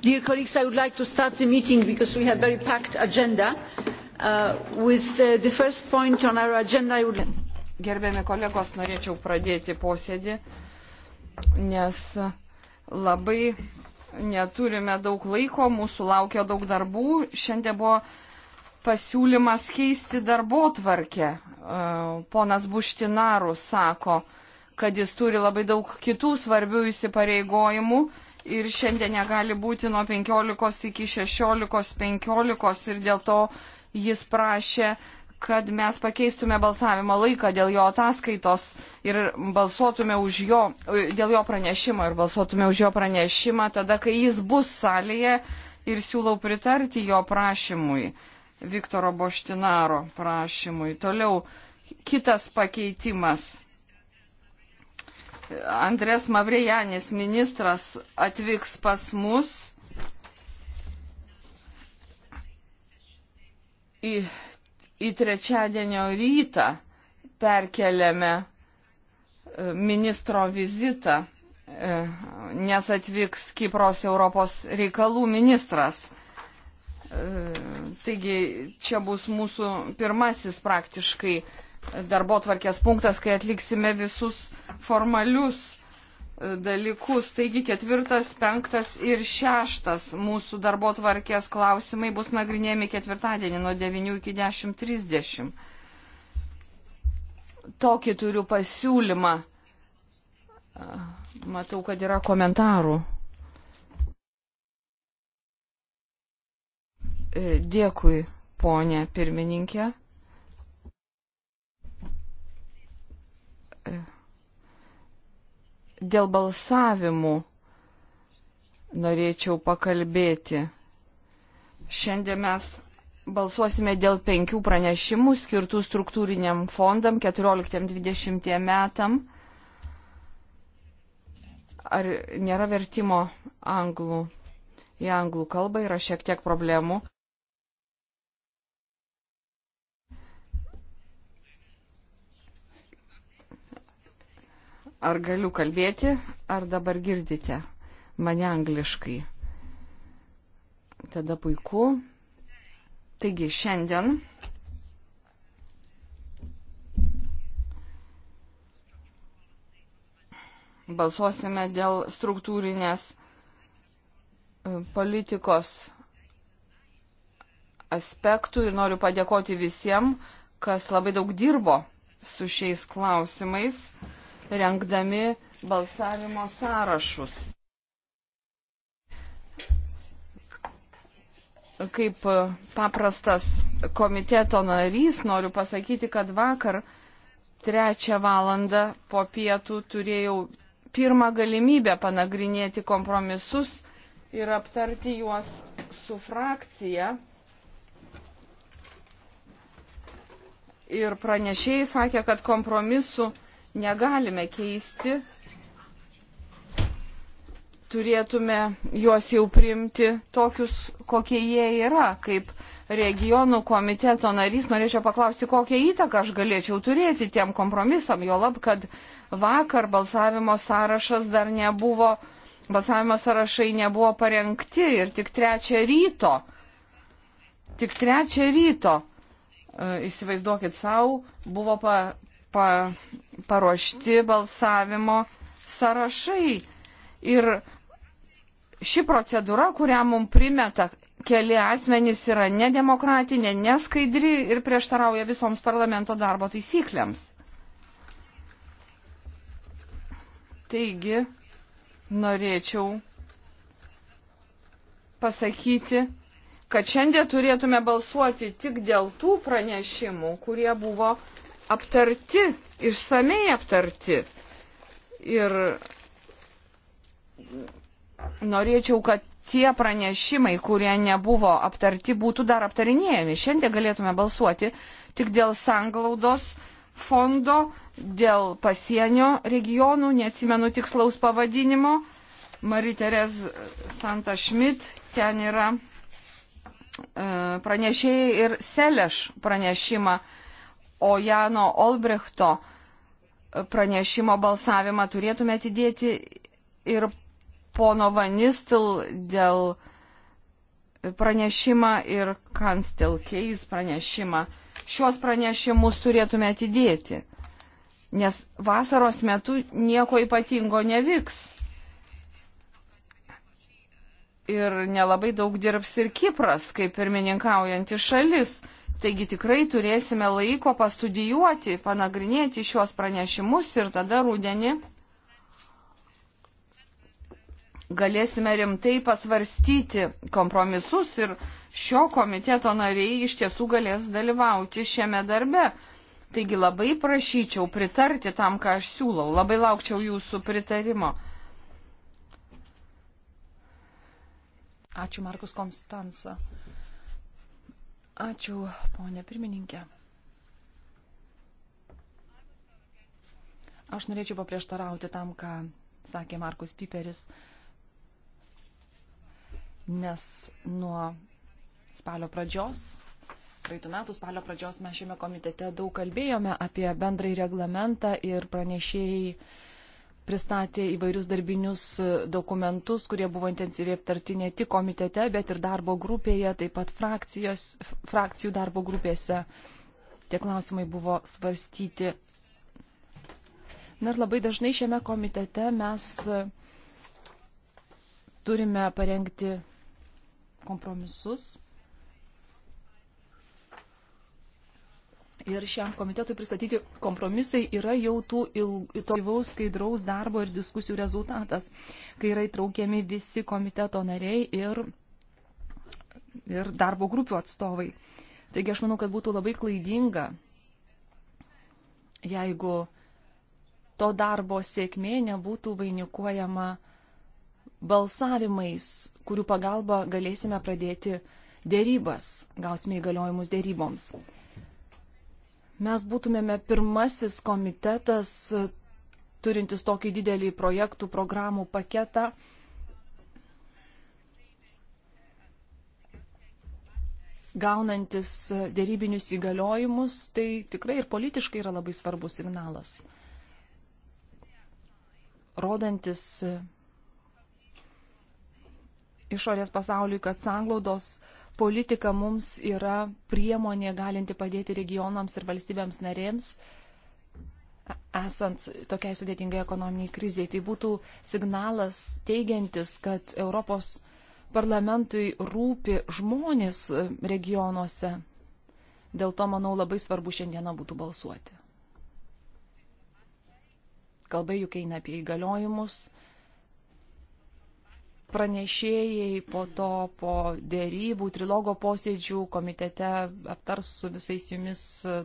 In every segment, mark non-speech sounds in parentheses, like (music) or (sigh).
Dear colleagues, I would like to start the meeting because we have a very packed agenda. Uh, with uh, the first point on our agenda, I would... Gerbiami kolegos, norėčiau pradėti posėdį, nes labai neturime daug laiko, mūsų laukia daug darbų. Šiandien buvo pasiūlymas keisti darbo tvarkę. E, ponas Buštinarus sako, kad jis turi labai daug kitų svarbių įsipareigojimų ir šiandien negali būti nuo 15 iki 16.15 ir dėl to jis prašė kad mes pakeistume balsavimo laiką dėl jo ataskaitos ir balsuotume už jo, dėl jo pranešimo ir balsuotume už jo pranešimą tada, kai jis bus salėje ir siūlau pritarti jo prašymui, Viktoro Boštinaro prašymui. Toliau kitas pakeitimas. Andrės Mavrejanis ministras atvyks pas mus į į trečiadienio rytą perkeliame e, ministro vizitą, e, nes atvyks Kipros Europos reikalų ministras. E, taigi čia bus mūsų pirmasis praktiškai darbo tvarkės punktas, kai atliksime visus formalius dalykus. Taigi ketvirtas, penktas ir šeštas mūsų darbo tvarkės klausimai bus nagrinėjami ketvirtadienį nuo 9 iki 10.30. Tokį turiu pasiūlymą. Matau, kad yra komentarų. Dėkui, ponė pirmininkė. dėl balsavimų norėčiau pakalbėti. Šiandien mes balsuosime dėl penkių pranešimų skirtų struktūriniam fondam 14-20 metam. Ar nėra vertimo anglų? Į anglų kalbą yra šiek tiek problemų. Ar galiu kalbėti, ar dabar girdite mane angliškai? Tada puiku. Taigi šiandien balsuosime dėl struktūrinės e, politikos aspektų ir noriu padėkoti visiems, kas labai daug dirbo su šiais klausimais renkdami balsavimo sąrašus. Kaip paprastas komiteto narys noriu pasakyti, kad vakar trečią valandą po pietų turėjau pirmą galimybę panagrinėti kompromisus ir aptarti juos su frakcija. Ir pranešėjai sakė, kad kompromisų negalime keisti, turėtume juos jau priimti tokius, kokie jie yra, kaip regionų komiteto narys, norėčiau paklausti, kokią įtaką aš galėčiau turėti tiem kompromisam, jo lab, kad vakar balsavimo sąrašas dar nebuvo, balsavimo sąrašai nebuvo parengti ir tik trečią ryto, tik trečią ryto, e, įsivaizduokit savo, buvo pa, pa, paruošti balsavimo sąrašai. Ir ši procedūra, kurią mums primeta keli asmenys, yra nedemokratinė, neskaidri ir prieštarauja visoms parlamento darbo taisyklėms. Taigi, norėčiau pasakyti, kad šiandien turėtume balsuoti tik dėl tų pranešimų, kurie buvo aptarti, išsamei aptarti. Ir norėčiau, kad tie pranešimai, kurie nebuvo aptarti, būtų dar aptarinėjami. Šiandien galėtume balsuoti tik dėl sanglaudos fondo, dėl pasienio regionų, neatsimenu tikslaus pavadinimo. Mariterės Santa Šmit, ten yra e, pranešėjai ir Seleš pranešimą o Jano Olbrechto pranešimo balsavimą turėtume atidėti ir pono Vanistil dėl pranešimą ir Kanstil Keis pranešimą. Šios pranešimus turėtume atidėti, nes vasaros metu nieko ypatingo nevyks. Ir nelabai daug dirbs ir Kipras, kaip pirmininkaujanti šalis. Taigi tikrai turėsime laiko pastudijuoti, panagrinėti šios pranešimus ir tada rūdienį galėsime rimtai pasvarstyti kompromisus ir šio komiteto nariai iš tiesų galės dalyvauti šiame darbe. Taigi labai prašyčiau pritarti tam, ką aš siūlau. Labai laukčiau jūsų pritarimo. Ačiū Markus Konstanca. Ačiū, ponė pirmininkė. Aš norėčiau paprieštarauti tam, ką sakė Markus Piperis, nes nuo spalio pradžios, praeitų metų spalio pradžios mes šiame komitete daug kalbėjome apie bendrąjį reglamentą ir pranešėjai pristatė įvairius darbinius e, dokumentus, kurie buvo intensyviai aptarti ne tik komitete, bet ir darbo grupėje, taip pat frakcijos, frakcijų darbo grupėse. Tie klausimai buvo svarstyti. Na ir labai dažnai šiame komitete mes e, turime parengti kompromisus Ir šiam komitetui pristatyti kompromisai yra jau tų ilgaus skaidraus darbo ir diskusijų rezultatas, kai yra įtraukiami visi komiteto nariai ir, ir darbo grupių atstovai. Taigi aš manau, kad būtų labai klaidinga, jeigu to darbo sėkmė nebūtų vainikuojama balsavimais, kurių pagalba galėsime pradėti dėrybas, gausime įgaliojimus dėryboms mes būtumėme pirmasis komitetas e, turintis tokį didelį projektų programų paketą. Gaunantis e, dėrybinius įgaliojimus, tai tikrai ir politiškai yra labai svarbus signalas. Rodantis e, išorės pasauliui, kad sanglaudos uh, politika mums yra priemonė galinti padėti regionams ir valstybėms narėms e, esant tokiai sudėtingai ekonominiai kriziai. Tai būtų signalas teigiantis, kad Europos parlamentui rūpi žmonės regionuose. Dėl to, manau, labai svarbu šiandieną būtų balsuoti. Kalba juk eina apie įgaliojimus, pranešėjai po to, po dėrybų, trilogo posėdžių komitete aptars su visais jumis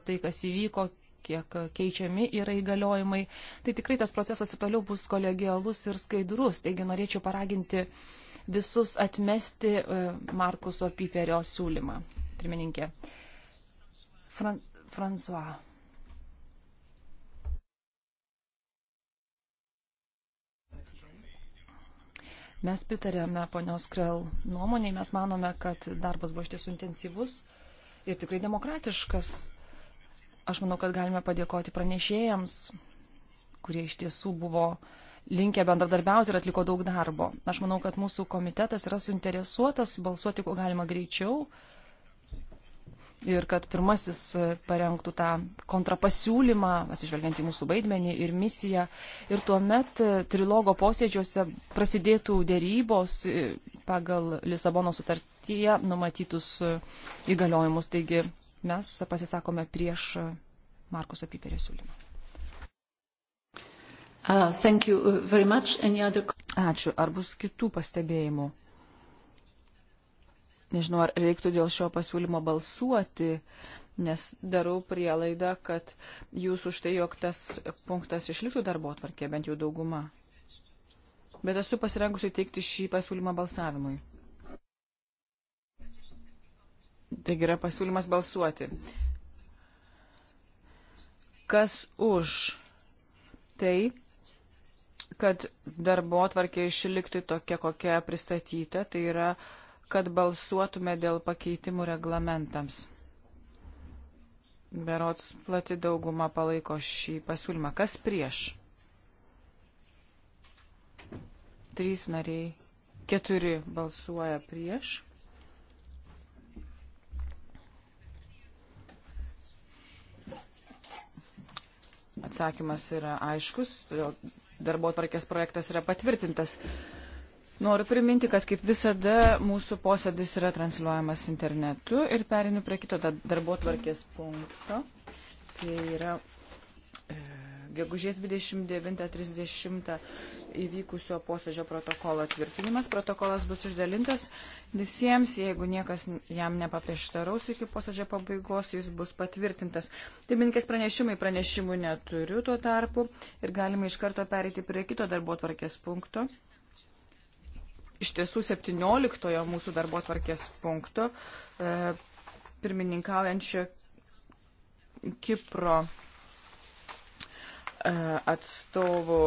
tai, kas įvyko, kiek keičiami yra įgaliojimai. Tai tikrai tas procesas ir toliau bus kolegialus ir skaidrus. Taigi norėčiau paraginti visus atmesti e, Markuso Piperio siūlymą. Pirmininkė. Fran Fransuo. Mes pritarėme ponios Krell nuomoniai, mes manome, kad darbas buvo iš tiesų intensyvus ir tikrai demokratiškas. Aš manau, kad galime padėkoti pranešėjams, kurie iš tiesų buvo linkę bendradarbiauti ir atliko daug darbo. Aš manau, kad mūsų komitetas yra suinteresuotas balsuoti kuo galima greičiau ir kad pirmasis e, parengtų tą kontrapasiūlymą, atsižvelgiant į mūsų vaidmenį ir misiją. Ir tuomet e, trilogo posėdžiuose prasidėtų dėrybos e, pagal Lisabono sutartyje numatytus įgaliojimus. Taigi mes pasisakome prieš Markus Apiperio siūlymą. Uh, uh other... Ačiū. Ar bus kitų pastebėjimų? Nežinau, ar reiktų dėl šio pasiūlymo balsuoti, nes darau prielaidą, kad jūs už tai, jog tas punktas išliktų darbo atvarkė, bent jau dauguma. Bet esu pasirengusi teikti šį pasiūlymą balsavimui. Taigi yra pasiūlymas balsuoti. Kas už tai, kad darbo atvarkė išlikti tokia, kokia pristatyta, tai yra uh, kad balsuotume dėl pakeitimų reglamentams. Berots plati dauguma palaiko šį pasiūlymą. Kas prieš? Trys nariai, keturi balsuoja prieš. Atsakymas yra aiškus, darbo tvarkės projektas yra patvirtintas. Noriu priminti, kad kaip visada mūsų posėdis yra transliuojamas internetu ir perinu prie kito darbo tvarkės punkto. Tai yra e, gegužės 29.30 įvykusio posėdžio protokolo tvirtinimas. Protokolas bus išdalintas visiems, jeigu niekas jam nepaprieštaraus iki posėdžio pabaigos, jis bus patvirtintas. Pirmininkės pranešimai pranešimų neturiu tuo tarpu ir galime iš karto pereiti prie kito darbo tvarkės punkto iš tiesų 17 mūsų darbo tvarkės punkto e, pirmininkaujančio Kipro atstovų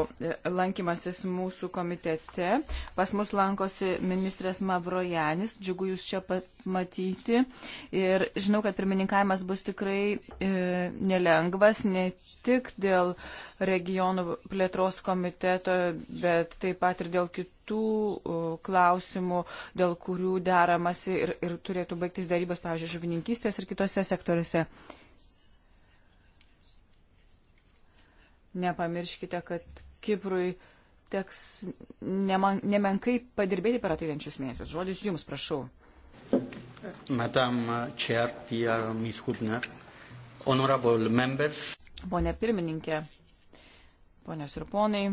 lankymasis mūsų komitete. Pas mus lankosi ministras Mavrojanis, džiugu jūs čia matyti. Ir žinau, kad pirmininkavimas bus tikrai e, nelengvas, ne tik dėl regionų plėtros komiteto, bet taip pat ir dėl kitų e, klausimų, dėl kurių deramasi ir, ir turėtų baigtis darybos, pavyzdžiui, žuvininkystės ir kitose sektoriuose. Nepamirškite, kad Kiprui teks neman, nemenkai padirbėti per ateinančius mėnesius. Žodis Jums, prašau. Madam uh, Chair, dear Ms. Hubner, honorable members. Pone pirmininkė, ponios ir ponai,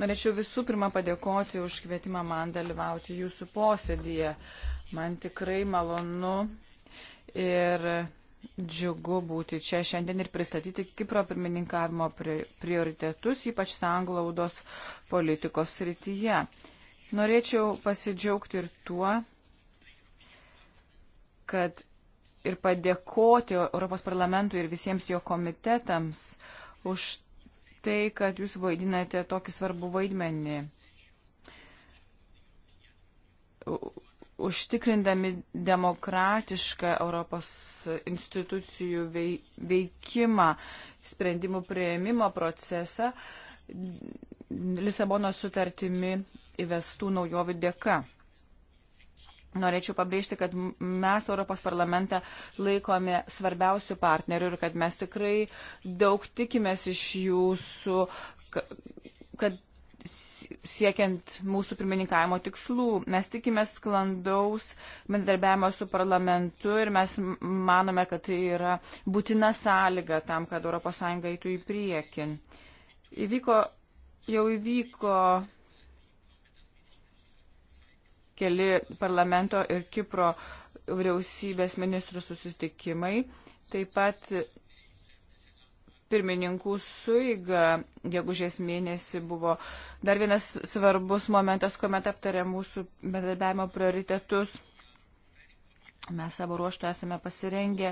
norėčiau visų pirma padėkoti už kvietimą man dalyvauti jūsų posėdėje. Man tikrai malonu ir Džiugu būti čia šiandien ir pristatyti Kipro pirmininkavimo prioritetus, ypač sanglaudos politikos srityje. Norėčiau pasidžiaugti ir tuo, kad ir padėkoti Europos parlamentui ir visiems jo komitetams už tai, kad jūs vaidinate tokį svarbų vaidmenį užtikrindami demokratišką Europos institucijų veikimą, sprendimų prieimimo procesą Lisabono sutartimi įvestų naujovių dėka. Norėčiau pabrėžti, kad mes Europos parlamentą laikome svarbiausių partnerių ir kad mes tikrai daug tikimės iš jūsų, kad siekiant mūsų pirmininkavimo tikslų. Mes tikimės sklandaus bendarbiavimo su parlamentu ir mes manome, kad tai yra būtina sąlyga tam, kad ES eitų į priekį. Įvyko, jau įvyko keli parlamento ir Kipro vyriausybės ministrų susitikimai. Taip pat pirmininkų suiga, gegužės mėnesį buvo dar vienas svarbus momentas, kuomet aptarė mūsų bendradarbiavimo prioritetus. Mes savo ruoštų esame pasirengę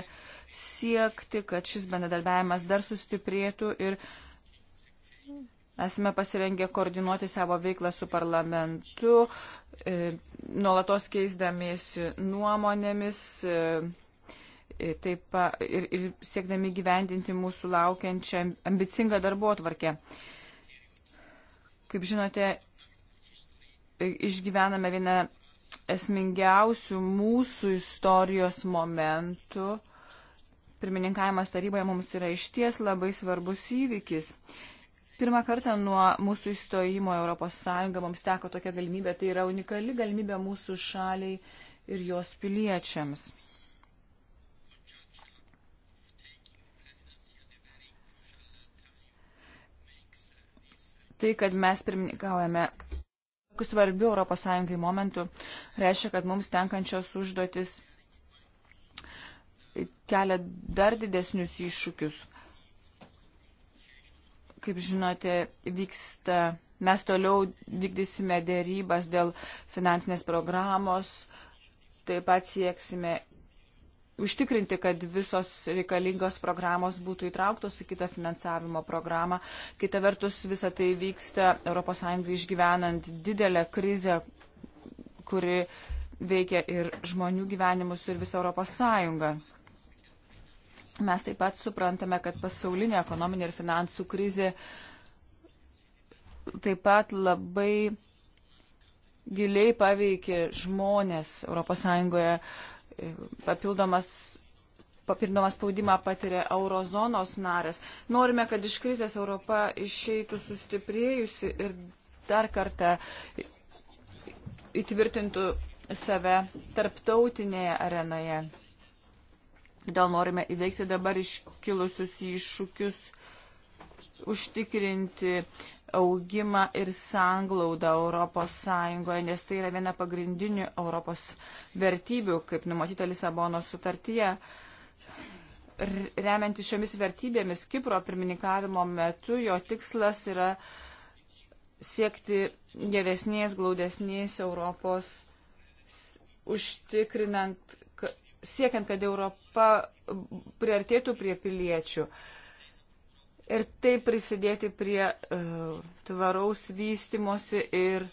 siekti, kad šis bendradarbiavimas dar sustiprėtų ir esame pasirengę koordinuoti savo veiklą su parlamentu, e, nuolatos keisdamiesi nuomonėmis. E, taip, ir, ir siekdami gyvendinti mūsų laukiančią ambicingą darbo atvarkę. Kaip žinote, išgyvename vieną esmingiausių mūsų istorijos momentų. Pirmininkavimas taryboje mums yra išties labai svarbus įvykis. Pirmą kartą nuo mūsų įstojimo Europos Sąjunga mums teko tokia galimybė, tai yra unikali galimybė mūsų šaliai ir jos piliečiams. tai, kad mes pirmininkaujame tokiu svarbiu ES momentu, reiškia, kad mums tenkančios užduotis kelia dar didesnius iššūkius. Kaip žinote, vyksta, mes toliau vykdysime dėrybas dėl finansinės programos, taip pat sieksime užtikrinti, kad visos reikalingos programos būtų įtrauktos į kitą finansavimo programą. Kita vertus, visa tai vyksta ES išgyvenant didelę krizę, kuri veikia ir žmonių gyvenimus, ir visą ES. Mes taip pat suprantame, kad pasaulinė ekonominė ir finansų krizė taip pat labai giliai paveikė žmonės ES papildomas papildomą spaudimą patiria eurozonos narės. Norime, kad iš krizės Europa išeitų sustiprėjusi ir dar kartą įtvirtintų save tarptautinėje arenoje. Dėl norime įveikti dabar iškilusius iššūkius, užtikrinti augimą ir sanglaudą Europos Sąjungoje, nes tai yra viena pagrindinių Europos vertybių, kaip numatyta Lisabono sutartyje. Remiantis šiomis vertybėmis, Kipro pirmininkavimo metu jo tikslas yra siekti geresnės, glaudesnės Europos, užtikrinant, siekiant, kad Europa priartėtų prie piliečių. Uh, ir taip prisidėti prie uh, tvaraus vystimosi ir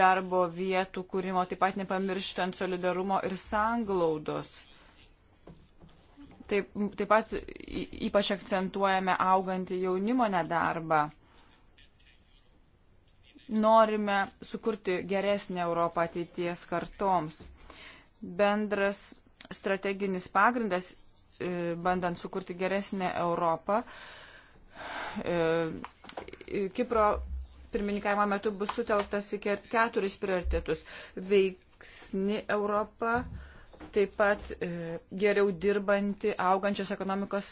darbo vietų kūrimo, taip pat nepamirštant solidarumo ir sanglaudos. Taip, taip pat ypač akcentuojame augantį jaunimo nedarbą. Norime sukurti geresnį Europą ateities kartoms. Bendras strateginis pagrindas, e, bandant sukurti geresnę Europą, uh, E, Kipro pirmininkavimo metu bus sutelktas į keturis prioritetus. Veiksni Europa, taip pat e, geriau dirbanti, augančios ekonomikos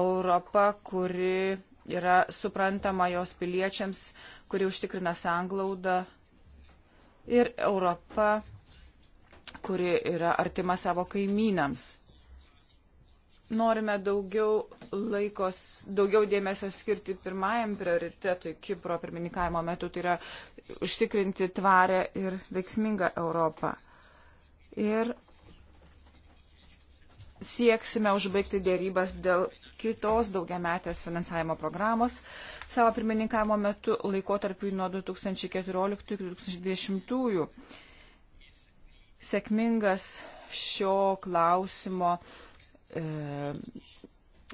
Europa, kuri yra suprantama jos piliečiams, kuri užtikrina sanglaudą. Ir Europa, kuri yra artima savo kaimynams norime daugiau laikos, daugiau dėmesio skirti pirmajam prioritetui Kipro pirmininkavimo metu, tai yra užtikrinti tvarę ir veiksmingą Europą. Ir sieksime užbaigti dėrybas dėl kitos daugiametės finansavimo programos savo pirmininkavimo metu laikotarpiu nuo 2014-2020. Sėkmingas šio klausimo E,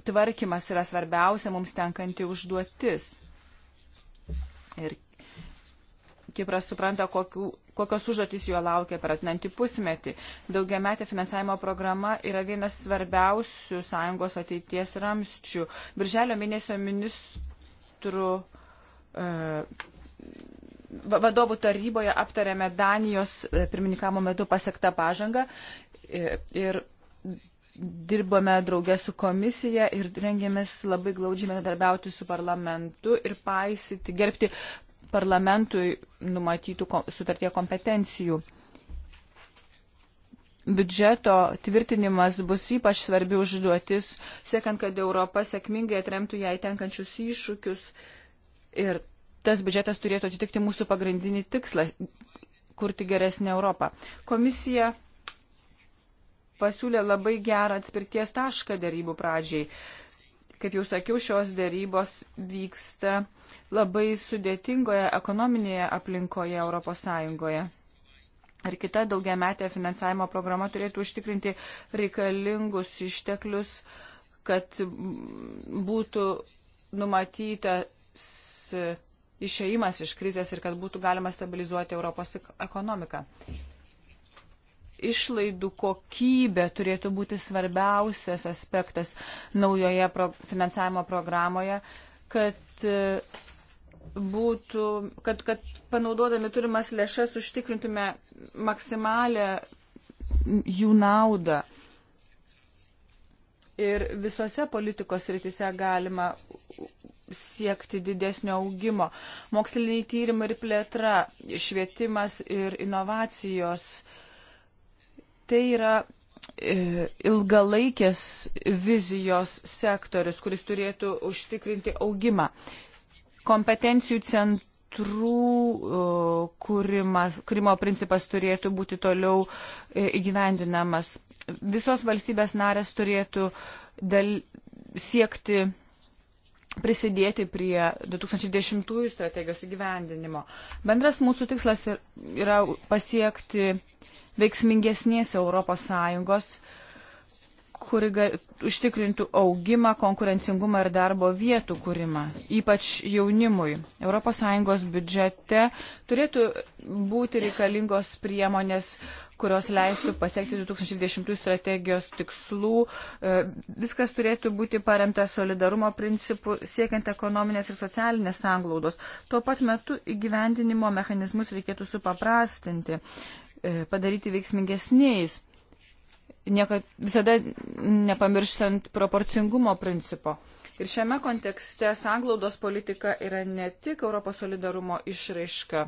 tvarkymas yra svarbiausia mums tenkanti užduotis. Ir Kipras supranta, kokiu, kokios užduotis jo laukia per atnantį pusmetį. Daugiametė finansavimo programa yra vienas svarbiausių sąjungos ateities ramščių. Birželio mėnesio ministrų uh, vadovų taryboje aptarėme Danijos e, pirmininkamo metu pasiektą pažangą ir dirbame draugę su komisija ir rengėmės labai glaudžiai bendradarbiauti su parlamentu ir paisyti, gerbti parlamentui numatytų sutartie kompetencijų. Biudžeto tvirtinimas bus ypač svarbi užduotis, siekiant, kad Europa sėkmingai atremtų jai tenkančius iššūkius ir tas biudžetas turėtų atitikti mūsų pagrindinį tikslą - kurti geresnę Europą. Komisija pasiūlė labai gerą atspirties tašką dėrybų pradžiai. Kaip jau sakiau, šios dėrybos vyksta labai sudėtingoje ekonominėje aplinkoje ES. Ar kita daugiametė finansavimo programa turėtų užtikrinti reikalingus išteklius, kad būtų numatytas išeimas iš krizės ir kad būtų galima stabilizuoti Europos ekonomiką išlaidų kokybė turėtų būti svarbiausias aspektas naujoje pro, finansavimo programoje, kad e, būtų, kad, kad panaudodami turimas lėšas užtikrintume maksimalę jų naudą. Ir visose politikos rytise galima siekti didesnio augimo. Moksliniai tyrimai ir plėtra, švietimas ir inovacijos tai yra e, ilgalaikės vizijos sektorius, kuris turėtų užtikrinti augimą. Kompetencijų centrų e, kūrimas, kūrimo principas turėtų būti toliau e, įgyvendinamas. Visos valstybės narės turėtų dal, siekti prisidėti prie 2010 strategijos įgyvendinimo. Bendras mūsų tikslas yra pasiekti veiksmingesnės ES, kuri gal, užtikrintų augimą, konkurencingumą ir darbo vietų kūrimą, ypač jaunimui. ES biudžete turėtų būti reikalingos priemonės, kurios leistų pasiekti 2020 strategijos tikslų. E, viskas turėtų būti paremta solidarumo principu, siekiant ekonominės ir socialinės sanglaudos. Tuo pat metu įgyvendinimo mechanizmus reikėtų supaprastinti. E, padaryti veiksmingesniais, niekad, visada nepamirštant proporcingumo principo. Ir šiame kontekste sanglaudos politika yra ne tik Europos solidarumo išraiška,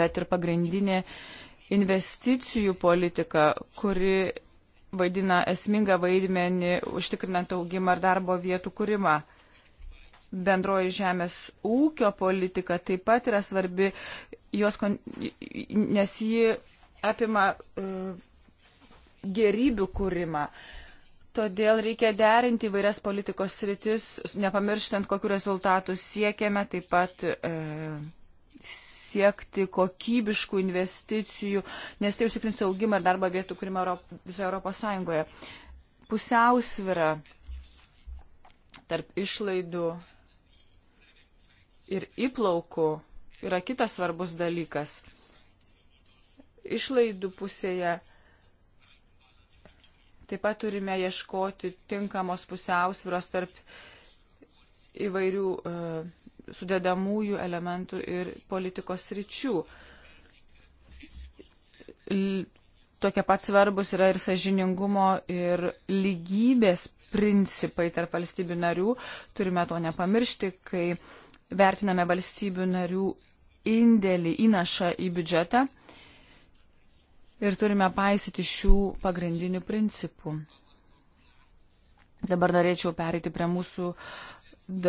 bet ir pagrindinė investicijų politika, kuri vaidina esmingą vaidmenį užtikrinant augimą ir darbo vietų kūrimą bendroji žemės ūkio politika taip pat yra svarbi, jos, nes ji apima e, gerybių kūrimą. Todėl reikia derinti įvairias politikos sritis, nepamirštant, kokiu rezultatu siekiame, taip pat e, siekti kokybiškų investicijų, nes tai užtikrins augimą ir darbo vietų kūrimą visoje Europos Sąjungoje. Pusiausvira tarp išlaidų ir įplaukų yra kitas svarbus dalykas. Išlaidų pusėje taip pat turime ieškoti tinkamos pusiausvyros tarp įvairių e, sudėdamųjų elementų ir politikos ryčių. Tokie pat svarbus yra ir sažiningumo ir lygybės principai tarp valstybių narių. Turime to nepamiršti, kai vertiname valstybių narių indėlį, įnašą į biudžetą ir turime paisyti šių pagrindinių principų. Dabar norėčiau pereiti prie mūsų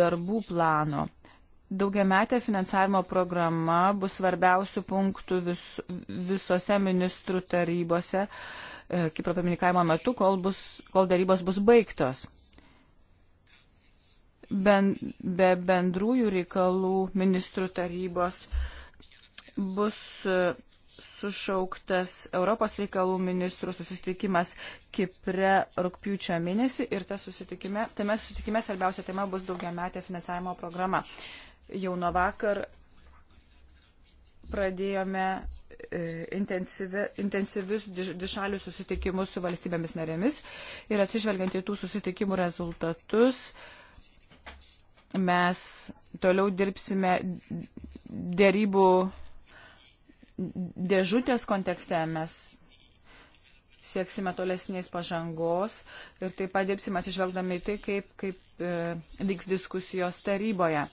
darbų plano. Daugiametė finansavimo programa bus svarbiausių punktų vis, visose ministrų tarybose, e, Kipro pirmininkavimo metu, kol, bus, kol darybos bus baigtos ben, be bendrųjų reikalų ministrų tarybos bus e, sušauktas Europos reikalų ministrų susitikimas Kipre rūpjūčio mėnesį ir susitikime, tame susitikime svarbiausia tema bus daugiametė finansavimo programa. Jau nuo vakar pradėjome e, intensyvi, intensyvius dišalių susitikimus su valstybėmis narėmis ir atsižvelgiant į tų susitikimų rezultatus, uh, Mes toliau dirbsime dėrybų dėžutės kontekste. Mes sieksime tolesnės pažangos ir taip pat dirbsime atsižvelgdami į tai, kaip, kaip e, vyks diskusijos taryboje.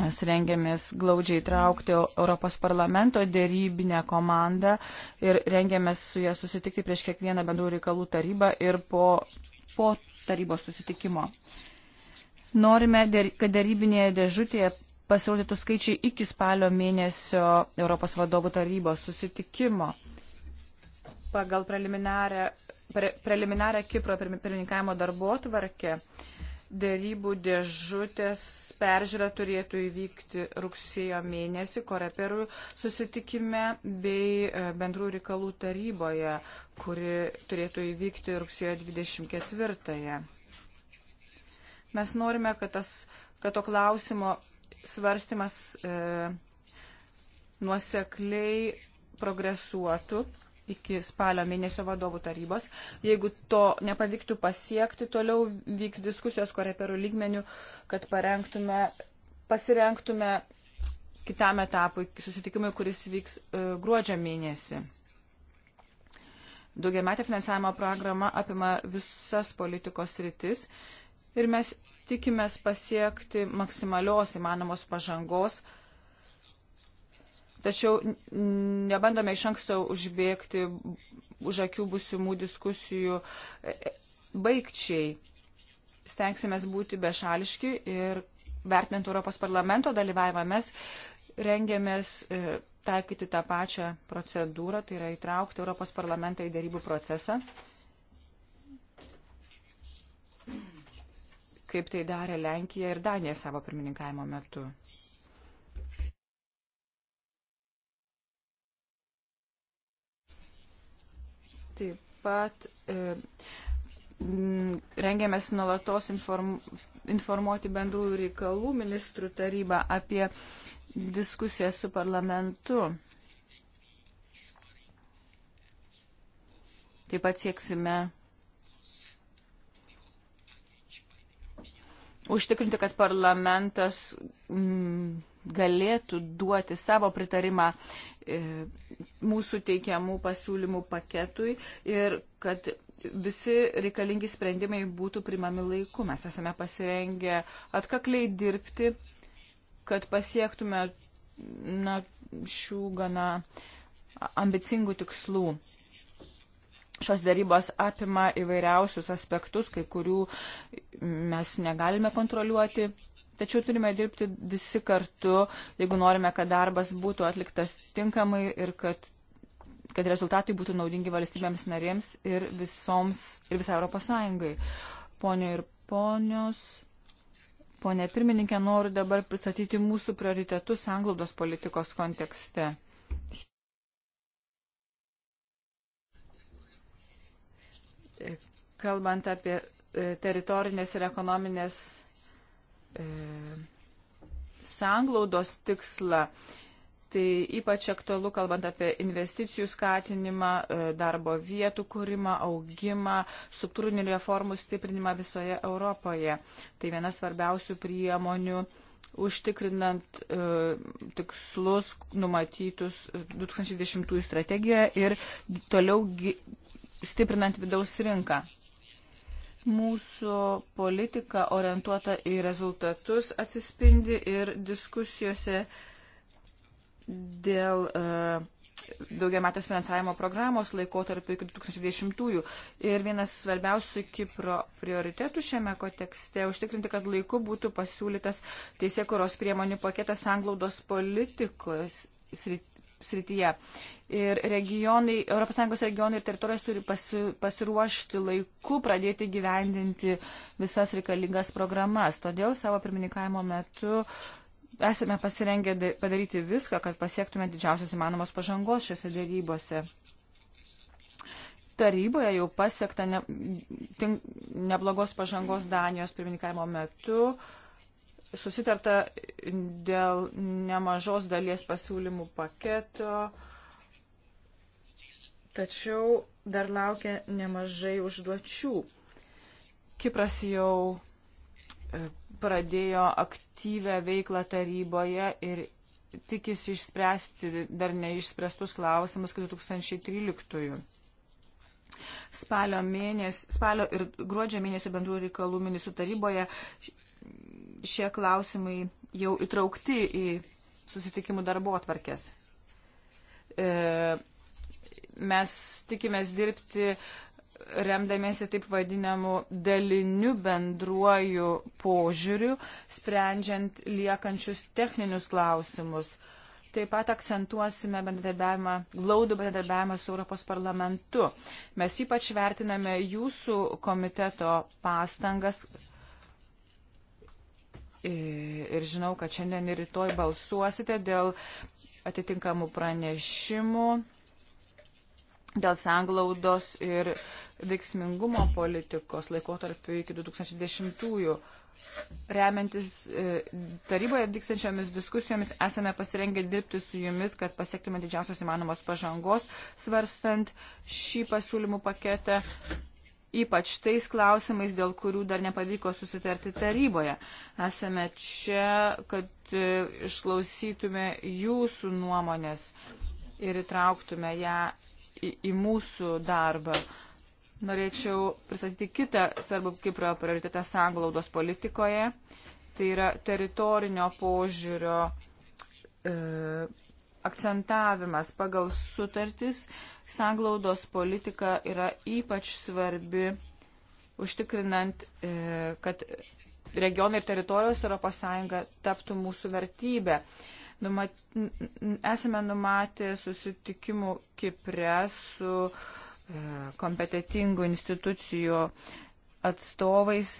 Mes rengiamės glaudžiai traukti Europos parlamento dėrybinę komandą ir rengiamės su jie susitikti prieš kiekvieną bendrų reikalų tarybą ir po po tarybos susitikimo. Norime, kad darybinėje dėžutėje pasirodytų skaičiai iki spalio mėnesio Europos vadovų tarybos susitikimo. Pagal preliminarę, pre, preliminarę Kipro pirmininkavimo darbo tvarkę Dėrybų dėžutės peržiūra turėtų įvykti rugsėjo mėnesį koreperų susitikime bei e, bendrų reikalų taryboje, kuri turėtų įvykti rugsėjo 24-ąją. Mes norime, kad, tas, kad to klausimo svarstymas e, nuosekliai progresuotų iki spalio mėnesio vadovų tarybos. Jeigu to nepavyktų pasiekti, toliau vyks diskusijos koreperų lygmenių, kad parengtume, pasirenktume kitam etapui, susitikimui, kuris vyks e, gruodžio mėnesį. Daugiametė finansavimo programa apima visas politikos rytis ir mes tikimės pasiekti maksimalios įmanomos pažangos Tačiau nebandome iš anksto užbėgti už akių busimų diskusijų e, e, baigčiai. Stengsimės būti bešališki ir vertinant Europos parlamento dalyvavimą mes rengiamės e, taikyti tą pačią procedūrą, tai yra įtraukti Europos parlamentą į darybų procesą. kaip tai darė Lenkija ir Danija savo pirmininkavimo metu. Taip pat e, rengiamės nuolatos inform, informuoti bendrųjų reikalų ministrų tarybą apie diskusiją su parlamentu. Taip pat sieksime užtikrinti, kad parlamentas mm, galėtų duoti savo pritarimą e, mūsų teikiamų pasiūlymų paketui ir kad visi reikalingi sprendimai būtų primami laiku. Mes esame pasirengę atkakliai dirbti, kad pasiektume na, šių gana ambicingų tikslų. Šios darybos apima įvairiausius aspektus, kai kurių mes negalime kontroliuoti Tačiau turime dirbti visi kartu, jeigu norime, kad darbas būtų atliktas tinkamai ir kad, kad rezultatai būtų naudingi valstybėms narėms ir visoms ir visai Europos Sąjungai. Ponio ir ponios. Pone pirmininkė, noriu dabar pristatyti mūsų prioritetus sanglaudos politikos kontekste. Kalbant apie e, teritorinės ir ekonominės e, sanglaudos tikslą. Tai ypač aktualu, kalbant apie investicijų skatinimą, e, darbo vietų kūrimą, augimą, struktūrinių reformų stiprinimą visoje Europoje. Tai viena svarbiausių priemonių užtikrinant uh, tikslus numatytus 2010 strategijoje ir toliau stiprinant vidaus rinką. Mūsų politika orientuota į rezultatus atsispindi ir diskusijose dėl e, daugiametės finansavimo programos laikotarpio iki 2020-ųjų. Ir vienas svarbiausių Kipro prioritetų šiame kontekste - užtikrinti, kad laiku būtų pasiūlytas teisėkuros priemonių paketas anglaudos politikos srityje. Ir regionai, ES regionai ir teritorijos turi pasi, pasiruošti laiku pradėti gyvendinti visas reikalingas programas. Todėl savo pirmininkavimo metu esame pasirengę padaryti viską, kad pasiektume didžiausios įmanomos pažangos šiuose dėrybose taryboje jau pasiekta ne, tink, neblogos pažangos Danijos pirmininkavimo metu susitarta dėl nemažos dalies pasiūlymų paketo, tačiau dar laukia nemažai užduočių. Kipras jau e, pradėjo aktyvę veiklą taryboje ir tikisi išspręsti dar neišspręstus klausimus 2013. Spalio, mėnes, spalio ir gruodžio mėnesio bendrų reikalų ministrų taryboje šie klausimai jau įtraukti į susitikimų darbo atvarkės. E, mes tikimės dirbti remdamėsi taip vadinamu daliniu bendruoju požiūriu, sprendžiant liekančius techninius klausimus. Taip pat akcentuosime bendradarbiavimą, glaudų bendradarbiavimą su Europos parlamentu. Mes ypač vertiname jūsų komiteto pastangas ir žinau, kad šiandien ir rytoj balsuosite dėl atitinkamų pranešimų, dėl sanglaudos ir veiksmingumo politikos laikotarpiu iki 2010-ųjų. Remiantis e, taryboje vykstančiomis diskusijomis esame pasirengę dirbti su jumis, kad pasiektume didžiausios įmanomos pažangos, svarstant šį pasiūlymų paketą ypač tais klausimais, dėl kurių dar nepavyko susitarti taryboje. Esame čia, kad e, išklausytume jūsų nuomonės ir įtrauktume ją į, į mūsų darbą. Norėčiau pristatyti kitą svarbų Kipro prioritetą sanglaudos politikoje. Tai yra teritorinio požiūrio e, akcentavimas pagal sutartis, sanglaudos politika yra ypač svarbi, užtikrinant, e, kad regionai ir teritorijos ES taptų mūsų vertybė. Numat, esame numatę susitikimų Kipre su e, kompetitingų institucijų atstovais,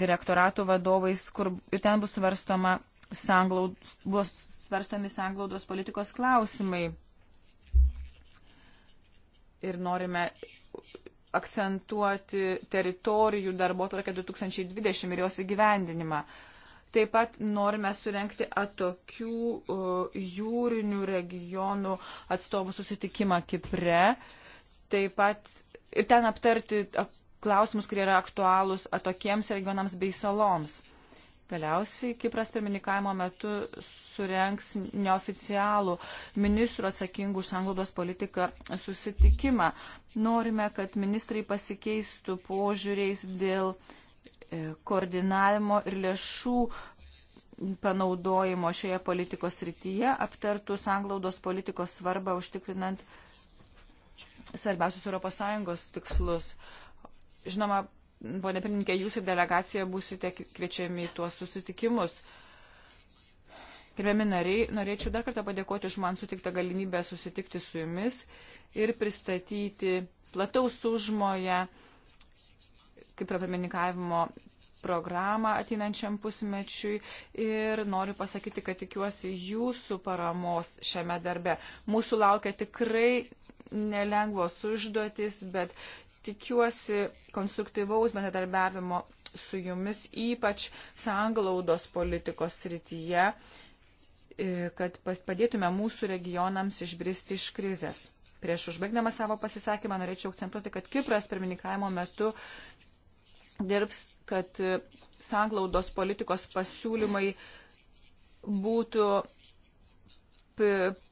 direktoratų vadovais, kur ir ten bus svarstoma sanglaud, buvo svarstami sanglaudos politikos klausimai. Ir norime akcentuoti teritorijų darbo tvarkę 2020 ir jos įgyvendinimą. Taip pat norime surenkti atokių uh, jūrinių regionų atstovų susitikimą Kipre. Taip pat ir ten aptarti klausimus, kurie yra aktualūs atokiems regionams bei saloms. Galiausiai Kipras pirmininkavimo metu surenks neoficialų ministrų atsakingų už sanglaudos politiką susitikimą. Norime, kad ministrai pasikeistų požiūriais dėl e, koordinavimo ir lėšų panaudojimo šioje politikos rytyje, aptartų sanglaudos politikos svarbą užtikrinant svarbiausius ES tikslus. Žinoma, Pone pirmininkė, jūs ir delegacija būsite kviečiami į tuos susitikimus. Gerbiami nariai, norėčiau dar kartą padėkoti už man sutiktą galimybę susitikti su jumis ir pristatyti plataus užmoje kaip pirmininkavimo programą ateinančiam pusmečiui ir noriu pasakyti, kad tikiuosi jūsų paramos šiame darbe. Mūsų laukia tikrai nelengvos užduotis, bet tikiuosi konstruktyvaus bendradarbiavimo su jumis, ypač sanglaudos politikos srityje, e, kad padėtume mūsų regionams išbristi iš krizės. Prieš užbaigdama savo pasisakymą norėčiau akcentuoti, kad Kipras pirmininkavimo metu dirbs, kad sanglaudos politikos pasiūlymai būtų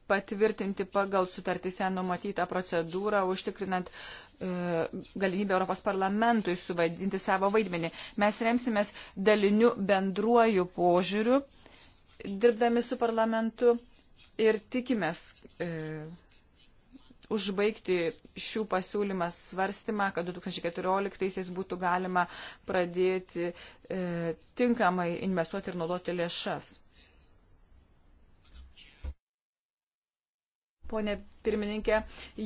patvirtinti pagal sutartise numatytą procedūrą, užtikrinant e, galimybę Europos parlamentui suvaidinti savo vaidmenį. Mes remsimės daliniu bendruoju požiūriu, dirbdami su parlamentu ir tikimės e, užbaigti šių pasiūlymą svarstymą, kad 2014-aisiais būtų galima pradėti e, tinkamai investuoti ir naudoti lėšas. Pone pirmininkė,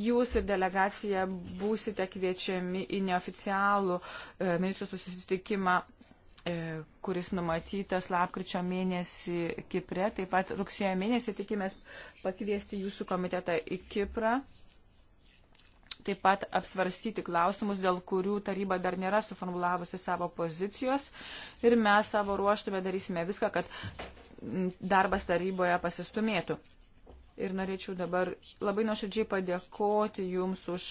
jūs ir delegacija būsite kviečiami į neoficialų e, ministrų susitikimą, e, kuris numatytas lapkričio mėnesį Kipre. Taip pat rugsėjo mėnesį tikimės pakviesti jūsų komitetą į Kiprą. Taip pat apsvarstyti klausimus, dėl kurių taryba dar nėra suformulavusi savo pozicijos. Ir mes savo ruoštume darysime viską, kad darbas taryboje pasistumėtų ir norėčiau dabar labai nuoširdžiai padėkoti Jums už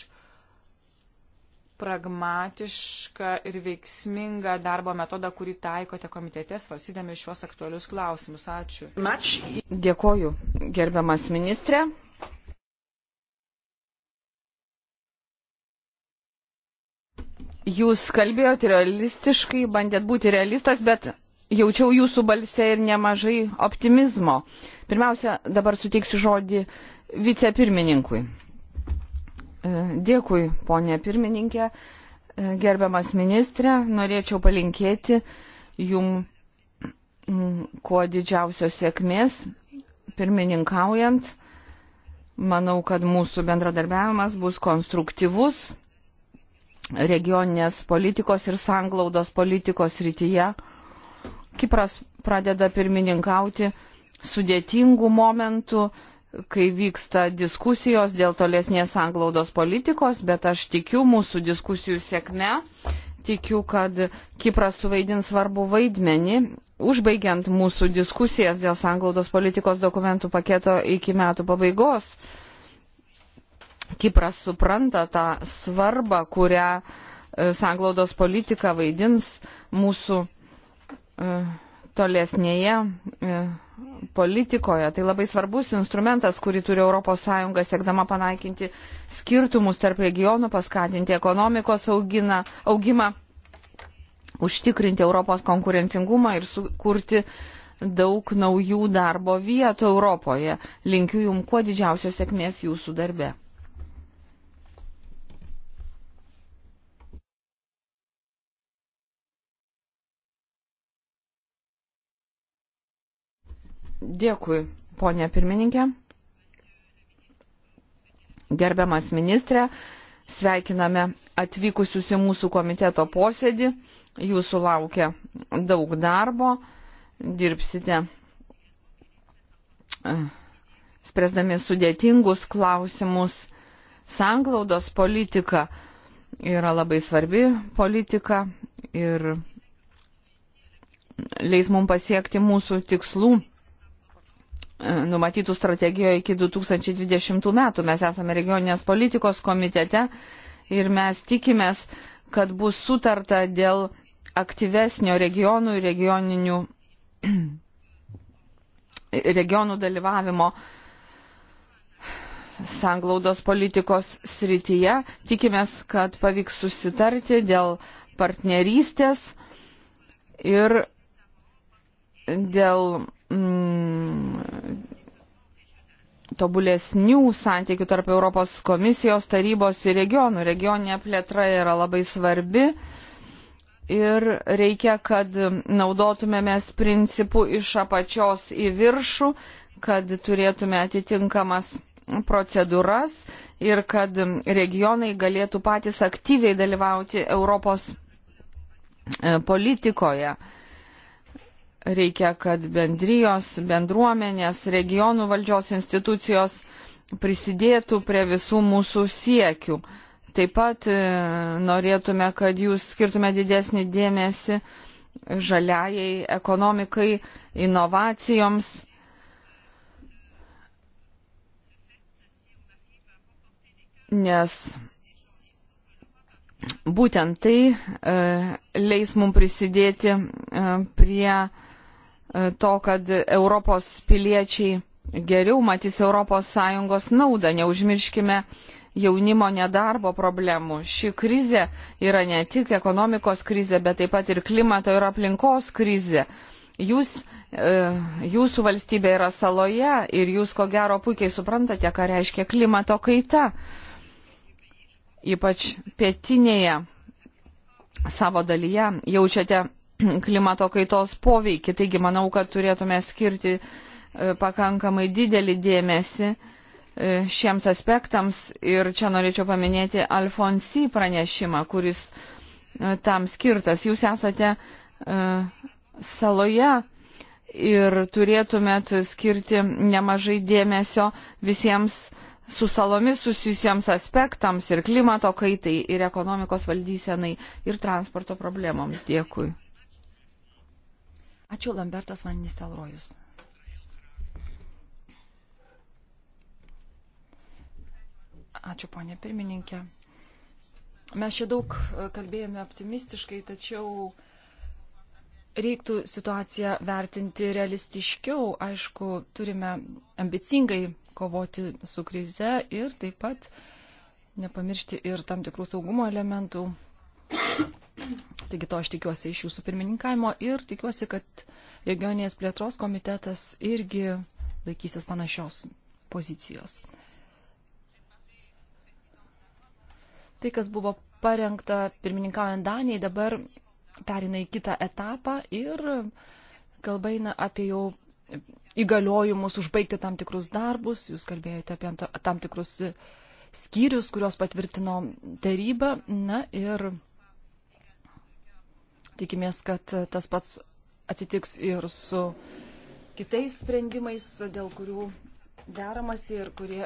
pragmatišką ir veiksmingą darbo metodą, kurį taikote komitete, svarsydami šios aktualius klausimus. Ačiū. Dėkoju, gerbiamas ministrė. Jūs kalbėjote realistiškai, bandėt būti realistas, bet jaučiau jūsų balse ir nemažai optimizmo. Pirmiausia, dabar suteiksiu žodį vicepirmininkui. E, dėkui, ponė pirmininkė, e, gerbiamas ministrė, norėčiau palinkėti jum mm, kuo didžiausios sėkmės pirmininkaujant. Manau, kad mūsų bendradarbiavimas bus konstruktyvus regioninės politikos ir sanglaudos politikos rytyje Kipras pradeda pirmininkauti sudėtingų momentų, kai vyksta diskusijos dėl tolesnės anglaudos politikos, bet aš tikiu mūsų diskusijų sėkme, tikiu, kad Kipras suvaidins svarbu vaidmenį, užbaigiant mūsų diskusijas dėl anglaudos politikos dokumentų paketo iki metų pabaigos. Kipras supranta tą svarbą, kurią sanglaudos e, politika vaidins mūsų E, tolesnėje e, politikoje. Tai labai svarbus instrumentas, kurį turi ES siekdama panaikinti skirtumus tarp regionų, paskatinti ekonomikos augina, augimą, užtikrinti Europos konkurencingumą ir sukurti daug naujų darbo vietų Europoje. Linkiu Jums kuo didžiausios sėkmės Jūsų darbe. Dėkui, ponė pirmininkė. Gerbiamas ministrė, sveikiname atvykusius į mūsų komiteto posėdį. Jūsų laukia daug darbo, dirbsite e, spręsdami sudėtingus klausimus. Sanglaudos politika yra labai svarbi politika ir leis mums pasiekti mūsų tikslų numatytų strategijoje iki 2020 metų. Mes esame regioninės politikos komitete ir mes tikimės, kad bus sutarta dėl aktyvesnio regionų ir regioninių (clears throat) regionų dalyvavimo sanglaudos politikos srityje. Tikimės, kad pavyks susitarti dėl partnerystės ir dėl mm, tobulesnių santykių tarp Europos komisijos tarybos ir regionų. Regioninė plėtra yra labai svarbi ir reikia, kad naudotumėmės principų iš apačios į viršų, kad turėtume atitinkamas procedūras ir kad regionai galėtų patys aktyviai dalyvauti Europos e, politikoje. Reikia, kad bendrijos, bendruomenės, regionų valdžios institucijos prisidėtų prie visų mūsų siekių. Taip pat e, norėtume, kad jūs skirtume didesnį dėmesį žaliajai ekonomikai, inovacijoms. Nes būtent tai e, leis mums prisidėti e, prie to, kad Europos piliečiai geriau matys ES naudą. Neužmirškime jaunimo nedarbo problemų. Ši krizė yra ne tik ekonomikos krizė, bet taip pat ir klimato ir aplinkos krizė. Jūs, e, jūsų valstybė yra saloje ir jūs ko gero puikiai suprantate, ką reiškia klimato kaita. Ypač pietinėje savo dalyje jaučiate (clears throat) klimato kaitos poveikį. Taigi manau, kad turėtume skirti e, pakankamai didelį dėmesį e, šiems aspektams ir čia norėčiau paminėti Alfonsi pranešimą, kuris e, tam skirtas. Jūs esate saloje ir turėtumėt skirti nemažai dėmesio visiems su salomis susijusiems aspektams ir klimato kaitai, ir ekonomikos valdysenai, ir transporto problemoms. Dėkui. Ačiū, Lambertas Vaninis Telrojus. Ačiū, ponė pirmininkė. Mes čia daug e, kalbėjome optimistiškai, tačiau reiktų situaciją vertinti realistiškiau. Aišku, turime ambicingai kovoti su krize ir taip pat nepamiršti ir tam tikrų saugumo elementų Taigi to aš tikiuosi iš jūsų pirmininkavimo ir tikiuosi, kad regioninės plėtros komitetas irgi laikysis panašios pozicijos. Tai, kas buvo parengta pirmininkaujant Danijai, dabar perina į kitą etapą ir kalba eina apie jau įgaliojimus užbaigti tam tikrus darbus. Jūs kalbėjote apie tam tikrus skyrius, kuriuos patvirtino taryba. Na ir Tikimės, kad tas pats atsitiks ir su kitais sprendimais, dėl kurių deramasi ir kurie,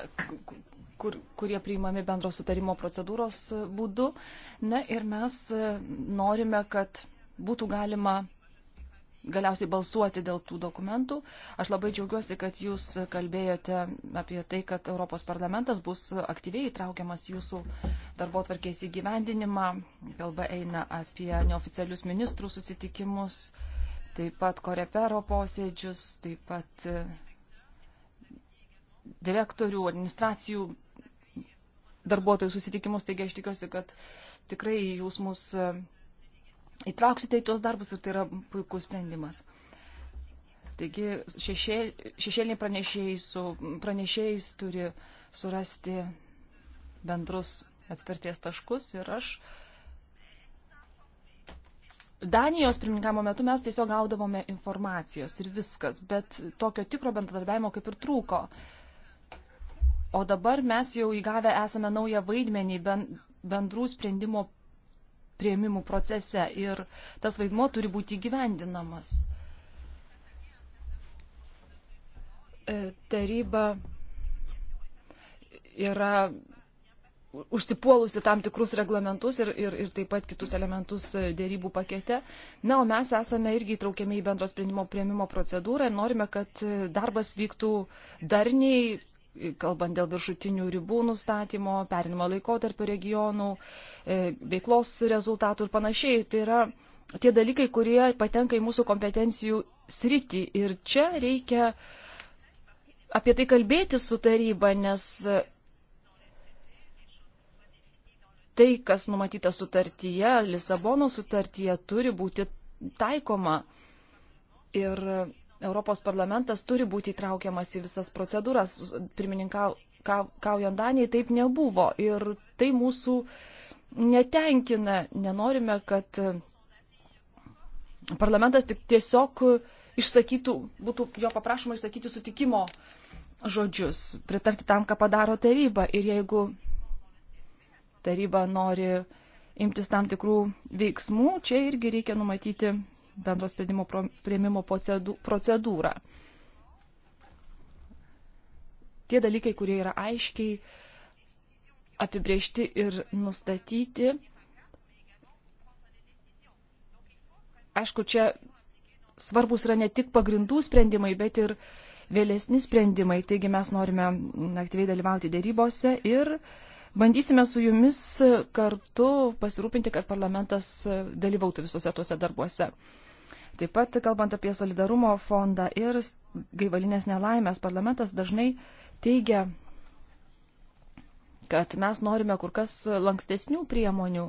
kur, kurie priimami bendro sutarimo procedūros būdu. Na ir mes norime, kad būtų galima galiausiai balsuoti dėl tų dokumentų. Aš labai džiaugiuosi, kad jūs kalbėjote apie tai, kad Europos parlamentas bus aktyviai įtraukiamas jūsų darbo tvarkės įgyvendinimą. Kalba eina apie neoficialius ministrų susitikimus, taip pat korepero posėdžius, taip pat e, direktorių, administracijų darbuotojų susitikimus. Taigi aš tikiuosi, kad tikrai jūs mus e, įtrauksite į tuos darbus ir tai yra puikus sprendimas. Taigi šešėl, šešėliniai pranešėjai su pranešėjais turi surasti bendrus atspirties taškus ir aš. Danijos pirmininkamo metu mes tiesiog gaudavome informacijos ir viskas, bet tokio tikro bendradarbiavimo kaip ir trūko. O dabar mes jau įgavę esame naują vaidmenį bendrų sprendimo prieimimų procese ir tas vaidmo turi būti įgyvendinamas. E, taryba yra užsipuolusi tam tikrus reglamentus ir, ir, ir taip pat kitus elementus dėrybų pakete. Na, o mes esame irgi įtraukiami į bendros sprendimo prieimimo procedūrą ir norime, kad darbas vyktų darniai, kalbant dėl viršutinių ribų nustatymo, perinimo laikotarpio regionų, e, veiklos rezultatų ir panašiai. Tai yra tie dalykai, kurie patenka į mūsų kompetencijų sritį. Ir čia reikia apie tai kalbėti su taryba, nes tai, kas numatyta sutartyje, Lisabono sutartyje, turi būti taikoma. Ir Europos parlamentas turi būti įtraukiamas į visas procedūras. Pirmininkaujant Danijai taip nebuvo ir tai mūsų netenkina. Nenorime, kad e, parlamentas tik tiesiog išsakytų, būtų jo paprašoma išsakyti sutikimo žodžius, pritarti tam, ką padaro taryba. Ir jeigu taryba nori imtis tam tikrų veiksmų, čia irgi reikia numatyti bendro sprendimo prieimimo procedūrą. Tie dalykai, kurie yra aiškiai apibriežti ir nustatyti, aišku, čia svarbus yra ne tik pagrindų sprendimai, bet ir vėlesni sprendimai. Taigi mes norime mm, aktyviai dalyvauti dėrybose ir bandysime su jumis kartu pasirūpinti, kad parlamentas dalyvautų visose tuose darbuose. Taip pat, kalbant apie solidarumo fondą ir gaivalinės nelaimės, parlamentas dažnai teigia, kad mes norime kur kas lankstesnių priemonių.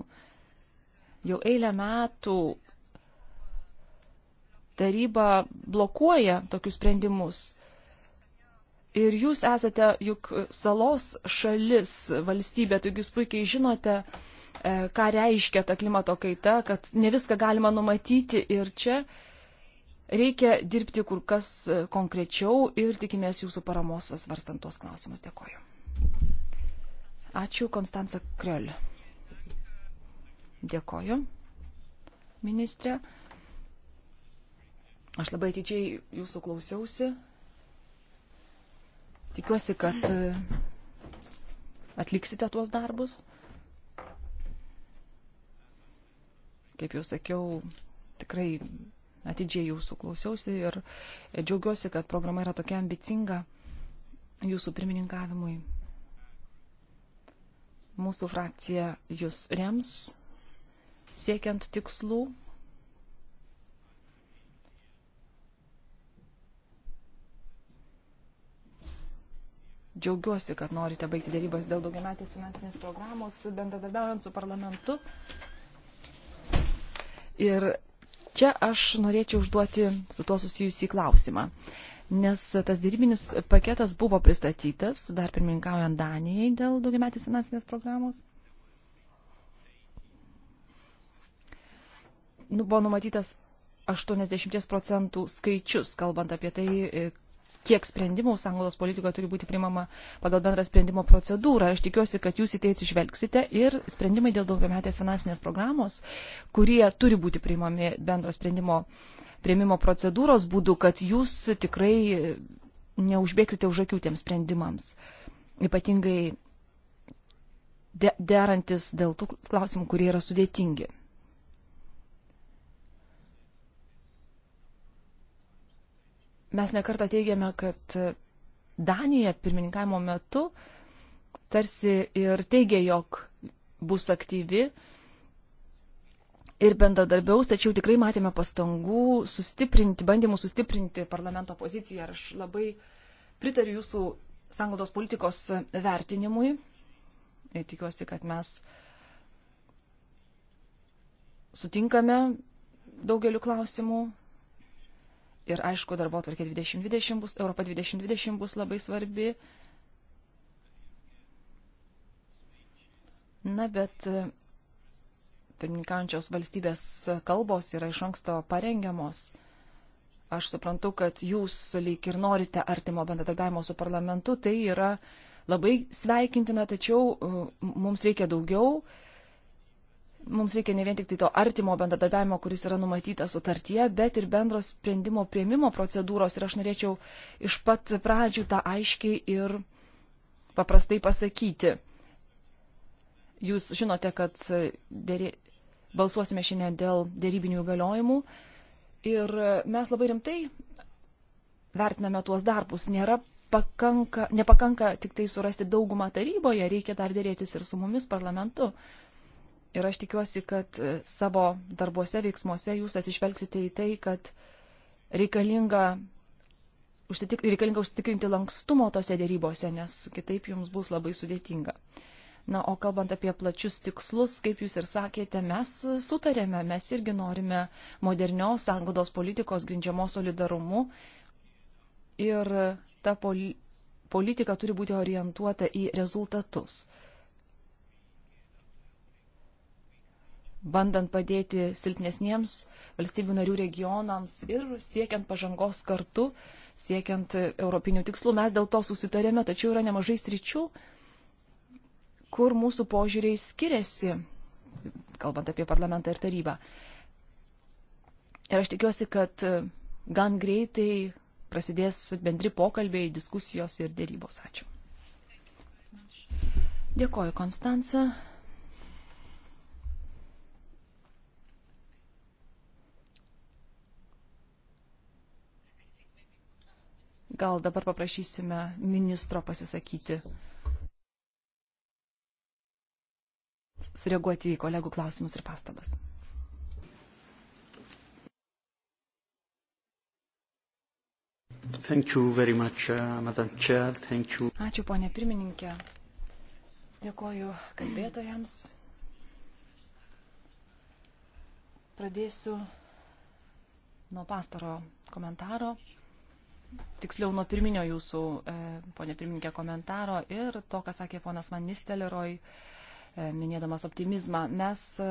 Jau eilę metų taryba blokuoja tokius sprendimus. Ir jūs esate juk salos šalis valstybė, taigi jūs puikiai žinote, uh, E, ką reiškia ta klimato kaita, kad ne viską galima numatyti ir čia reikia dirbti kur kas e, konkrečiau ir tikimės jūsų paramos svarstant tuos klausimus. Dėkoju. Ačiū, Konstanca Kriol. Dėkoju, ministrė. Aš labai atidžiai jūsų klausiausi. Tikiuosi, kad e, atliksite tuos darbus. Kaip jau sakiau, tikrai atidžiai jūsų klausiausi ir džiaugiuosi, kad programa yra tokia ambicinga jūsų pirmininkavimui. Mūsų frakcija jūs rems siekiant tikslų. Džiaugiuosi, kad norite baigti dėrybas dėl daugiametės finansinės programos, bendradarbiaujant su parlamentu. Ir čia aš norėčiau užduoti su tuo susijusį klausimą. Nes tas dėrybinis paketas buvo pristatytas, dar pirmininkaujant Danijai dėl daugiametės finansinės programos. Nu, buvo numatytas 80 procentų skaičius, kalbant apie tai, kiek sprendimų sąnaudos politikoje turi būti primama pagal bendrą sprendimo procedūrą. Aš tikiuosi, kad jūs į tai atsižvelgsite ir sprendimai dėl daugiametės finansinės programos, kurie turi būti primami bendro sprendimo prieimimo procedūros būdu, kad jūs tikrai neužbėgsite už akių tiems sprendimams. Ypatingai derantis dėl tų klausimų, kurie yra sudėtingi. Mes nekartą teigiame, kad Danija pirmininkavimo metu tarsi ir teigia, jog bus aktyvi ir bendradarbiaus, tačiau tikrai matėme pastangų sustiprinti, bandymų sustiprinti parlamento poziciją. Ir aš labai pritariu jūsų sanglaudos politikos vertinimui. Ir tikiuosi, kad mes sutinkame daugeliu klausimų. Ir aišku, darbo atvarkė 2020 bus, Europa 2020 bus labai svarbi. Na, bet e, pirmininkaujančios valstybės kalbos yra iš anksto parengiamos. Aš suprantu, kad jūs lyg ir norite artimo bendradarbiavimo su parlamentu, tai yra labai sveikintina, tačiau e, mums reikia daugiau mums reikia ne vien tik tai to artimo bendradarbiavimo, kuris yra numatytas sutartyje, bet ir bendro sprendimo prieimimo procedūros. Ir aš norėčiau iš pat pradžių tą aiškiai ir paprastai pasakyti. Jūs žinote, kad dėrė... balsuosime šiandien dėl dėrybinių įgaliojimų ir mes labai rimtai vertiname tuos darbus. Nėra pakanka, nepakanka tik tai surasti daugumą taryboje, reikia dar dėrėtis ir su mumis parlamentu. Ir aš tikiuosi, kad e, savo darbuose, veiksmuose jūs atsižvelgsite į tai, kad reikalinga, užsitik, reikalinga užtikrinti lankstumo tose dėrybose, nes kitaip jums bus labai sudėtinga. Na, o kalbant apie plačius tikslus, kaip jūs ir sakėte, mes sutarėme, mes irgi norime modernios anglodos politikos grindžiamos solidarumu. Ir ta pol politika turi būti orientuota į rezultatus. bandant padėti silpnesniems valstybių narių regionams ir siekiant pažangos kartu, siekiant europinių tikslų. Mes dėl to susitarėme, tačiau yra nemažai sričių, kur mūsų požiūriai skiriasi, kalbant apie parlamentą ir tarybą. Ir aš tikiuosi, kad gan greitai prasidės bendri pokalbiai, diskusijos ir dėrybos. Ačiū. Dėkoju, Konstanca. Gal dabar paprašysime ministro pasisakyti, sureaguoti į kolegų klausimus ir pastabas. Much, uh, Ačiū, ponė pirmininkė. Dėkoju kalbėtojams. Pradėsiu nuo pastaro komentaro tiksliau nuo pirminio jūsų, e, ponė pirmininkė, komentaro ir to, ką sakė ponas Van Nisteleroj, e, minėdamas optimizmą. Mes e,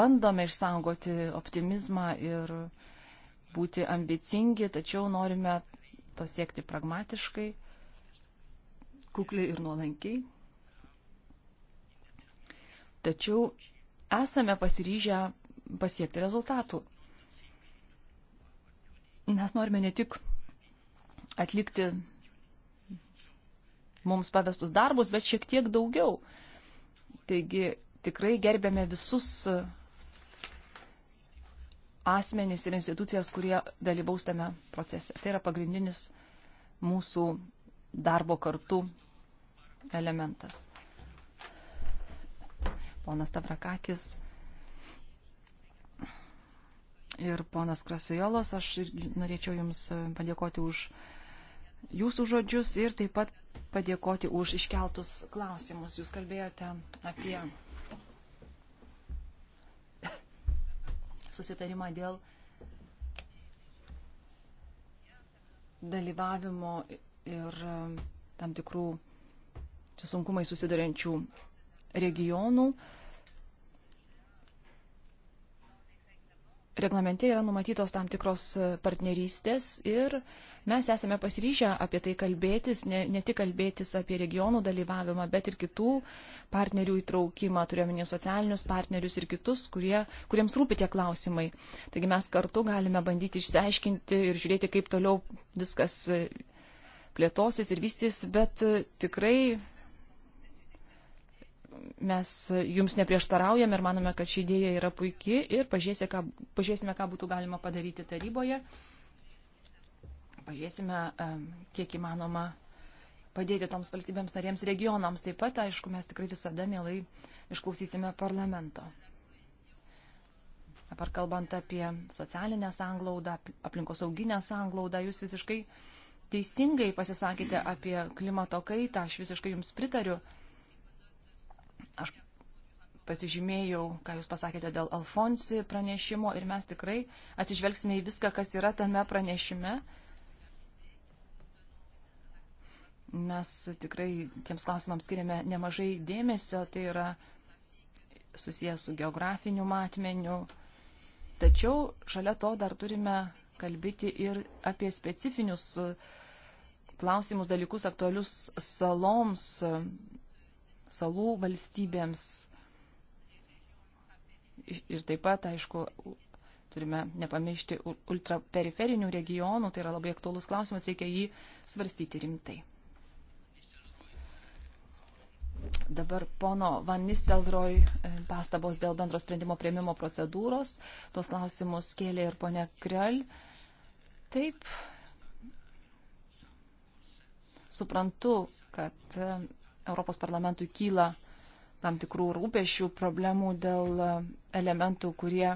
bandome išsaugoti optimizmą ir būti ambicingi, tačiau norime to siekti pragmatiškai, kukliai ir nuolankiai. Tačiau esame pasiryžę pasiekti rezultatų mes norime ne tik atlikti mums pavestus darbus, bet šiek tiek daugiau. Taigi tikrai gerbėme visus asmenys ir institucijas, kurie dalyvaus tame procese. Tai yra pagrindinis mūsų darbo kartu elementas. Ponas Tavrakakis ir ponas Krasajolos. Aš norėčiau Jums e, padėkoti už Jūsų žodžius ir taip pat padėkoti už iškeltus klausimus. Jūs kalbėjote apie susitarimą dėl dalyvavimo ir e, tam tikrų su sunkumai susiduriančių regionų. Uh, reglamente yra numatytos tam tikros e, partnerystės ir mes esame pasiryžę apie tai kalbėtis, ne, ne tik kalbėtis apie regionų dalyvavimą, bet ir kitų partnerių įtraukimą, turiuomenį socialinius partnerius ir kitus, kurie, kuriems rūpi tie klausimai. Taigi mes kartu galime bandyti išsiaiškinti ir žiūrėti, kaip toliau viskas e, plėtosis ir vystys, bet e, tikrai mes jums neprieštaraujame ir manome, kad ši idėja yra puikia ir pažiūrėsime ką, pažiūrėsime, ką būtų galima padaryti taryboje. Pažiūrėsime, kiek įmanoma padėti toms valstybėms narėms regionams. Taip pat, aišku, mes tikrai visada mielai išklausysime parlamento. Dabar kalbant apie socialinę sanglaudą, aplinkosauginę sanglaudą, jūs visiškai teisingai pasisakėte apie klimato kaitą, aš visiškai jums pritariu. Aš pasižymėjau, ką Jūs pasakėte dėl Alfonsi pranešimo ir mes tikrai atsižvelgsime į viską, kas yra tame pranešime. Mes tikrai tiems klausimams skiriame nemažai dėmesio, tai yra susijęs su geografiniu matmeniu. Tačiau šalia to dar turime kalbėti ir apie specifinius klausimus, dalykus aktualius saloms, salų valstybėms. Ir taip pat, aišku, turime nepamiršti ultraperiferinių regionų, tai yra labai aktuolus klausimas, reikia jį svarstyti rimtai. Dabar pono Van Nistelroj e, pastabos dėl bendro sprendimo prieimimo procedūros. Tuos klausimus kėlė ir ponia Krell. Taip, suprantu, kad e, Europos parlamentui kyla tam tikrų rūpešių, problemų dėl elementų, kurie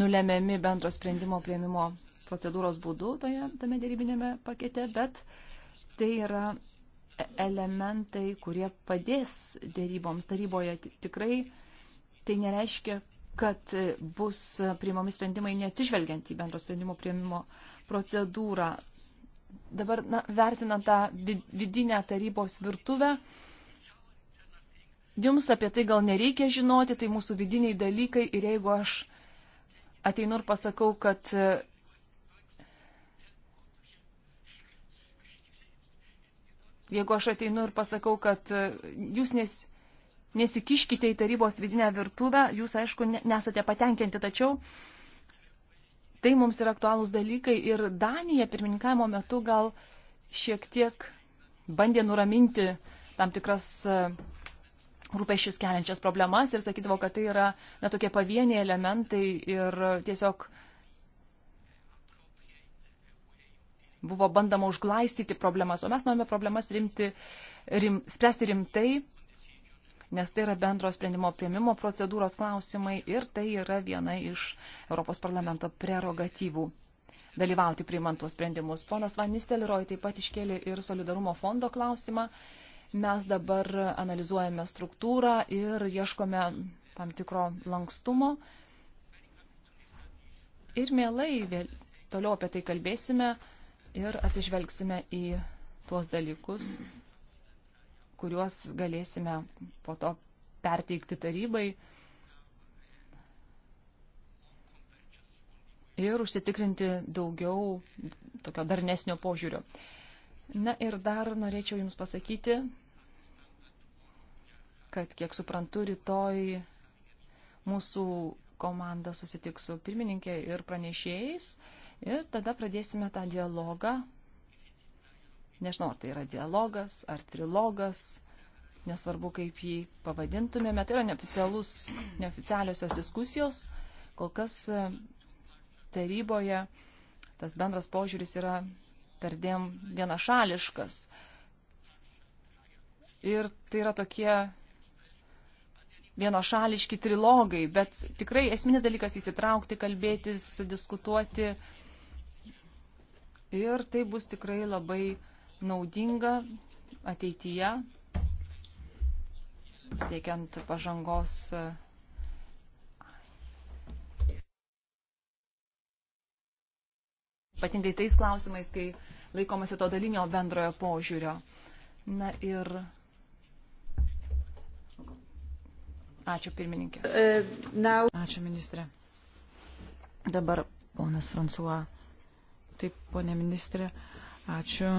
nulemiami bendro sprendimo prieimimo procedūros būdu toje, tame dėrybinėme pakete, bet tai yra elementai, kurie padės dėryboms taryboje. Tikrai tai nereiškia, kad bus priimami sprendimai neatsižvelgiant į bendro sprendimo prieimimo procedūrą. Dabar na, vertinant tą vidinę tarybos virtuvę, jums apie tai gal nereikia žinoti, tai mūsų vidiniai dalykai ir jeigu aš ateinu ir pasakau, kad jeigu aš ateinu ir pasakau, kad jūs nes, nesikiškite į tarybos vidinę virtuvę, jūs aišku nesate patenkinti, tačiau uh, tai mums yra aktualūs dalykai ir Danija pirmininkavimo metu gal šiek tiek bandė nuraminti tam tikras e, rūpešius keliančias problemas ir sakydavo, kad tai yra na, tokie pavieniai elementai ir tiesiog buvo bandama užglaistyti problemas, o mes norime problemas rimti, rim, spręsti rimtai nes tai yra bendro sprendimo prieimimo procedūros klausimai ir tai yra viena iš Europos parlamento prerogatyvų dalyvauti priimant tuos sprendimus. Ponas Van Nistelrooy taip pat iškėlė ir solidarumo fondo klausimą. Mes dabar analizuojame struktūrą ir ieškome tam tikro lankstumo. Ir mielai vėl, toliau apie tai kalbėsime ir atsižvelgsime į tuos dalykus, kuriuos galėsime po to perteikti tarybai ir užsitikrinti daugiau tokio darnesnio požiūrio. Na ir dar norėčiau Jums pasakyti, kad kiek suprantu, rytoj mūsų komanda susitiks su pirmininkė ir pranešėjais ir tada pradėsime tą dialogą Nežinau, ar tai yra dialogas, ar trilogas, nesvarbu, kaip jį pavadintumėme. Tai yra neoficialus, neoficialiosios diskusijos. Kol kas e, taryboje tas bendras požiūris yra perdėm vienašališkas. Ir tai yra tokie vienošališki trilogai, bet tikrai esminis dalykas įsitraukti, kalbėtis, diskutuoti. Ir tai bus tikrai labai naudinga ateityje, siekiant pažangos ypatingai tais klausimais, kai laikomasi to dalinio bendrojo požiūrio. Na ir. Ačiū pirmininkė. Ačiū ministrė. Dabar ponas Fransuo. Taip, ponė ministrė, ačiū.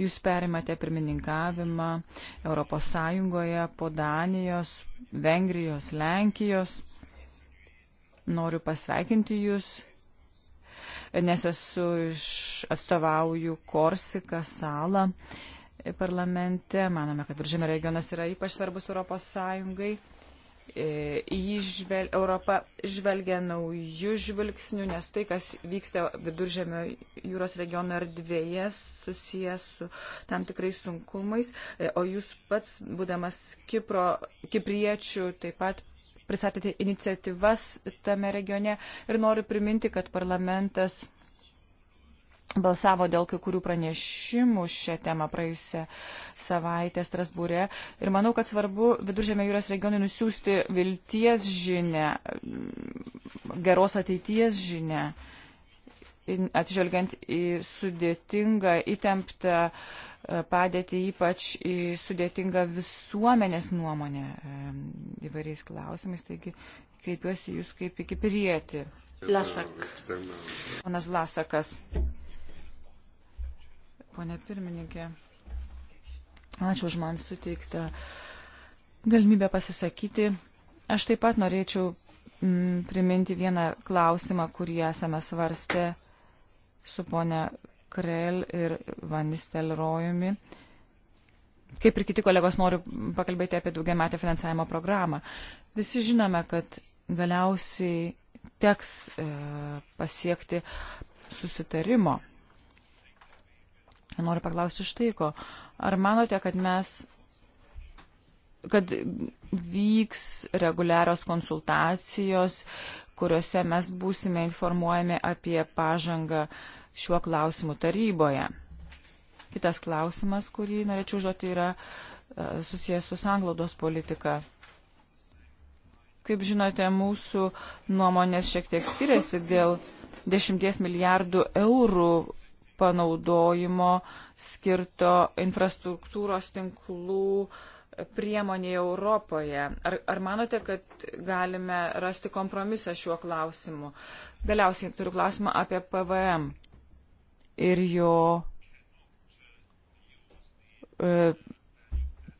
Jūs perimate pirmininkavimą Europos Sąjungoje po Danijos, Vengrijos, Lenkijos. Noriu pasveikinti Jūs, nes esu iš atstovauju Korsiką salą parlamente. Manome, kad Viržėmė regionas yra ypač svarbus Europos Sąjungai jį e, žvel, Europa žvelgia naujų žvilgsnių, nes tai, kas vyksta viduržėmio jūros regiono erdvėje, susijęs su tam tikrais sunkumais, e, o jūs pats, būdamas Kipro, kipriečių, taip pat pristatėte iniciatyvas tame regione ir noriu priminti, kad parlamentas balsavo dėl kai kurių pranešimų šią temą praėjusią savaitę Strasbūrė. Ir manau, kad svarbu Viduržėmė jūros regionui nusiųsti vilties žinę, geros ateities žinę, atsižvelgiant į sudėtingą, įtemptą e, padėtį, ypač į sudėtingą visuomenės nuomonę e, įvairiais klausimais. Taigi kreipiuosi jūs kaip iki pirieti. Vlasak. Ponas Vlasakas ponė pirmininkė. Ačiū už man suteiktą galimybę pasisakyti. Aš taip pat norėčiau mm, priminti vieną klausimą, kurį esame svarstę su ponė Krell ir Vanistelrojumi. Kaip ir kiti kolegos, noriu pakalbėti apie daugiametę finansavimo programą. Visi žinome, kad galiausiai teks e, pasiekti susitarimo Noriu paklausti štai ko. Ar manote, kad mes kad vyks reguliarios konsultacijos, kuriuose mes būsime informuojami apie pažangą šiuo klausimu taryboje. Kitas klausimas, kurį norėčiau užduoti, yra e, susijęs su sanglaudos politika. Kaip žinote, mūsų nuomonės šiek tiek skiriasi dėl 10 milijardų eurų panaudojimo skirto infrastruktūros tinklų priemonėje Europoje. Ar, ar manote, kad galime rasti kompromisą šiuo klausimu? Galiausiai turiu klausimą apie PVM ir jo e,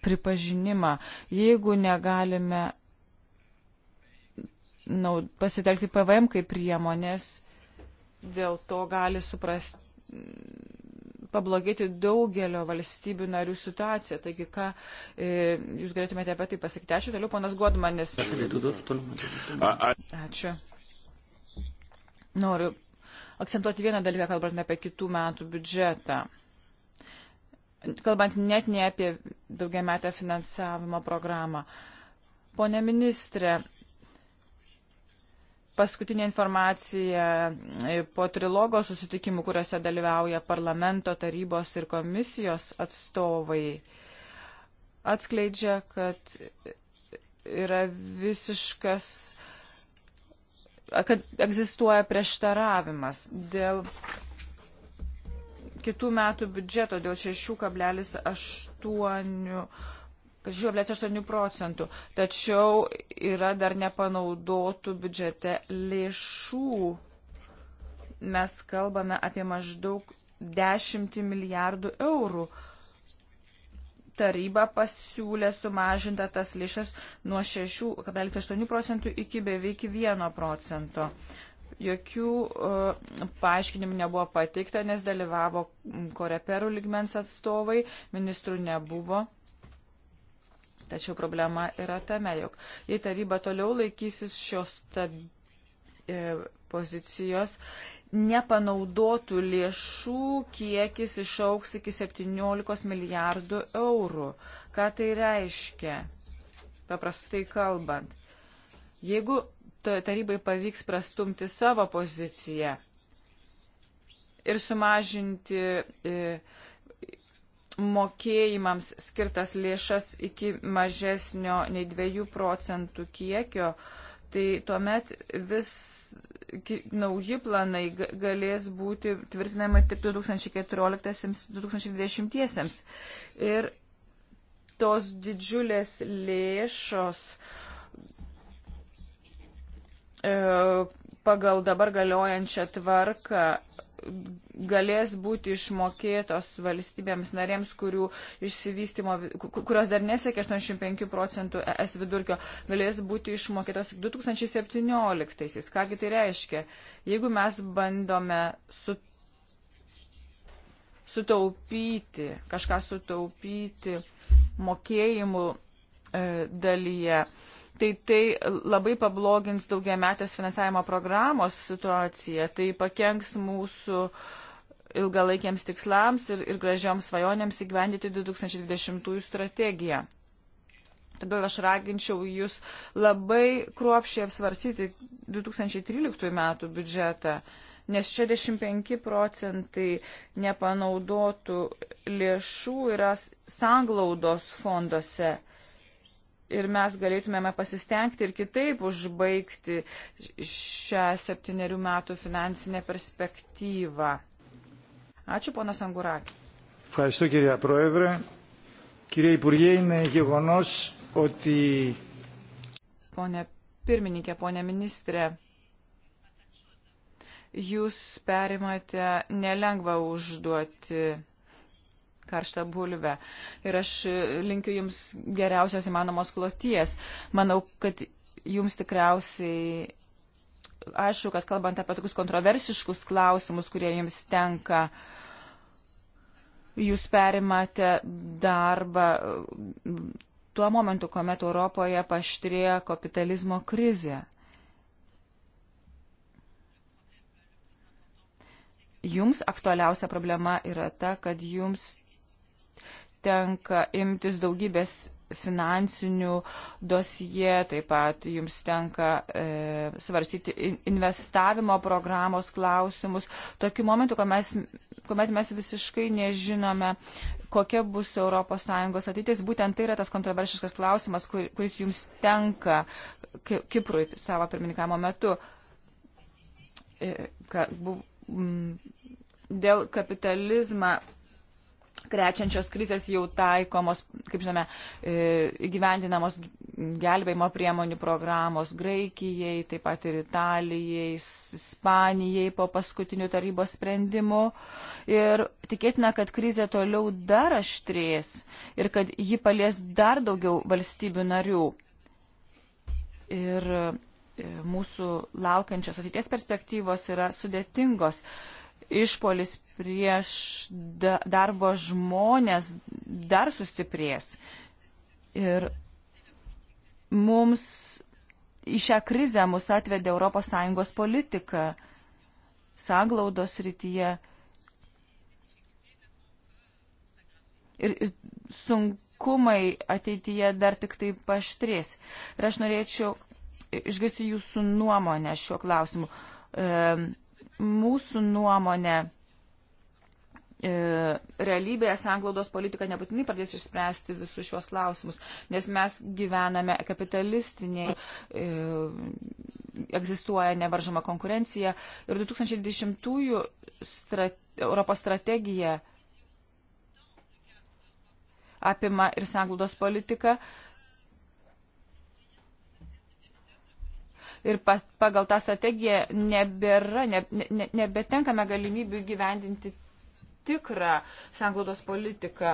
pripažinimą. Jeigu negalime naud, pasitelkti PVM kaip priemonės, dėl to gali suprast, Mm, pablogėti daugelio valstybių narių situacija. Taigi, ką e, jūs galėtumėte apie tai pasakyti? Ačiū toliau, ponas Godmanis. Ačiū. Noriu akcentuoti vieną dalyką, kalbant apie kitų metų biudžetą. Kalbant net ne apie daugiametę finansavimo programą. Pone ministrė, paskutinė informacija e, po trilogo susitikimų, kuriuose dalyvauja parlamento tarybos ir komisijos atstovai, atskleidžia, kad yra visiškas, kad egzistuoja prieštaravimas dėl kitų metų biudžeto, dėl 6,8 6,8 procentų. Tačiau yra dar nepanaudotų biudžete lėšų. Mes kalbame apie maždaug 10 milijardų eurų. Taryba pasiūlė sumažinti tas lėšas nuo 6,8 procentų iki beveik 1 procento. Jokių uh, paaiškinimų nebuvo pateikta, nes dalyvavo koreperų ligmens atstovai, ministrų nebuvo Tačiau problema yra tame, jog jei taryba toliau laikysis šios ta, e, pozicijos, nepanaudotų lėšų kiekis išauks iki 17 milijardų eurų. Ką tai reiškia? Paprastai kalbant, jeigu tarybai pavyks prastumti savo poziciją ir sumažinti e, mokėjimams skirtas lėšas iki mažesnio nei 2 procentų kiekio, tai tuomet vis nauji planai galės būti tvirtinami tik 2014-2020. Ir tos didžiulės lėšos e, pagal dabar galiojančią tvarką galės būti išmokėtos valstybėms narėms, kurių išsivystimo, kurios dar nesiekia 85 procentų es vidurkio, galės būti išmokėtos 2017-aisiais. Kągi tai reiškia? Jeigu mes bandome su, sutaupyti, kažką sutaupyti mokėjimų e, dalyje, tai tai labai pablogins daugiametės finansavimo programos situaciją, tai pakenks mūsų ilgalaikiams tikslams ir, ir gražioms svajonėms įgyvendyti 2020 strategiją. Todėl aš raginčiau jūs labai kruopšiai apsvarsyti 2013 metų biudžetą, nes 65 procentai nepanaudotų lėšų yra sanglaudos fondose ir mes galėtumėme pasistengti ir kitaip užbaigti šią septyniarių metų finansinę perspektyvą. Ačiū, ponas Angurakė. Ευχαριστώ κυρία Πρόεδρε. Κύριε Υπουργέ, είναι γεγονός ότι... Πόνε Πυρμινίκε, πόνε Μινίστρε, jūs perimate nelengvą užduoti karštą bulvę. Ir aš linkiu Jums geriausios įmanomos kloties. Manau, kad Jums tikriausiai. Aišku, kad kalbant apie tokius kontroversiškus klausimus, kurie jums tenka, jūs perimate darbą tuo momentu, kuomet Europoje paštrėjo kapitalizmo krizė. Jums aktualiausia problema yra ta, kad jums tenka imtis daugybės finansinių dosije, taip pat jums tenka e, svarstyti investavimo programos klausimus. Tokiu momentu, kuomet mes, kuomet mes visiškai nežinome, kokia bus ES ateitis, būtent tai yra tas kontroversiškas klausimas, kur, kuris jums tenka Kiprui savo pirmininkamo metu. E, ka, buv, m, dėl kapitalizmą krečiančios krizės jau taikomos, kaip žinome, e, įgyvendinamos gelbėjimo priemonių programos Graikijai, taip pat ir Italijai, Ispanijai po paskutinių tarybos sprendimų. Ir tikėtina, kad krizė toliau dar aštrės ir kad ji palies dar daugiau valstybių narių. Ir e, mūsų laukiančios ateities perspektyvos yra sudėtingos išpolis prieš darbo žmonės dar sustiprės. Ir mums į šią krizę mus atvedė ES politika saglaudos rytyje. Ir, ir sunkumai ateityje dar tik tai paštrės. Ir aš norėčiau išgirsti jūsų nuomonę šiuo klausimu. E, Mūsų nuomonė e, realybėje sanglaudos politika nebūtinai pradės išspręsti visus šios klausimus, nes mes gyvename kapitalistinėje, egzistuoja nevaržoma konkurencija ir 2010-ųjų strate, Europos strategija apima ir sanglaudos politiką. E, ir pas, pagal tą strategiją nebėra, ne, ne, nebetenkame galimybių gyvendinti tikrą sanglaudos politiką,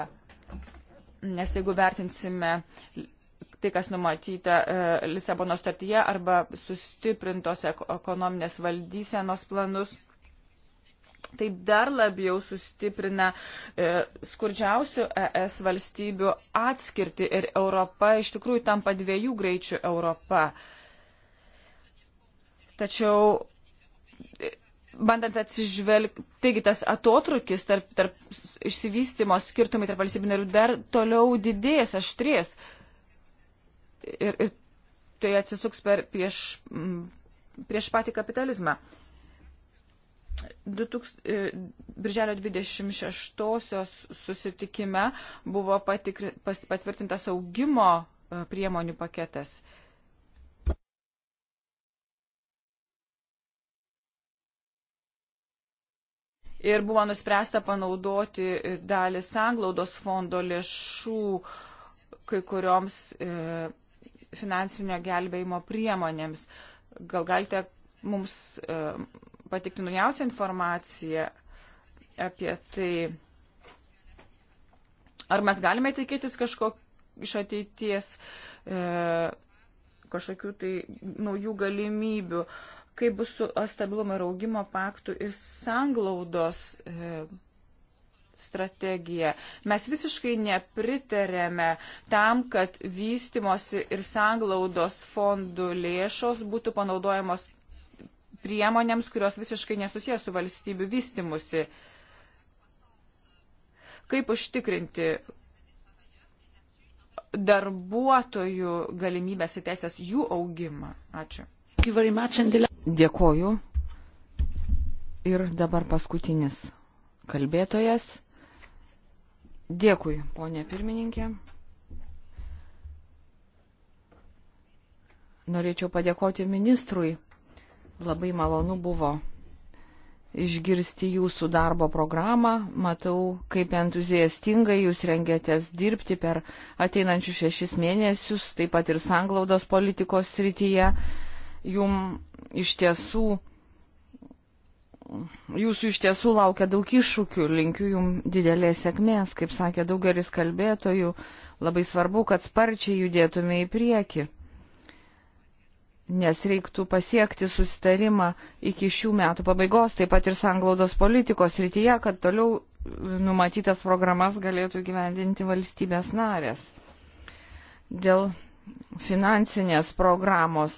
nes jeigu vertinsime tai, kas numatyta e, Lisabono startyje arba sustiprintos ekonominės valdysenos planus, tai dar labiau sustiprina e, skurdžiausių ES valstybių atskirti ir Europa iš tikrųjų tampa dviejų greičių Europa. E, Tačiau bandant atsižvelgti, taigi tas atotrukis tarp, tarp išsivystimo skirtumai tarp valstybių narių dar toliau didės, aštrės. Ir, ir tai atsisuks per, prieš, prieš patį kapitalizmą. 2000, e, Birželio 26-osios susitikime buvo patikri, pas, patvirtintas augimo e, priemonių paketas. ir buvo nuspręsta panaudoti dalį sanglaudos fondo lėšų kai kurioms e, finansinio gelbėjimo priemonėms. Gal galite mums e, patikti naujausią informaciją apie tai, ar mes galime tikėtis kažko iš ateities, e, kažkokių tai naujų galimybių. E, kaip bus su stabilumo ir augimo paktų ir sanglaudos e, strategija. Mes visiškai nepritarėme tam, kad vystimosi ir sanglaudos fondų lėšos būtų panaudojamos priemonėms, kurios visiškai nesusijęs su valstybių vystimusi. Kaip užtikrinti darbuotojų galimybės į teisės jų augimą? Ačiū. Dėkoju. Ir dabar paskutinis kalbėtojas. Dėkui, ponė pirmininkė. Norėčiau padėkoti ministrui. Labai malonu buvo išgirsti jūsų darbo programą. Matau, kaip entuziastingai jūs rengėtės dirbti per ateinančius šešis mėnesius, taip pat ir sanglaudos politikos srityje jum iš tiesų, jūsų iš tiesų laukia daug iššūkių, linkiu jum didelės sėkmės, kaip sakė daugelis kalbėtojų, labai svarbu, kad sparčiai judėtume į priekį, nes reiktų pasiekti susitarimą iki šių metų pabaigos, taip pat ir sanglaudos politikos rytyje, kad toliau numatytas programas galėtų gyvendinti valstybės narės. Dėl finansinės programos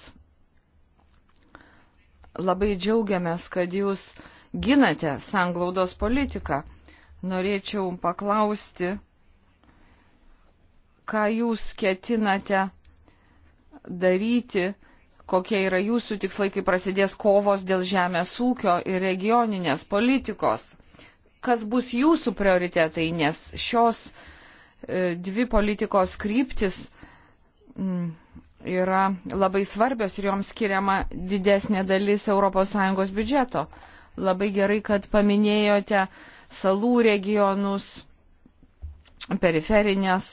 Labai džiaugiamės, kad jūs ginate sanglaudos politiką. Norėčiau paklausti, ką jūs ketinate daryti, kokie yra jūsų tikslai, kai prasidės kovos dėl žemės ūkio ir regioninės politikos. Kas bus jūsų prioritetai, nes šios e, dvi politikos kryptis. Mm, yra labai svarbios ir joms skiriama didesnė dalis ES biudžeto. Labai gerai, kad paminėjote salų regionus, periferinės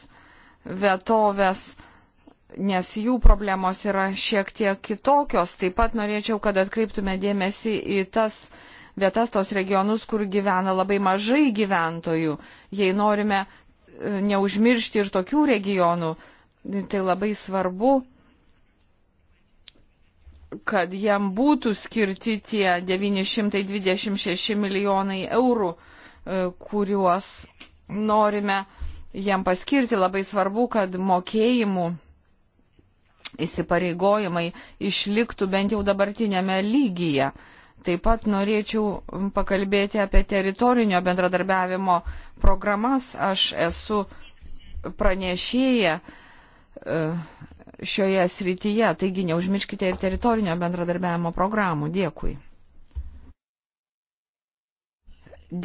vietovės, nes jų problemos yra šiek tiek kitokios. Taip pat norėčiau, kad atkreiptume dėmesį į tas vietas, tos regionus, kur gyvena labai mažai gyventojų. Jei norime e, neužmiršti ir tokių regionų, tai labai svarbu kad jam būtų skirti tie 926 milijonai eurų, e, kuriuos norime jam paskirti. Labai svarbu, kad mokėjimų įsipareigojimai išliktų bent jau dabartinėme lygyje. Taip pat norėčiau pakalbėti apie teritorinio bendradarbiavimo programas. Aš esu pranešėję e, šioje srityje. Taigi neužmirškite ir teritorinio bendradarbiavimo programų. Dėkui.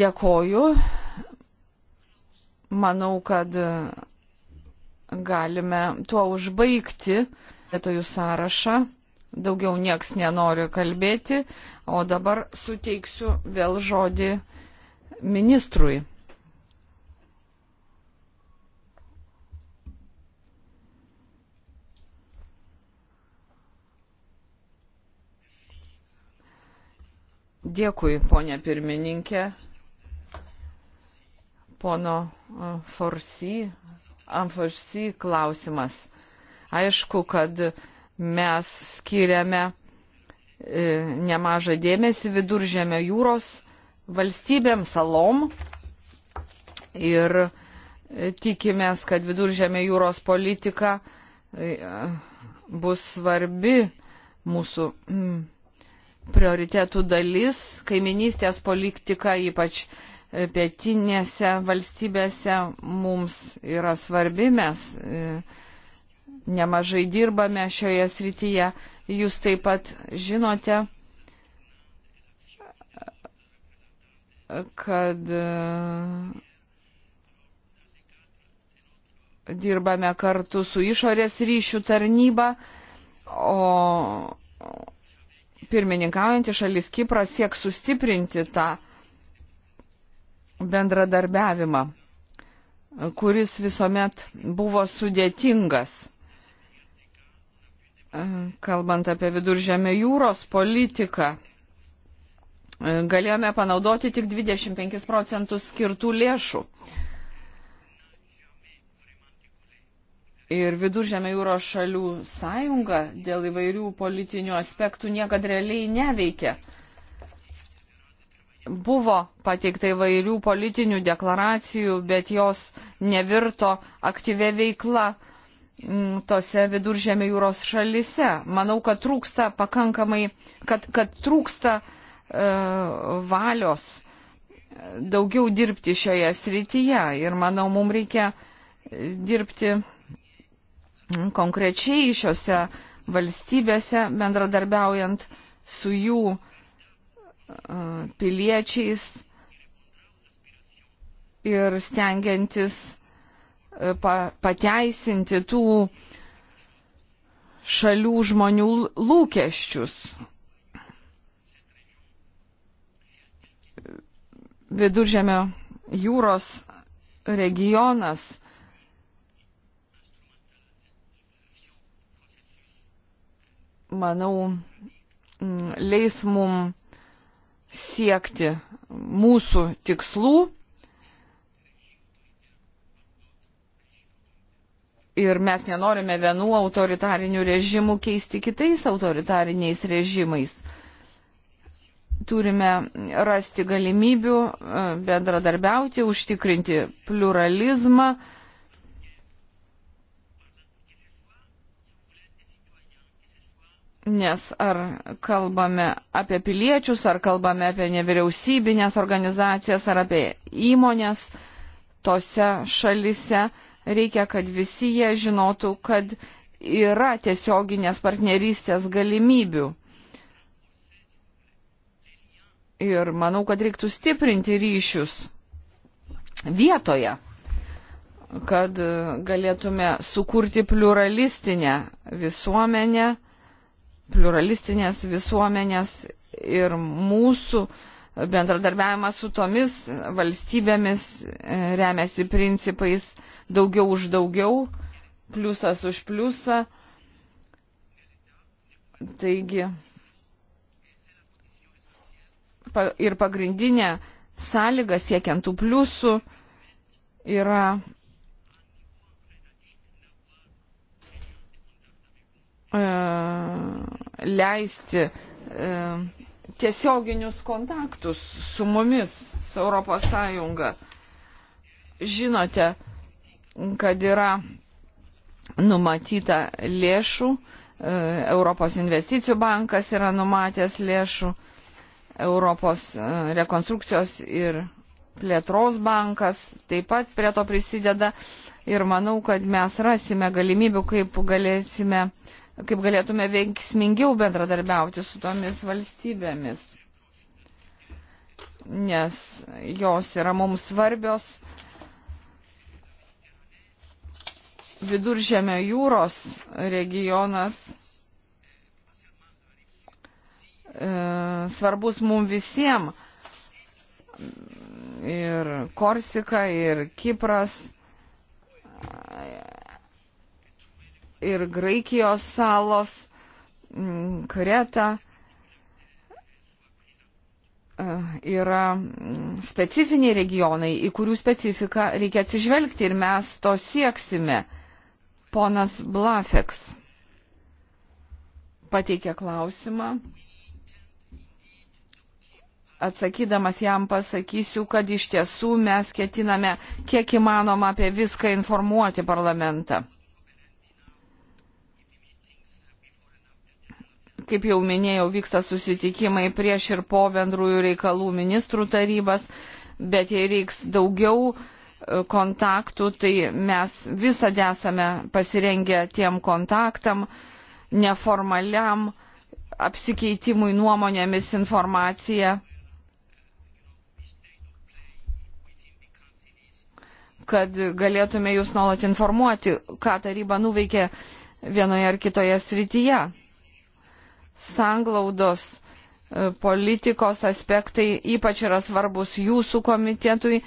Dėkoju. Manau, kad galime tuo užbaigti vietojų sąrašą. Daugiau nieks nenori kalbėti, o dabar suteiksiu vėl žodį ministrui. Dėkui, ponė pirmininkė. Pono Forsi, Amforsi klausimas. Aišku, kad mes skiriame e, nemažą dėmesį viduržėmio jūros valstybėm, salom ir e, tikimės, kad viduržėmio jūros politika e, bus svarbi mūsų mm, prioritėtų dalis, kaiminystės politika, ypač e, pietinėse valstybėse, mums yra svarbi, mes e, nemažai dirbame šioje srityje. Jūs taip pat žinote, kad e, dirbame kartu su išorės ryšių tarnyba, o pirmininkaujantį šalis Kipras sieks sustiprinti tą bendradarbiavimą, kuris visuomet buvo sudėtingas. Kalbant apie viduržėmio jūros politiką, galėjome panaudoti tik 25 procentus skirtų lėšų. ir Viduržėmio jūros šalių sąjunga dėl įvairių politinių aspektų niekada realiai neveikia. Buvo pateikta įvairių politinių deklaracijų, bet jos nevirto aktyvė veikla mm, tose viduržėmio jūros šalise. Manau, kad trūksta pakankamai, kad, kad trūksta uh, valios e, daugiau dirbti šioje srityje ir manau, mums reikia dirbti uh, konkrečiai šiuose valstybėse bendradarbiaujant su jų e, piliečiais ir stengiantis e, pa, pateisinti tų šalių žmonių lūkesčius. Viduržėmio jūros regionas manau, leis mum siekti mūsų tikslų ir mes nenorime vienų autoritarinių režimų keisti kitais autoritariniais režimais. Turime rasti galimybių e, bendradarbiauti, užtikrinti pluralizmą, Nes ar kalbame apie piliečius, ar kalbame apie nevyriausybinės organizacijas, ar apie įmonės tose šalise, reikia, kad visi jie žinotų, kad yra tiesioginės partnerystės galimybių. Ir manau, kad reiktų stiprinti ryšius vietoje kad galėtume sukurti pluralistinę visuomenę, pluralistinės visuomenės ir mūsų bendradarbiavimas su tomis valstybėmis e, remiasi principais daugiau už daugiau, pliusas už pliusą. Taigi ir pagrindinė sąlyga siekiant tų pliusų yra E, leisti e, tiesioginius kontaktus su mumis, su Europos Sąjunga. Žinote, kad yra numatyta lėšų, e, Europos investicijų bankas yra numatęs lėšų, Europos rekonstrukcijos ir plėtros bankas taip pat prie to prisideda ir manau, kad mes rasime galimybių, kaip galėsime uh, kaip galėtume veiksmingiau bendradarbiauti su tomis valstybėmis, nes jos yra mums svarbios viduržėmio jūros regionas. E, svarbus mums visiems ir Korsika, ir Kipras, ir Graikijos salos, mm, Kreta e, yra mm, specifiniai regionai, į kurių specifiką reikia atsižvelgti ir mes to sieksime. Ponas Blafeks pateikė klausimą. Atsakydamas jam pasakysiu, kad iš tiesų mes ketiname kiek įmanoma apie viską informuoti parlamentą. kaip jau minėjau, vyksta susitikimai prieš ir po bendrųjų reikalų ministrų tarybas, bet jei reiks daugiau e, kontaktų, tai mes visada esame pasirengę tiem kontaktam, neformaliam apsikeitimui nuomonėmis informacija, kad galėtume jūs nuolat informuoti, ką taryba nuveikė vienoje ar kitoje srityje sanglaudos e, politikos aspektai ypač yra svarbus jūsų komitetui,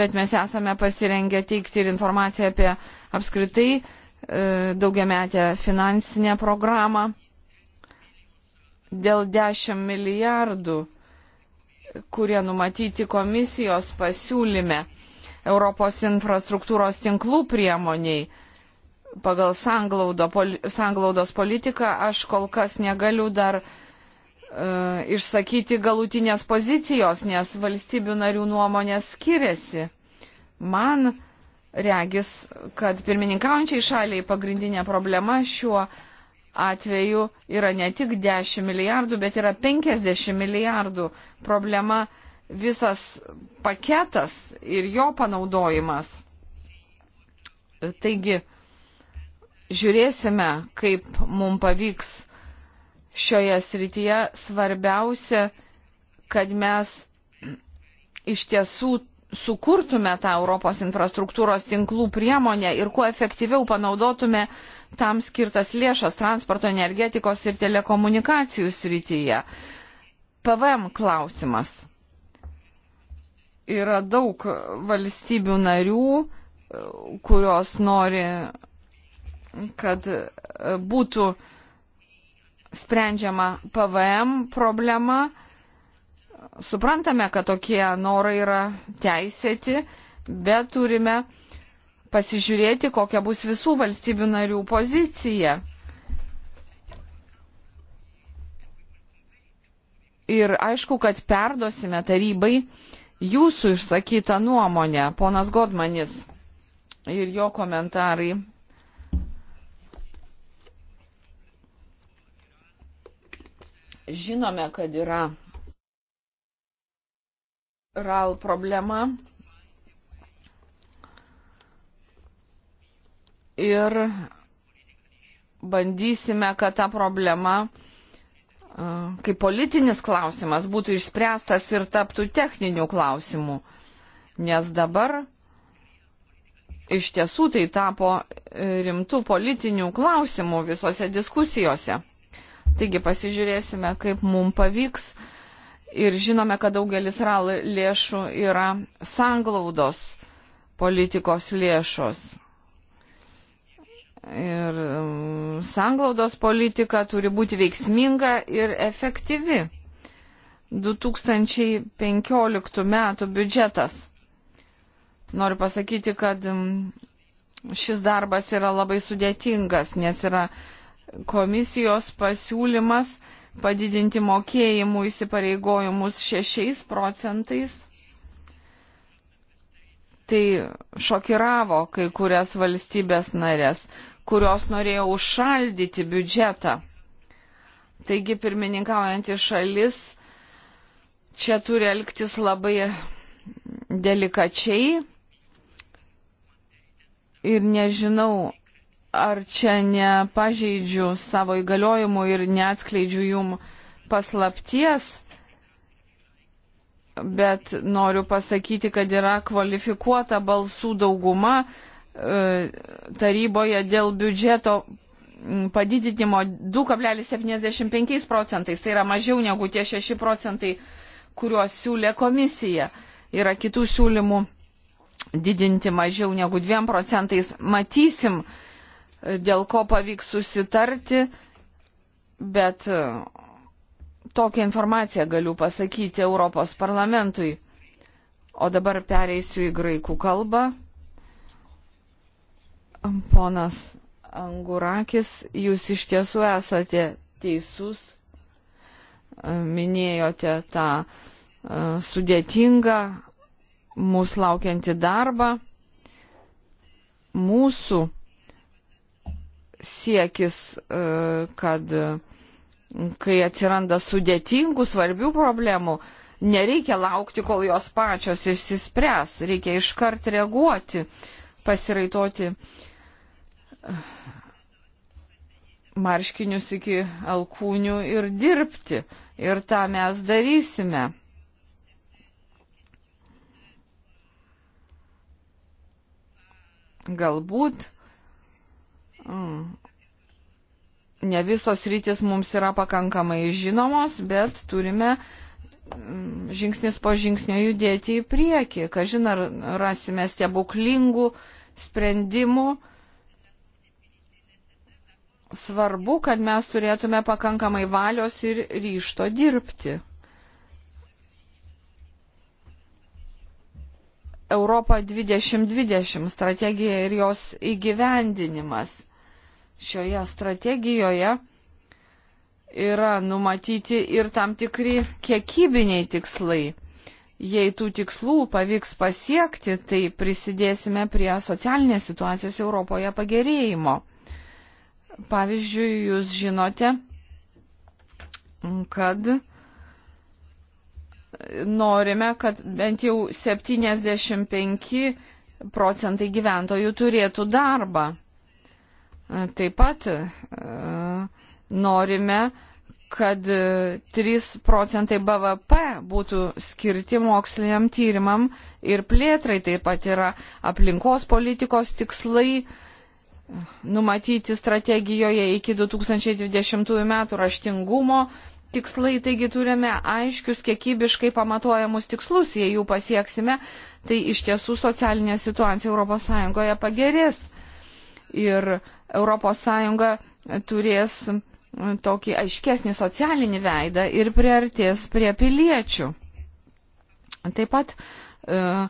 bet mes esame pasirengę teikti ir informaciją apie apskritai e, daugiametę finansinę programą dėl 10 milijardų, kurie numatyti komisijos pasiūlyme Europos infrastruktūros tinklų priemoniai pagal sanglaudos politiką aš kol kas negaliu dar e, išsakyti galutinės pozicijos, nes valstybių narių nuomonės skiriasi. Man regis, kad pirmininkaujančiai šaliai pagrindinė problema šiuo atveju yra ne tik 10 milijardų, bet yra 50 milijardų problema visas paketas ir jo panaudojimas. Taigi, žiūrėsime, kaip mums pavyks šioje srityje. Svarbiausia, kad mes iš tiesų sukurtume tą Europos infrastruktūros tinklų priemonę ir kuo efektyviau panaudotume tam skirtas lėšas transporto, energetikos ir telekomunikacijų srityje. PVM klausimas. Yra daug valstybių narių, kurios nori kad e, būtų sprendžiama PVM problema. Suprantame, kad tokie norai yra teisėti, bet turime pasižiūrėti, kokia bus visų valstybių narių pozicija. Ir aišku, kad perdosime tarybai jūsų išsakytą nuomonę, ponas Godmanis ir jo komentarai Žinome, kad yra RAL problema ir bandysime, kad ta problema kaip politinis klausimas būtų išspręstas ir taptų techninių klausimų. Nes dabar iš tiesų tai tapo e, rimtų politinių klausimų visose diskusijose. Taigi pasižiūrėsime, kaip mums pavyks. Ir žinome, kad daugelis RAL lėšų yra sanglaudos politikos lėšos. Ir mm, sanglaudos politika turi būti veiksminga ir efektyvi. 2015 metų biudžetas. Noriu pasakyti, kad mm, šis darbas yra labai sudėtingas, nes yra komisijos pasiūlymas padidinti mokėjimų įsipareigojimus 6 procentais. Tai šokiravo kai kurias valstybės narės, kurios norėjo užšaldyti biudžetą. Taigi pirmininkaujantį šalis čia turi elgtis labai delikačiai ir nežinau, ar čia nepažeidžiu savo įgaliojimų ir neatskleidžiu jum paslapties, bet noriu pasakyti, kad yra kvalifikuota balsų dauguma e, taryboje dėl biudžeto padidinimo 2,75 procentais, tai yra mažiau negu tie 6 procentai, kuriuos siūlė komisija. Yra kitų siūlymų didinti mažiau negu 2 procentais. Matysim, uh, dėl ko pavyks susitarti, bet e, tokią informaciją galiu pasakyti Europos parlamentui. O dabar pereisiu į graikų kalbą. Ponas Angurakis, jūs iš tiesų esate teisus, e, minėjote tą e, sudėtingą mūsų laukiantį darbą. Mūsų siekis, e, kad e, kai atsiranda sudėtingų, svarbių problemų, nereikia laukti, kol jos pačios išsispręs, reikia iškart reaguoti, pasiraitoti e, marškinius iki alkūnių ir dirbti. Ir tą mes darysime. Galbūt Mm. Ne visos rytis mums yra pakankamai žinomos, bet turime mm, žingsnis po žingsnio judėti į priekį. Kažin ar rasime stebuklingų sprendimų. Svarbu, kad mes turėtume pakankamai valios ir ryšto dirbti. Europa 2020 strategija ir jos įgyvendinimas šioje strategijoje yra numatyti ir tam tikri kiekybiniai tikslai. Jei tų tikslų pavyks pasiekti, tai prisidėsime prie socialinės situacijos Europoje pagerėjimo. Pavyzdžiui, jūs žinote, kad norime, kad bent jau 75 procentai gyventojų turėtų darbą. Taip pat e, norime, kad 3 e, procentai BVP būtų skirti moksliniam tyrimam ir plėtrai. Taip pat yra aplinkos politikos tikslai e, numatyti strategijoje iki 2020 metų raštingumo tikslai, taigi turime aiškius, kiekybiškai pamatuojamus tikslus, jei jų pasieksime, tai iš tiesų socialinė situacija ES pagerės ir ES turės tokį aiškesnį socialinį veidą ir priartės prie piliečių. Taip pat e,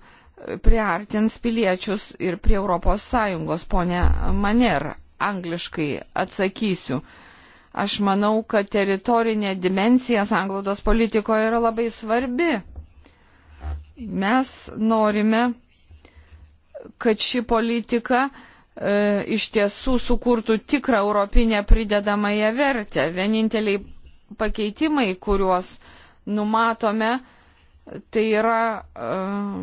priartins piliečius ir prie ES, ponė Maner, angliškai atsakysiu. Aš manau, kad teritorinė dimensija sanglaudos politikoje yra labai svarbi. Mes norime, kad ši politika uh, E, iš tiesų sukurtų tikrą europinę pridedamąją vertę. Vieninteliai pakeitimai, kuriuos numatome, tai yra uh,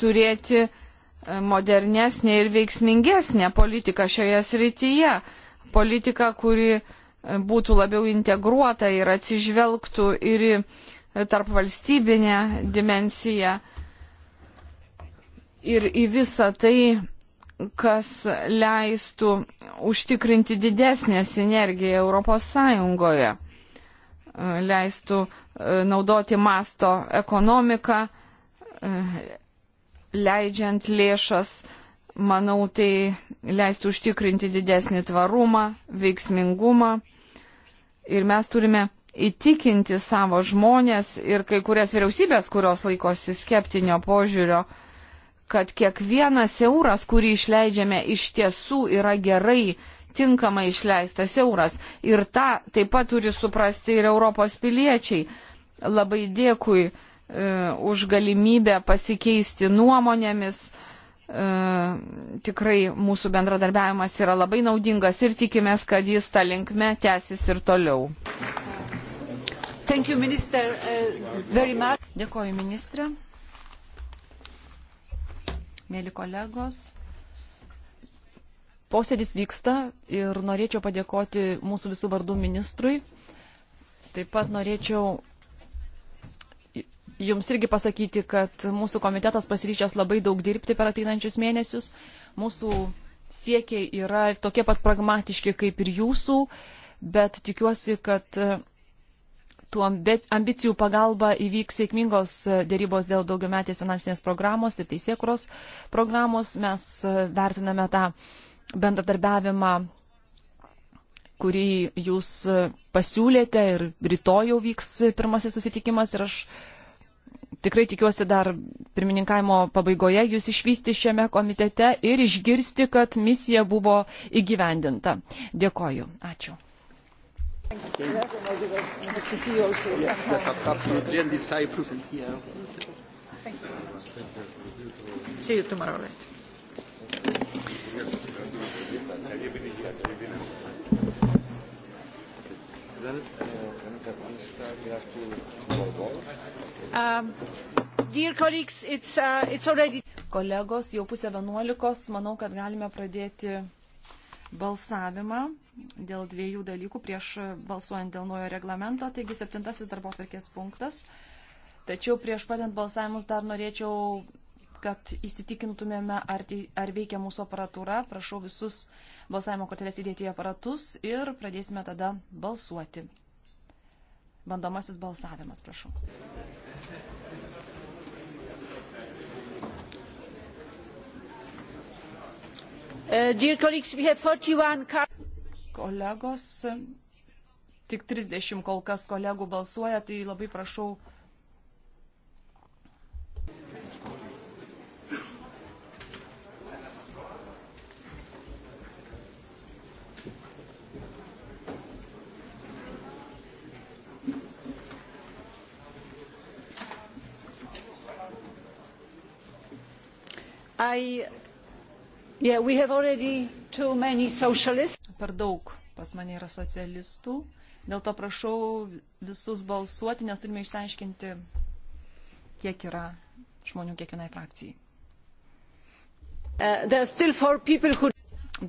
turėti modernesnė ir veiksmingesnė politika šioje srityje. Politika, kuri būtų labiau integruota ir atsižvelgtų ir į tarp valstybinę dimensiją. Uh, ir į visą tai, kas leistų užtikrinti didesnę sinergiją Europos Sąjungoje, leistų e, naudoti masto ekonomiką, e, leidžiant lėšas, manau, tai leistų užtikrinti didesnį tvarumą, veiksmingumą. Ir mes turime įtikinti savo žmonės ir kai kurias vyriausybės, kurios laikosi skeptinio požiūrio, uh, kad kiekvienas euras, kurį išleidžiame, iš tiesų yra gerai tinkamai išleistas euras. Ir tą taip pat turi suprasti ir Europos piliečiai. Labai dėkui e, už galimybę pasikeisti nuomonėmis. E, tikrai mūsų bendradarbiavimas yra labai naudingas ir tikimės, kad jis tą linkme tęsis ir toliau. Thank you, minister, uh, Dėkoju, ministrė mėly kolegos. Posėdis vyksta ir norėčiau padėkoti mūsų visų vardų ministrui. Taip pat norėčiau Jums irgi pasakyti, kad mūsų komitetas pasiryšęs labai daug dirbti per ateinančius mėnesius. Mūsų siekiai yra tokie pat pragmatiški kaip ir jūsų, bet tikiuosi, kad tų ambicijų pagalba įvyks sėkmingos e, dėrybos dėl daugiametės finansinės programos ir teisėkuros programos. Mes e, vertiname tą bendradarbiavimą, kurį jūs e, pasiūlėte ir rytoj jau vyks pirmasis susitikimas ir aš tikrai tikiuosi dar pirmininkavimo pabaigoje jūs išvysti šiame komitete ir išgirsti, kad misija buvo įgyvendinta. Dėkoju. Ačiū. See you tomorrow, right? Um, dear colleagues, it's, uh, it's already... Kolegos, jau pusę vienuolikos, manau, kad galime pradėti balsavimą dėl dviejų dalykų prieš balsuojant dėl naujo reglamento, taigi septintasis darbo atvarkės punktas. Tačiau prieš padant balsavimus dar norėčiau, kad įsitikintumėme, ar, tai, ar veikia mūsų aparatūra. Prašau visus balsavimo kortelės įdėti į aparatus ir pradėsime tada balsuoti. Bandomasis balsavimas, prašau. Uh, 41 kolegos. Tik 30 kol kas kolegų balsuoja, tai labai prašau. I Yeah, per daug pas mane yra socialistų, dėl to prašau visus balsuoti, nes turime išsiaiškinti, kiek yra žmonių kiekvienai frakcijai. Uh, who...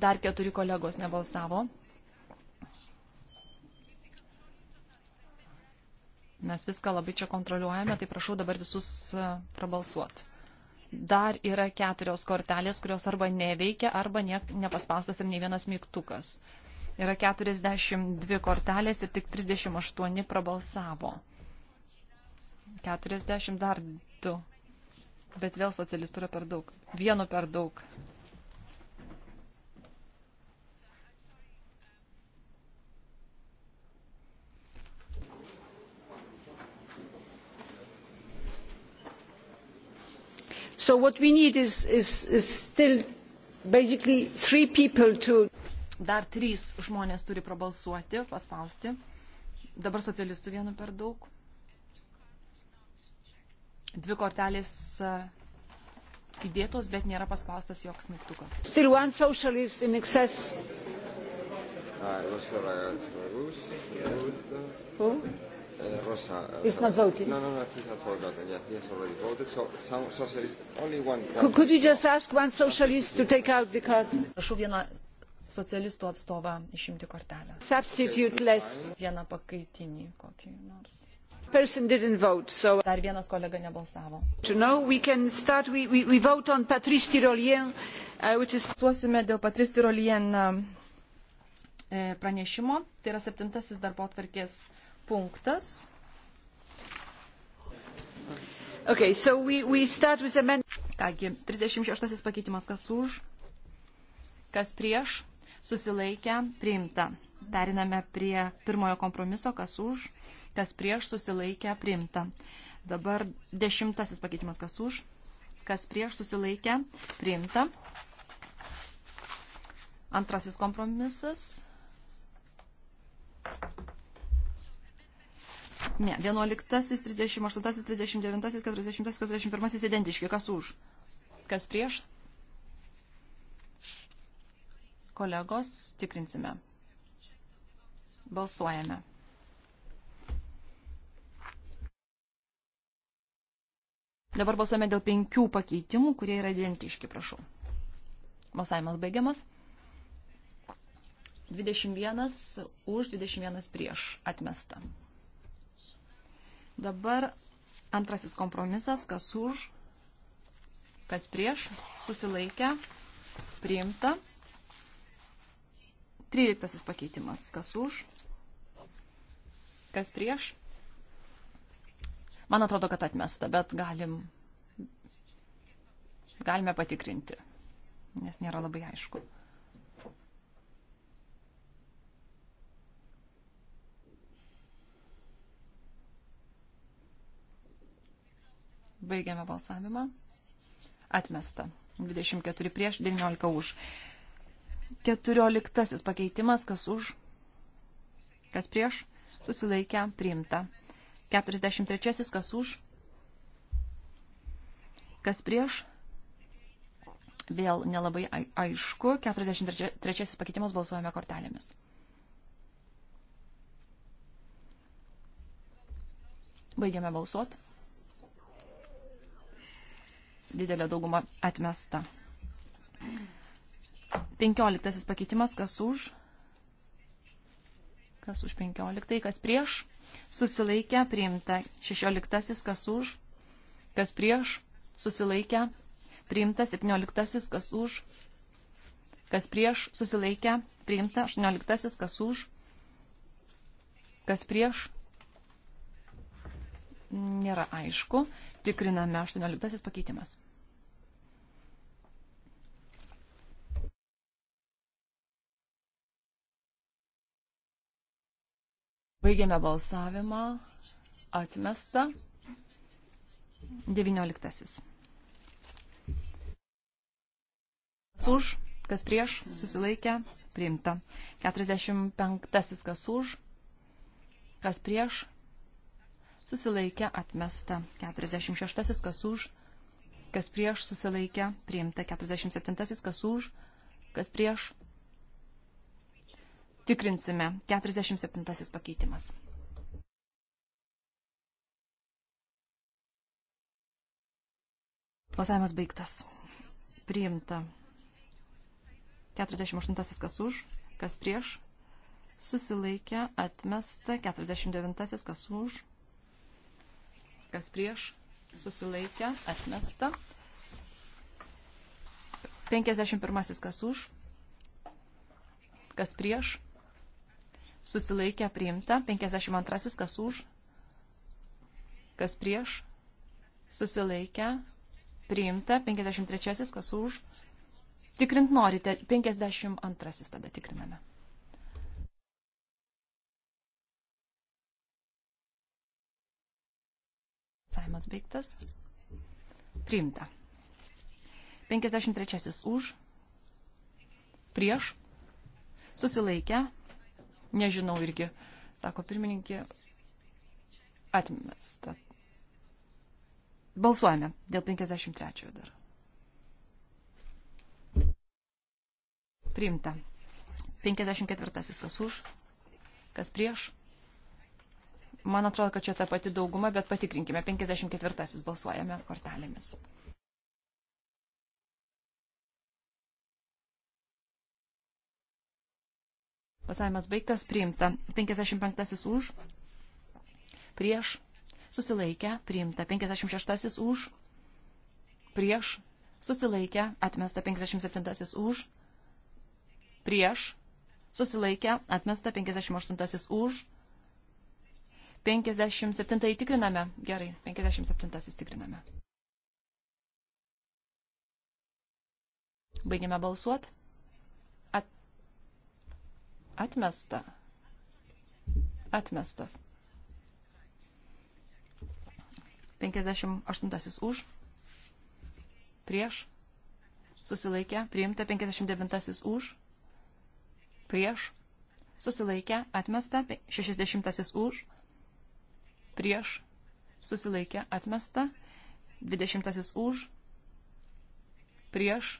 Dar keturi kolegos nebalsavo. Mes viską labai čia kontroliuojame, tai prašau dabar visus uh, prabalsuoti dar yra keturios kortelės, kurios arba neveikia, arba ne, nepaspaustas ir nei vienas mygtukas. Yra 42 kortelės ir tik 38 prabalsavo. 40 dar 2. Bet vėl socialistų yra per daug. Vienu per daug. so what we need is, is, is still basically three people to Dar trys žmonės turi prabalsuoti, paspausti. Dabar socialistų vienu per daug. Dvi kortelės e, įdėtos, bet nėra paspaustas joks mygtukas. Still one socialist in excess. Ah, Uh, Rosa. Uh, it's not voting. No, no, no, he has forgotten. Yeah, he has already voted. So some socialist, only one. Could, could you just ask one socialist to take out the card? Prašau vieną socialistų atstovą išimti kortelę. Substituteless. Vieną pakaitinį kokį nors. Person didn't vote, so... Dar vienas kolega nebalsavo. To know, we can start, we, we, we vote on Patrice Tirolien, uh, which is... Suosime dėl Patrice Tirolien uh, pranešimo, tai yra septintasis darbo atvarkės uh, punktas. Okay, so we, we start with amend... Kągi, 36 pakeitimas kas už, kas prieš, susilaikę, priimta. Periname prie pirmojo kompromiso, kas už, kas prieš, susilaikę, priimta. Dabar dešimtasis pakeitimas kas už, kas prieš, susilaikę, priimta. Antrasis kompromisas. Ne, 11, 38, 39, 40, 41 identiški. Kas už? Kas prieš? Kolegos, tikrinsime. Balsuojame. Dabar balsuojame dėl penkių pakeitimų, kurie yra identiški, prašau. Balsavimas baigiamas. 21 už, 21 prieš atmesta. Dabar antrasis kompromisas, kas už, kas prieš, susilaikę, priimta. Tryliktasis pakeitimas, kas už, kas prieš. Man atrodo, kad atmesta, bet galim, galime patikrinti, nes nėra labai aišku. Baigiame balsavimą. Atmesta. 24 prieš, 19 už. 14 pakeitimas, kas už, kas prieš, susilaikę, priimta. 43 kas už, kas prieš, vėl nelabai aišku. 43 pakeitimas balsuojame kortelėmis. Baigiame balsuoti didelė dauguma atmesta. 15 pakeitimas, kas už, kas už 15, kas prieš, susilaikę, priimta. 16, kas už, kas prieš, susilaikę, priimta. 17, kas už, kas prieš, susilaikę, priimta. 18, kas už, kas prieš, nėra aišku. Tikriname 18 pakeitimas. Baigėme balsavimą. Atmesta. 19. Kas už, kas prieš, susilaikė, priimta. 45. Kas už, kas prieš, susilaikė atmesta. 46 kas už, kas prieš susilaikė priimta. 47 kas už, kas prieš. Tikrinsime. 47 pakeitimas. Balsavimas baigtas. Priimta. 48 kas už, kas prieš. Susilaikė, atmesta. 49 kas už, kas prieš, susilaikė, atmesta. 51 kas už, kas prieš, susilaikė, priimta. 52 kas už, kas prieš, susilaikė, priimta. 53 kas už. Tikrint norite, 52 tada tikriname. Balsavimas baigtas. Priimta. 53 už. Prieš. Susilaikę. Nežinau irgi, sako pirmininkė. Atmesta. Balsuojame dėl 53 dar. Priimta. 54 kas už, kas prieš, Man atrodo, kad čia ta pati dauguma, bet patikrinkime. 54 balsuojame kortelėmis. Pasavimas baigtas, priimta. 55 už, prieš, susilaikę, priimta. 56 už, prieš, susilaikę, atmesta. 57 už, prieš, susilaikę, atmesta. 58 už, prieš 57 tikriname. Gerai, 57 tikriname. Baigėme balsuot. At... Atmesta. Atmestas. 58 už. Prieš. Susilaikė. Priimta 59 už. Prieš. Susilaikė. Atmesta. 60 už prieš, susilaikė, atmesta, 20 už, prieš,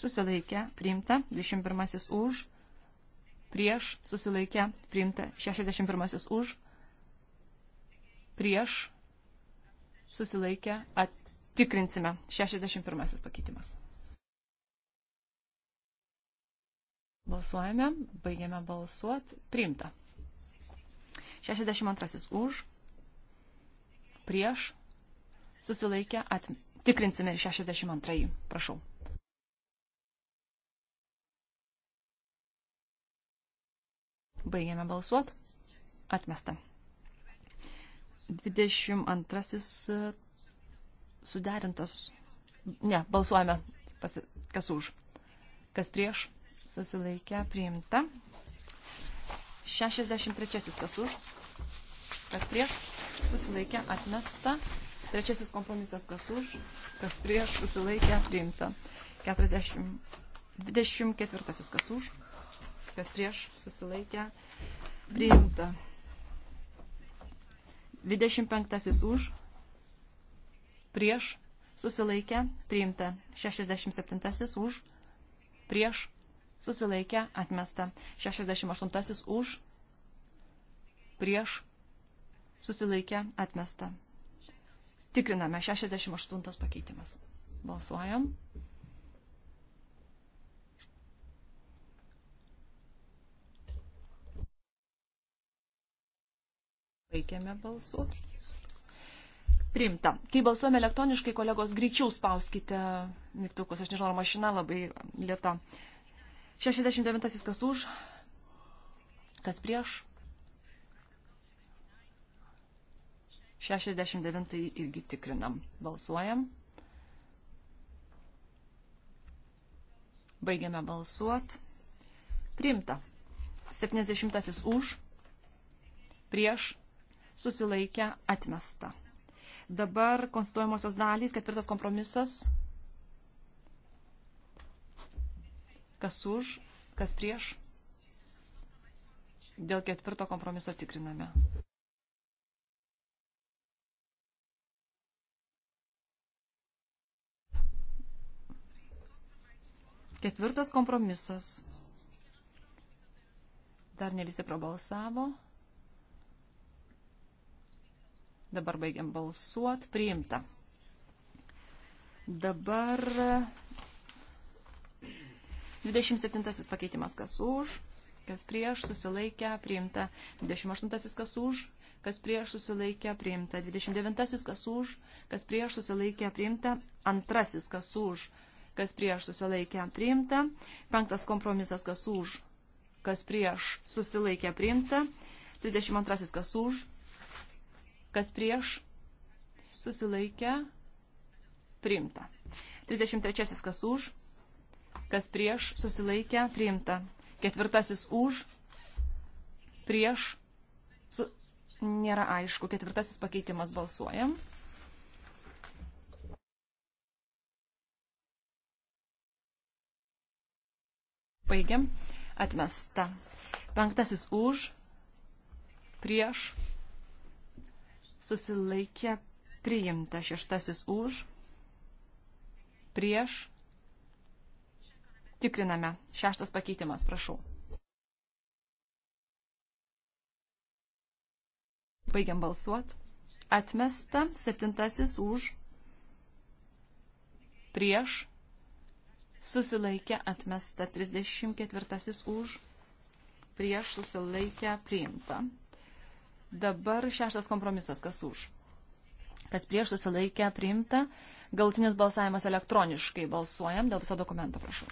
susilaikė, priimta, 21 už, prieš, susilaikė, priimta, 61 už, prieš, susilaikė, attikrinsime, 61 pakeitimas. Balsuojame, baigiame balsuoti, priimta. 62 už, prieš, susilaikę, atm... tikrinsime ir 62. Prašau. Baigiame balsuot. Atmesta. 22 suderintas. Ne, balsuojame, pasi... kas už. Kas prieš, susilaikę, priimta. 63 kas už. Kas prieš, susilaikė atmesta. Trečiasis kompromisas kas už, kas prieš susilaikė priimta. 40, 24 kas už, kas prieš susilaikė priimta. 25 už, prieš susilaikė priimta. 67 už, prieš susilaikė atmesta. 68 už, prieš susilaikė, atmesta. Tikriname 68 pakeitimas. Balsuojam. Baigėme balsuoti. Primta. Kai balsuojame elektroniškai, kolegos, greičiau spauskite mygtukus. Aš nežinau, ar mašina labai lieta. 69 kas už, kas prieš, 69 irgi tikrinam. Balsuojam. Baigiame balsuot. Priimta. 70 už, prieš, susilaikę, atmesta. Dabar konstituojamosios dalys, ketvirtas kompromisas. Kas už, kas prieš. Dėl ketvirto kompromiso tikriname. Ketvirtas kompromisas. Dar ne visi prabalsavo. Dabar baigiam balsuot. Priimta. Dabar 27 pakeitimas kas už, kas prieš, susilaikę, priimta. 28 kas už, kas prieš susilaikė priimta, 29 kas už, kas prieš susilaikė priimta, antrasis kas už, kas prieš susilaikė priimta, penktas kompromisas kas už, kas prieš susilaikė priimta, 32 kas už, kas prieš susilaikė priimta, 33 kas už, kas prieš susilaikė priimta, ketvirtasis už, prieš su, nėra aišku, ketvirtasis pakeitimas balsuojam. Baigiam. Atmesta. Penktasis už, prieš, susilaikė, priimta. Šeštasis už, prieš, tikriname. Šeštas pakeitimas, prašau. Baigiam balsuot. Atmesta. Septintasis už, prieš, susilaikė atmesta, 34 už, prieš susilaikė priimta. Dabar šeštas kompromisas, kas už, kas prieš susilaikė priimta. Galtinis balsavimas elektroniškai balsuojam dėl viso dokumento, prašau.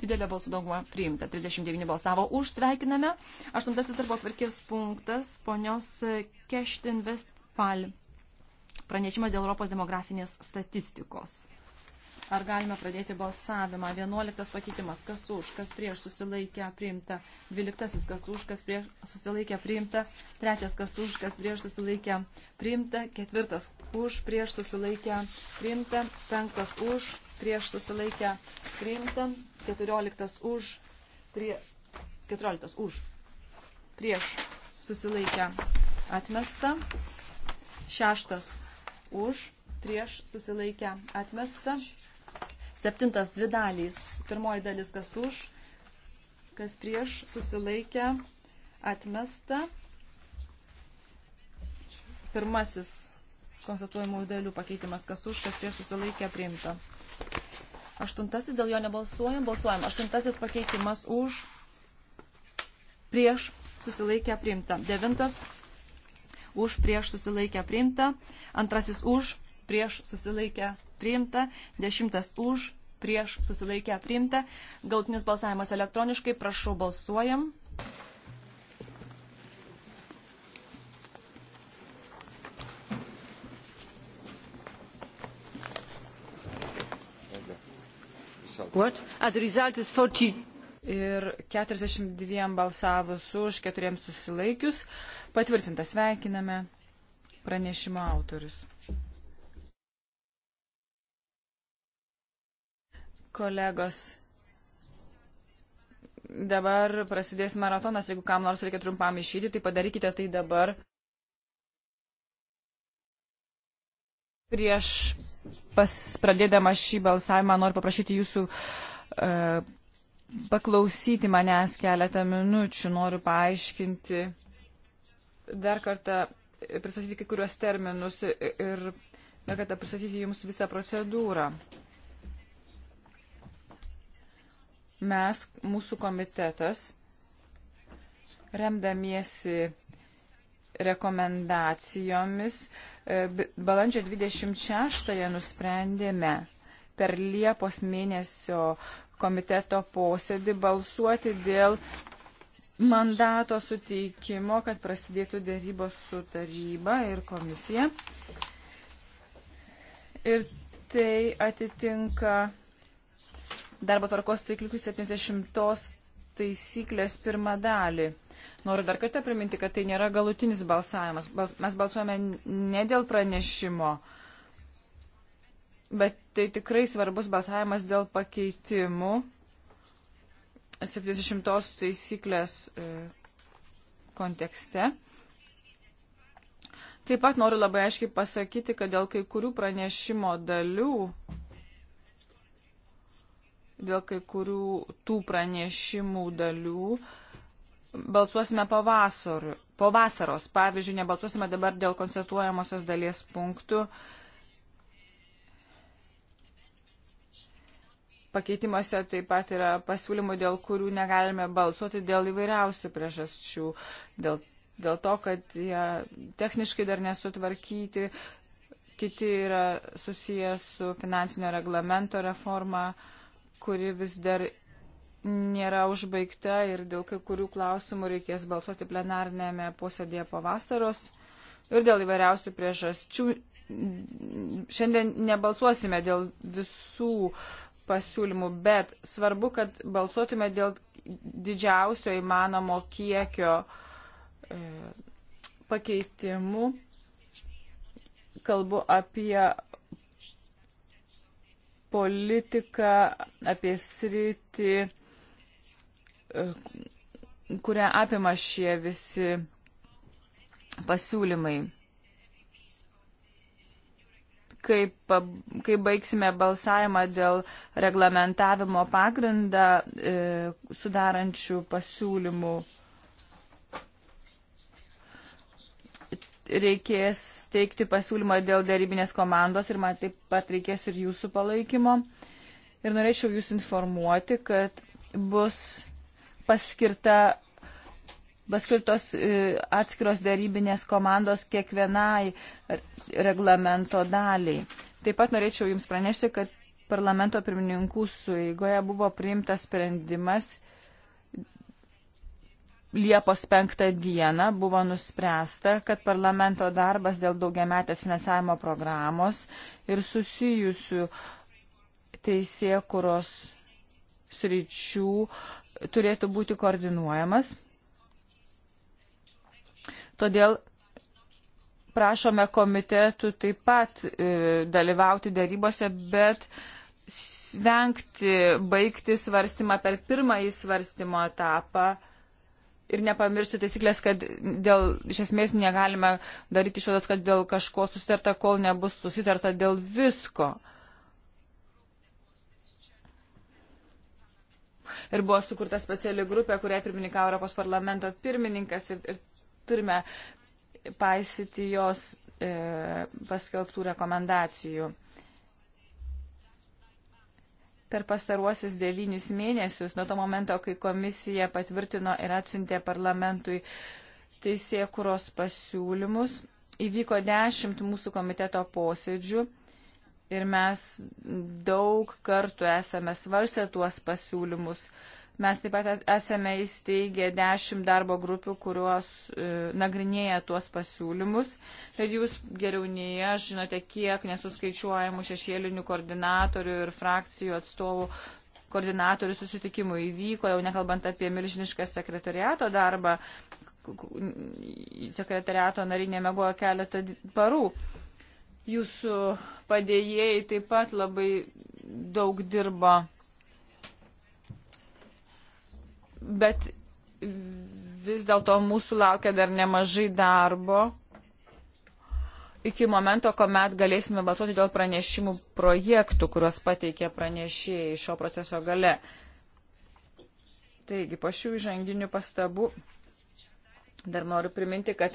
didelė balsų dauguma priimta. 39 balsavo už, sveikiname. Aštuntasis darbo tvarkės punktas, ponios Keštin Westfal. Pranešimas dėl Europos demografinės statistikos. Ar galime pradėti balsavimą? 11 pakeitimas, kas už, kas prieš susilaikę priimta. 12 kas už, kas prieš susilaikę priimta. 3 kas už, kas prieš susilaikę priimta. 4 už, prieš susilaikę priimta. 5 už, prieš susilaikę priimta, 14 už, prie, 14 už, prieš susilaikę atmesta, 6 už, prieš susilaikę atmesta, 7 dvi dalys, pirmoji dalis kas už, kas prieš susilaikę atmesta, pirmasis konstatuojamų dalių pakeitimas kas už, kas prieš susilaikę priimta. Aštuntasis dėl jo nebalsuojam, balsuojam. Aštuntasis pakeitimas už, prieš, susilaikę priimta. Devintas už, prieš, susilaikę priimta. Antrasis už, prieš, susilaikę priimta. Dešimtas už, prieš, susilaikę priimta. Galtinis balsavimas elektroniškai, prašau, balsuojam. What? And the result is 40. Ir 42 balsavus už, 4 susilaikius. Patvirtintas sveikiname pranešimo autorius. Kolegos, dabar prasidės maratonas, jeigu kam nors reikia trumpam išėti, tai padarykite tai dabar. Prieš pas, pradėdama šį balsavimą noriu paprašyti jūsų uh, paklausyti manęs keletą minučių. Noriu paaiškinti dar kartą, pristatyti kai kuriuos terminus ir dar kartą pristatyti jums visą procedūrą. Mes, mūsų komitetas, remdamiesi rekomendacijomis, uh, E, balandžio 26-ąją nusprendėme per Liepos mėnesio komiteto posėdį balsuoti dėl mandato suteikimo, kad prasidėtų dėrybos su taryba ir komisija. Ir tai atitinka darbo tvarkos taikliukų 70 taisyklės pirmą dalį. Noriu dar kartą priminti, kad tai nėra galutinis balsavimas. Mes balsuojame ne dėl pranešimo, bet tai tikrai svarbus balsavimas dėl pakeitimų 70 taisyklės e, kontekste. Taip pat noriu labai aiškiai pasakyti, kad dėl kai kurių pranešimo dalių dėl kai kurių tų pranešimų dalių balsuosime pavasariu, po vasaros. Pavyzdžiui, nebalsuosime dabar dėl konstatuojamosios dalies punktų. Pakeitimuose taip pat yra pasiūlymų, dėl kurių negalime balsuoti dėl įvairiausių priežasčių. Dėl, dėl to, kad jie techniškai dar nesutvarkyti, kiti yra susijęs su finansinio reglamento reforma. Uh, kuri vis dar nėra užbaigta ir dėl kai kurių klausimų reikės balsuoti plenarnėme posėdėje po vasaros ir dėl įvairiausių priežasčių. Šiandien nebalsuosime dėl visų pasiūlymų, bet svarbu, kad balsuotume dėl didžiausio įmanomo kiekio e, pakeitimų. Kalbu apie politiką, apie sritį, e, kurią apima šie visi pasiūlymai. Kai, kai baigsime balsavimą dėl reglamentavimo pagrindą e, sudarančių pasiūlymų reikės teikti pasiūlymą dėl darybinės komandos ir man taip pat reikės ir jūsų palaikymo. Ir norėčiau jūs informuoti, kad bus paskirta, paskirtos e, atskiros darybinės komandos kiekvienai reglamento daliai. Taip pat norėčiau jums pranešti, kad parlamento pirmininkų sueigoje buvo priimtas sprendimas Liepos 5 dieną buvo nuspręsta, kad parlamento darbas dėl daugiametės finansavimo programos ir susijusių teisėkuros sričių turėtų būti koordinuojamas. Todėl prašome komitetų taip pat e, dalyvauti darybose, bet vengti baigti svarstymą per pirmąjį svarstymo etapą ir nepamiršti taisyklės, kad dėl, iš esmės negalime daryti išvados, kad dėl kažko susitarta, kol nebus susitarta dėl visko. Ir buvo sukurta speciali grupė, kuriai pirmininkavo Europos parlamento pirmininkas ir, ir turime paisyti jos e, paskelbtų rekomendacijų. Per pastaruosius devynis mėnesius, nuo to momento, kai komisija patvirtino ir atsintė parlamentui teisėkuros pasiūlymus, įvyko dešimt mūsų komiteto posėdžių ir mes daug kartų esame svarstę tuos pasiūlymus. Uh, Mes taip pat esame įsteigę dešimt darbo grupių, kurios e, nagrinėja tuos pasiūlymus. Ir jūs geriau nei aš žinote, kiek nesuskaičiuojamų šešėlinių koordinatorių ir frakcijų atstovų koordinatorių susitikimų įvyko, jau nekalbant apie milžinišką sekretariato darbą. Sekretariato nariai nemegojo keletą parų. Jūsų padėjėjai taip pat labai daug dirbo bet vis dėlto mūsų laukia dar nemažai darbo iki momento, kuomet galėsime balsuoti dėl pranešimų projektų, kuriuos pateikė pranešėjai šio proceso gale. Taigi, po šių įžanginių pastabų dar noriu priminti, kad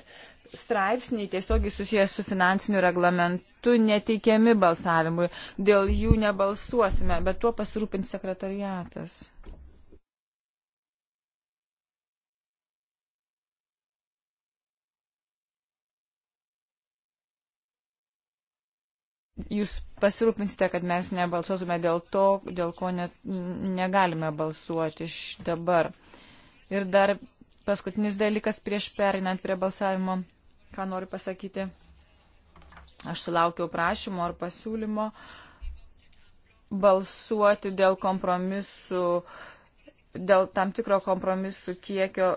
straipsniai tiesiogiai susijęs su finansiniu reglamentu neteikiami balsavimui. Dėl jų nebalsuosime, bet tuo pasirūpins sekretariatas. jūs pasirūpinsite, kad mes nebalsuotume dėl to, dėl ko ne, negalime balsuoti iš dabar. Ir dar paskutinis dalykas prieš perinant prie balsavimo, ką noriu pasakyti. Aš sulaukiau prašymo ar pasiūlymo balsuoti dėl kompromisų, dėl tam tikro kompromisų kiekio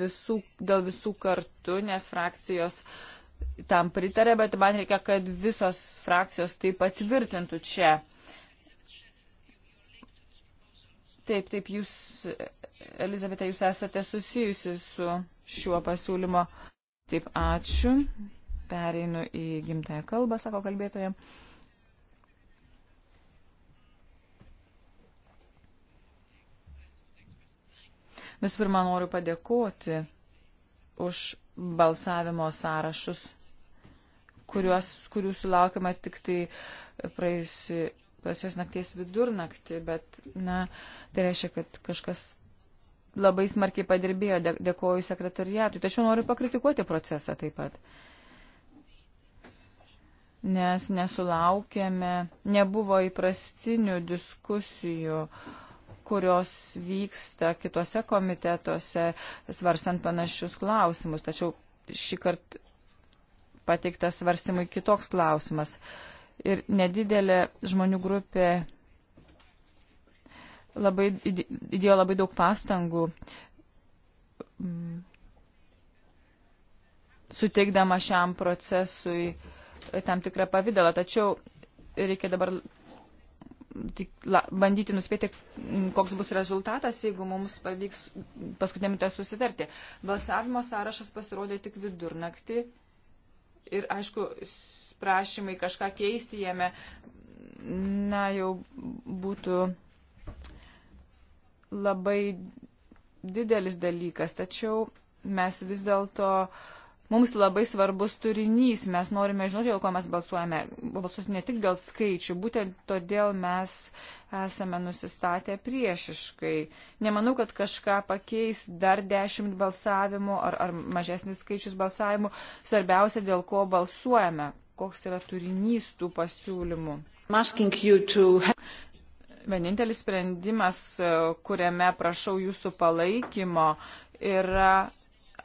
visų, dėl visų kartų, nes frakcijos uh, tam pritarė, bet man reikia, kad visos frakcijos tai patvirtintų čia. Taip, taip, jūs, Elizabete, jūs esate susijusi su šiuo pasiūlymo. Taip, ačiū. Pereinu į gimtąją kalbą, sako kalbėtoja. Visų pirma, noriu padėkoti už balsavimo sąrašus, kuriuos, kurių sulaukime tik tai praėjusi pasios nakties vidurnaktį, bet, na, tai reiškia, kad kažkas labai smarkiai padirbėjo, dėkoju sekretariatui. Tačiau noriu pakritikuoti procesą taip pat. Nes nesulaukėme, nebuvo įprastinių diskusijų uh, kurios vyksta kitose komitetuose, svarstant panašius klausimus. Tačiau šį kartą pateiktas svarstymui kitoks klausimas. Ir nedidelė žmonių grupė labai, įdėjo labai daug pastangų mm, suteikdama šiam procesui tam tikrą pavydalą. Tačiau reikia dabar la, bandyti nuspėti, koks bus rezultatas, jeigu mums pavyks paskutinėmi tai susitarti. Balsavimo sąrašas pasirodė tik vidurnaktį ir, aišku, prašymai kažką keisti jame, na, jau būtų labai didelis dalykas, tačiau mes vis dėlto uh, Mums labai svarbus turinys, mes norime žinoti, dėl ko mes balsuojame. Balsuoti ne tik dėl skaičių, būtent todėl mes esame nusistatę priešiškai. Nemanau, kad kažką pakeis dar dešimt balsavimų ar, ar mažesnis skaičius balsavimų. Svarbiausia, dėl ko balsuojame, koks yra turinys tų pasiūlymų. Vienintelis sprendimas, kuriame prašau jūsų palaikymo, yra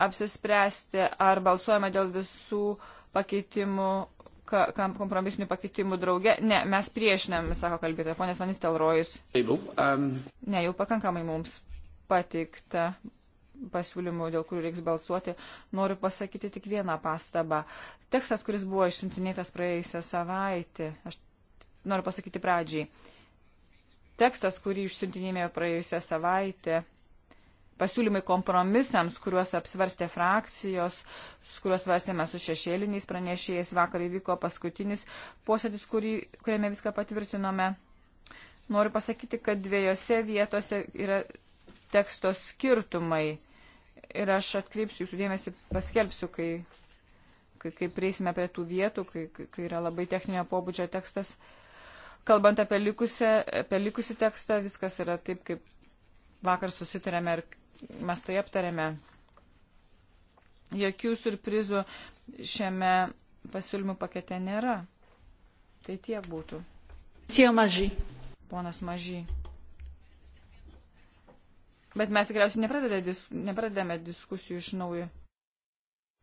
apsispręsti, ar balsuojame dėl visų pakeitimų, kompromisinių pakeitimų drauge. Ne, mes priešinam, sako kalbėtoja, ponės Vanis Telrojus. Ne, jau pakankamai mums pateikta pasiūlymų, dėl kurių reiks balsuoti, noriu pasakyti tik vieną pastabą. Tekstas, kuris buvo išsiuntinėtas praėjusią savaitę, aš noriu pasakyti pradžiai. Tekstas, kurį išsiuntinėjome praėjusią savaitę, pasiūlymai kompromisams, kuriuos apsvarstė frakcijos, kuriuos svarstėme su šešėliniais pranešėjais. Vakar įvyko paskutinis posėdis, kurį, kuriame viską patvirtinome. Noriu pasakyti, kad dviejose vietose yra teksto skirtumai. Ir aš atkreipsiu jūsų dėmesį, paskelbsiu, kai, kai, kai prieisime prie tų vietų, kai, kai yra labai techninio pobūdžio tekstas. Kalbant apie likusią, apie likusią tekstą, viskas yra taip, kaip vakar susitarėme ir mes tai aptarėme. Jokių surprizų šiame pasiūlymų pakete nėra. Tai tiek būtų. Sėjo mažai. Ponas mažai. Bet mes tikriausiai nepradedame, disk, nepradedame diskusijų iš naujo.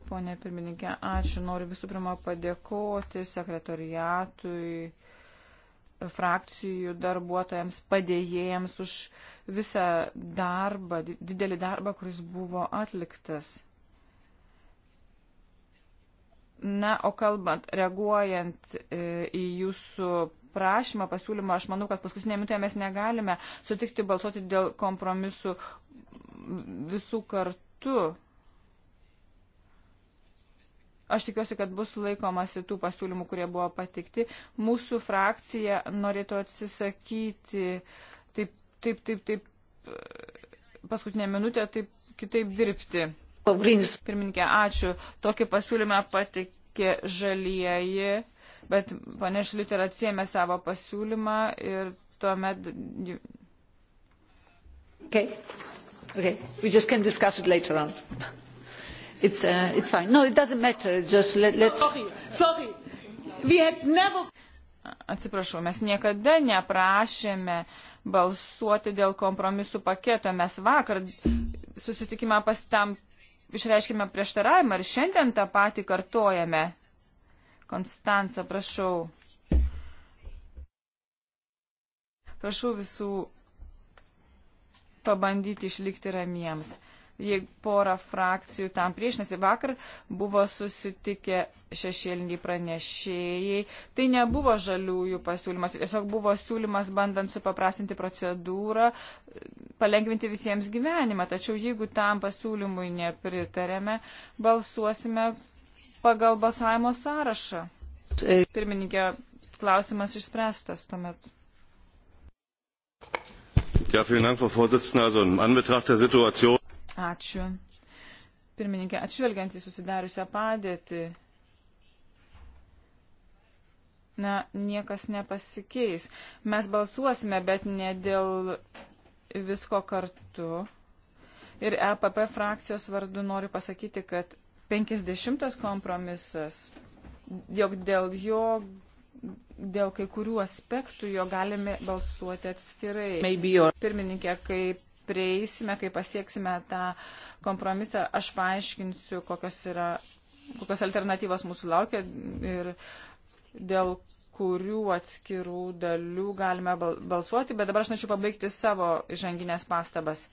Pone pirmininkė, ačiū. Noriu visų pirma padėkoti sekretoriatui frakcijų darbuotojams, padėjėjams už visą darbą, didelį darbą, kuris buvo atliktas. Na, o kalbant, reaguojant e, į jūsų prašymą, pasiūlymą, aš manau, kad paskutinė minutė mes negalime sutikti balsuoti dėl kompromisų visų kartų. Aš tikiuosi, kad bus laikomasi tų pasiūlymų, kurie buvo patikti. Mūsų frakcija norėtų atsisakyti taip, taip, taip, taip paskutinę minutę, taip kitaip dirbti. Pirmininkė, ačiū. Tokį pasiūlymą patikė žalieji, bet pane Šliuter atsiemė savo pasiūlymą ir tuomet. Okay. Okay. We just can discuss it later on it's, uh, it's fine. No, it doesn't matter. It's just let, let's. Sorry, sorry. We had never. Atsiprašau, mes niekada neprašėme balsuoti dėl kompromisų paketo. Mes vakar susitikimą pastam išreiškime prieštaravimą ir šiandien tą patį kartojame. Konstanca, prašau. Prašau visų pabandyti išlikti ramiems jeigu pora frakcijų tam priešinasi. Vakar buvo susitikę šešėliniai pranešėjai. Tai nebuvo žaliųjų pasiūlymas, tiesiog buvo siūlymas bandant supaprastinti procedūrą, palengvinti visiems gyvenimą. Tačiau jeigu tam pasiūlymui nepritarėme, balsuosime pagal balsavimo sąrašą. Pirmininkė, klausimas išspręstas tuomet. Ja, vielen Dank, Frau Vorsitzende. Also in Anbetracht der Situation. Ačiū. Pirmininkė, atšvelgiant į susidariusią padėtį, na, niekas nepasikeis. Mes balsuosime, bet ne dėl visko kartu. Ir EPP frakcijos vardu noriu pasakyti, kad 50 kompromisas, jog dėl jo, dėl kai kurių aspektų jo galime balsuoti atskirai. Pirmininkė, kaip prieisime, kai pasieksime tą kompromisą, aš paaiškinsiu, kokios, yra, kokios alternatyvos mūsų laukia ir dėl kurių atskirų dalių galime balsuoti, bet dabar aš norėčiau pabaigti savo žanginės pastabas.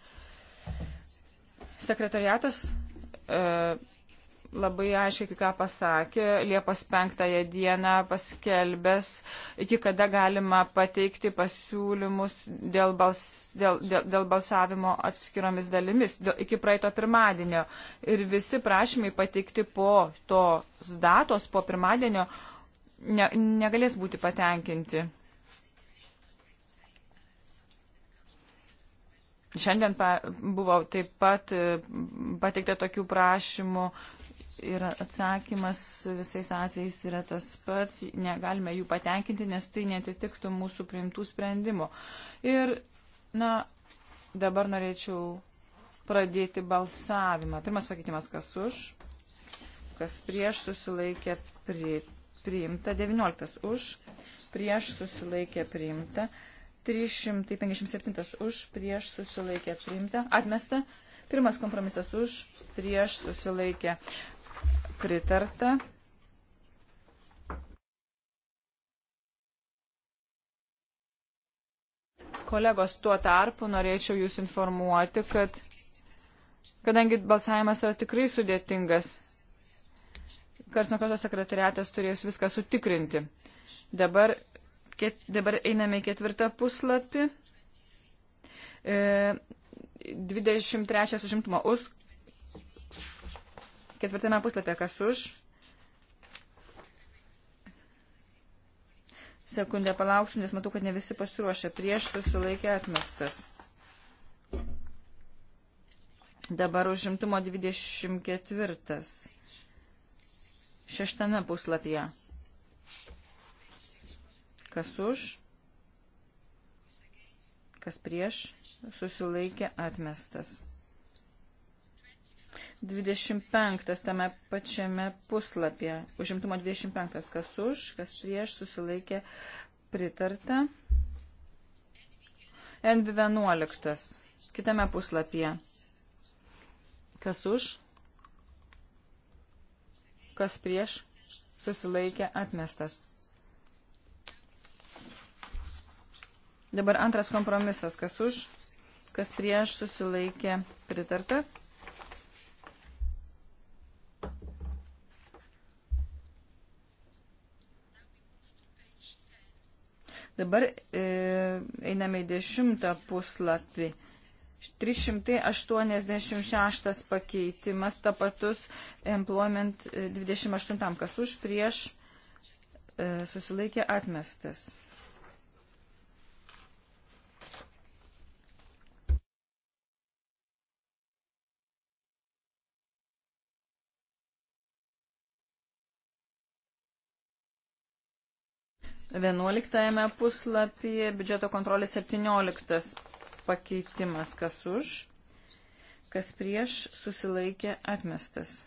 Sekretariatas e, labai aiškiai ką pasakė, Liepos 5 dieną paskelbęs, iki kada galima pateikti pasiūlymus dėl, bals, dėl, dėl, dėl balsavimo atskiromis dalimis, dėl, iki praeito pirmadienio. Ir visi prašymai pateikti po tos datos, po pirmadienio, ne, negalės būti patenkinti. Šiandien pa, buvo taip pat e, pateikta tokių prašymų ir atsakymas visais atvejais yra tas pats, negalime jų patenkinti, nes tai netitiktų mūsų priimtų sprendimų. Ir, na, dabar norėčiau pradėti balsavimą. Pirmas pakeitimas, kas už, kas prieš susilaikė pri, priimta, 19 už, prieš susilaikė priimta, 357 už, prieš susilaikė priimta, atmesta. Pirmas kompromisas už, prieš susilaikė pritarta. Kolegos, tuo tarpu norėčiau Jūs informuoti, kad kadangi balsavimas yra tikrai sudėtingas, Karsnokoto sekretariatas turės viską sutikrinti. Dabar, ket, dabar einame į ketvirtą puslapį. E, 23 užimtumo. Usk Ketvirtame puslapė, kas už. Sekundę palauksiu, nes matau, kad ne visi pasiruošę. Prieš susilaikė atmestas. Dabar užimtumo 24. Šeštame puslapyje. Kas už? Kas prieš? Susilaikė atmestas. 25 tame pačiame puslapyje. Užimtumo 25. Kas už, kas prieš, susilaikė pritarta. N11. Kitame puslapyje. Kas už, kas prieš, susilaikė atmestas. Dabar antras kompromisas. Kas už, kas prieš, susilaikė pritarta. Dabar e, einame į dešimtą puslapį. 386 pakeitimas tapatus employment 28, e, kas už prieš e, susilaikė atmestas. 11 puslapyje biudžeto kontrolė 17 pakeitimas, kas už, kas prieš susilaikė atmestas.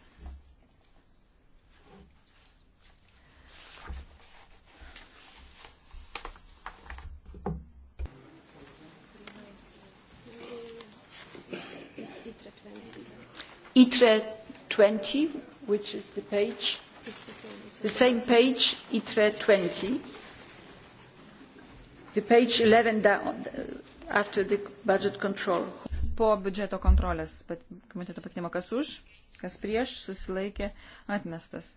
ITRE 20, which is the page, the same page, ITRE 20. The page 11 down, after the budget control. Po biudžeto kontrolės komiteto paknimo, kas už, kas prieš, susilaikė, atmestas.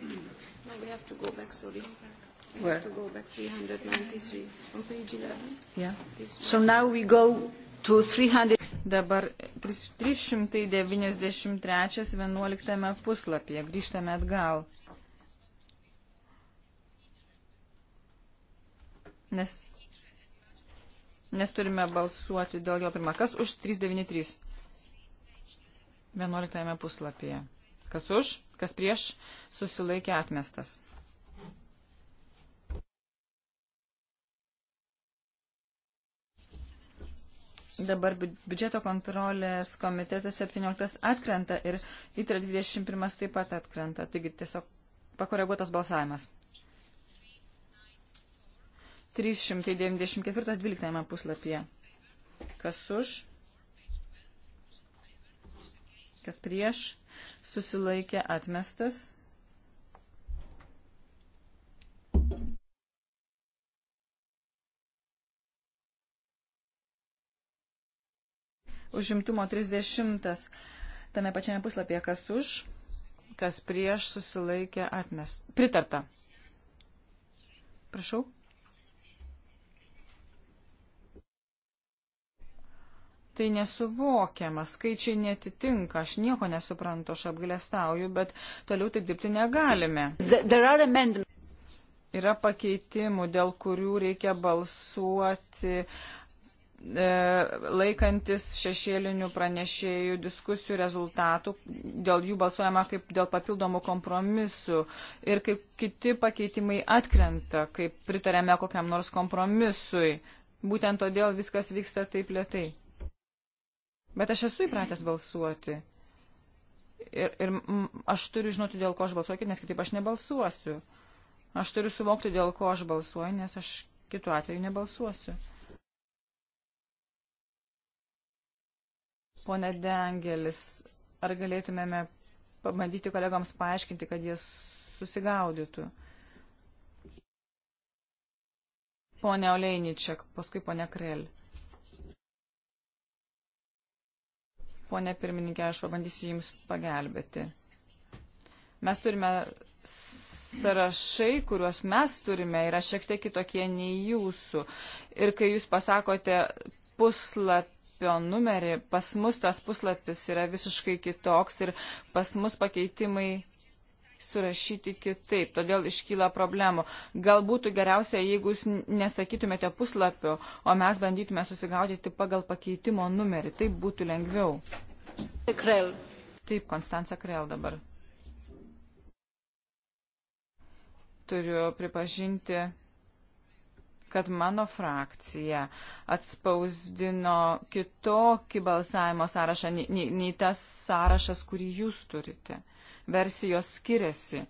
No, we have to go back, sorry. We Where? have to go back 393 on page 11. Yeah. So now we go to 300. Dabar 393 11 puslapyje. Grįžtame atgal. nes, nes turime balsuoti dėl jo pirmą. Kas už 393? 11 puslapyje. Kas už, kas prieš, susilaikė atmestas. Dabar biudžeto kontrolės komitetas 17 atkrenta ir ITRA 21 taip pat atkrenta. Taigi tiesiog pakoreguotas balsavimas. 394-12 puslapyje. Kas už, kas prieš, susilaikė atmestas. Užimtumo 30. Tame pačiame puslapyje kas už, kas prieš susilaikė atmest. Pritarta. Prašau. tai nesuvokiama, skaičiai netitinka, aš nieko nesuprantu, aš apgalėstauju, bet toliau taip dirbti negalime. Yra pakeitimų, dėl kurių reikia balsuoti e, laikantis šešėlinių pranešėjų diskusijų rezultatų, dėl jų balsuojama kaip dėl papildomų kompromisų ir kaip kiti pakeitimai atkrenta, kaip pritarėme kokiam nors kompromisui. Būtent todėl viskas vyksta taip lietai. Bet aš esu įpratęs balsuoti. Ir, ir aš turiu žinoti, dėl ko aš balsuoju, nes kitaip aš nebalsuosiu. Aš turiu suvokti, dėl ko aš balsuoju, nes aš kitu atveju nebalsuosiu. Pone Dengelis, ar galėtumėme pabandyti kolegoms paaiškinti, kad jie susigaudytų? Pone Oleiničiak, paskui pone Krell. Pone pirmininkė, aš pabandysiu Jums pagelbėti. Mes turime sąrašai, kuriuos mes turime, yra šiek tiek kitokie nei jūsų. Ir kai Jūs pasakote puslapį, numerį, pas mus tas puslapis yra visiškai kitoks ir pas mus pakeitimai surašyti kitaip, todėl iškyla problemų. Gal būtų geriausia, jeigu jūs nesakytumėte puslapio, o mes bandytume susigaudyti pagal pakeitimo numerį. Taip būtų lengviau. Krell. Taip, Konstanca Krell dabar. Turiu pripažinti, kad mano frakcija atspausdino kitokį balsavimo sąrašą nei, nei tas sąrašas, kurį jūs turite versijos skiriasi.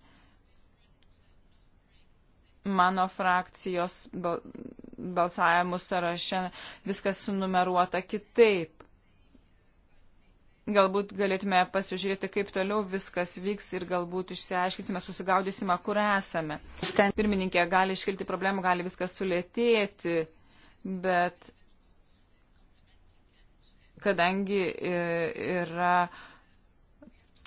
Mano frakcijos balsavimų sąraše viskas sunumeruota kitaip. Galbūt galėtume pasižiūrėti, kaip toliau viskas vyks ir galbūt išsiaiškinsime, susigaudysime, kur esame. Pirmininkė, gali iškilti problemų, gali viskas sulėtėti, bet kadangi e, yra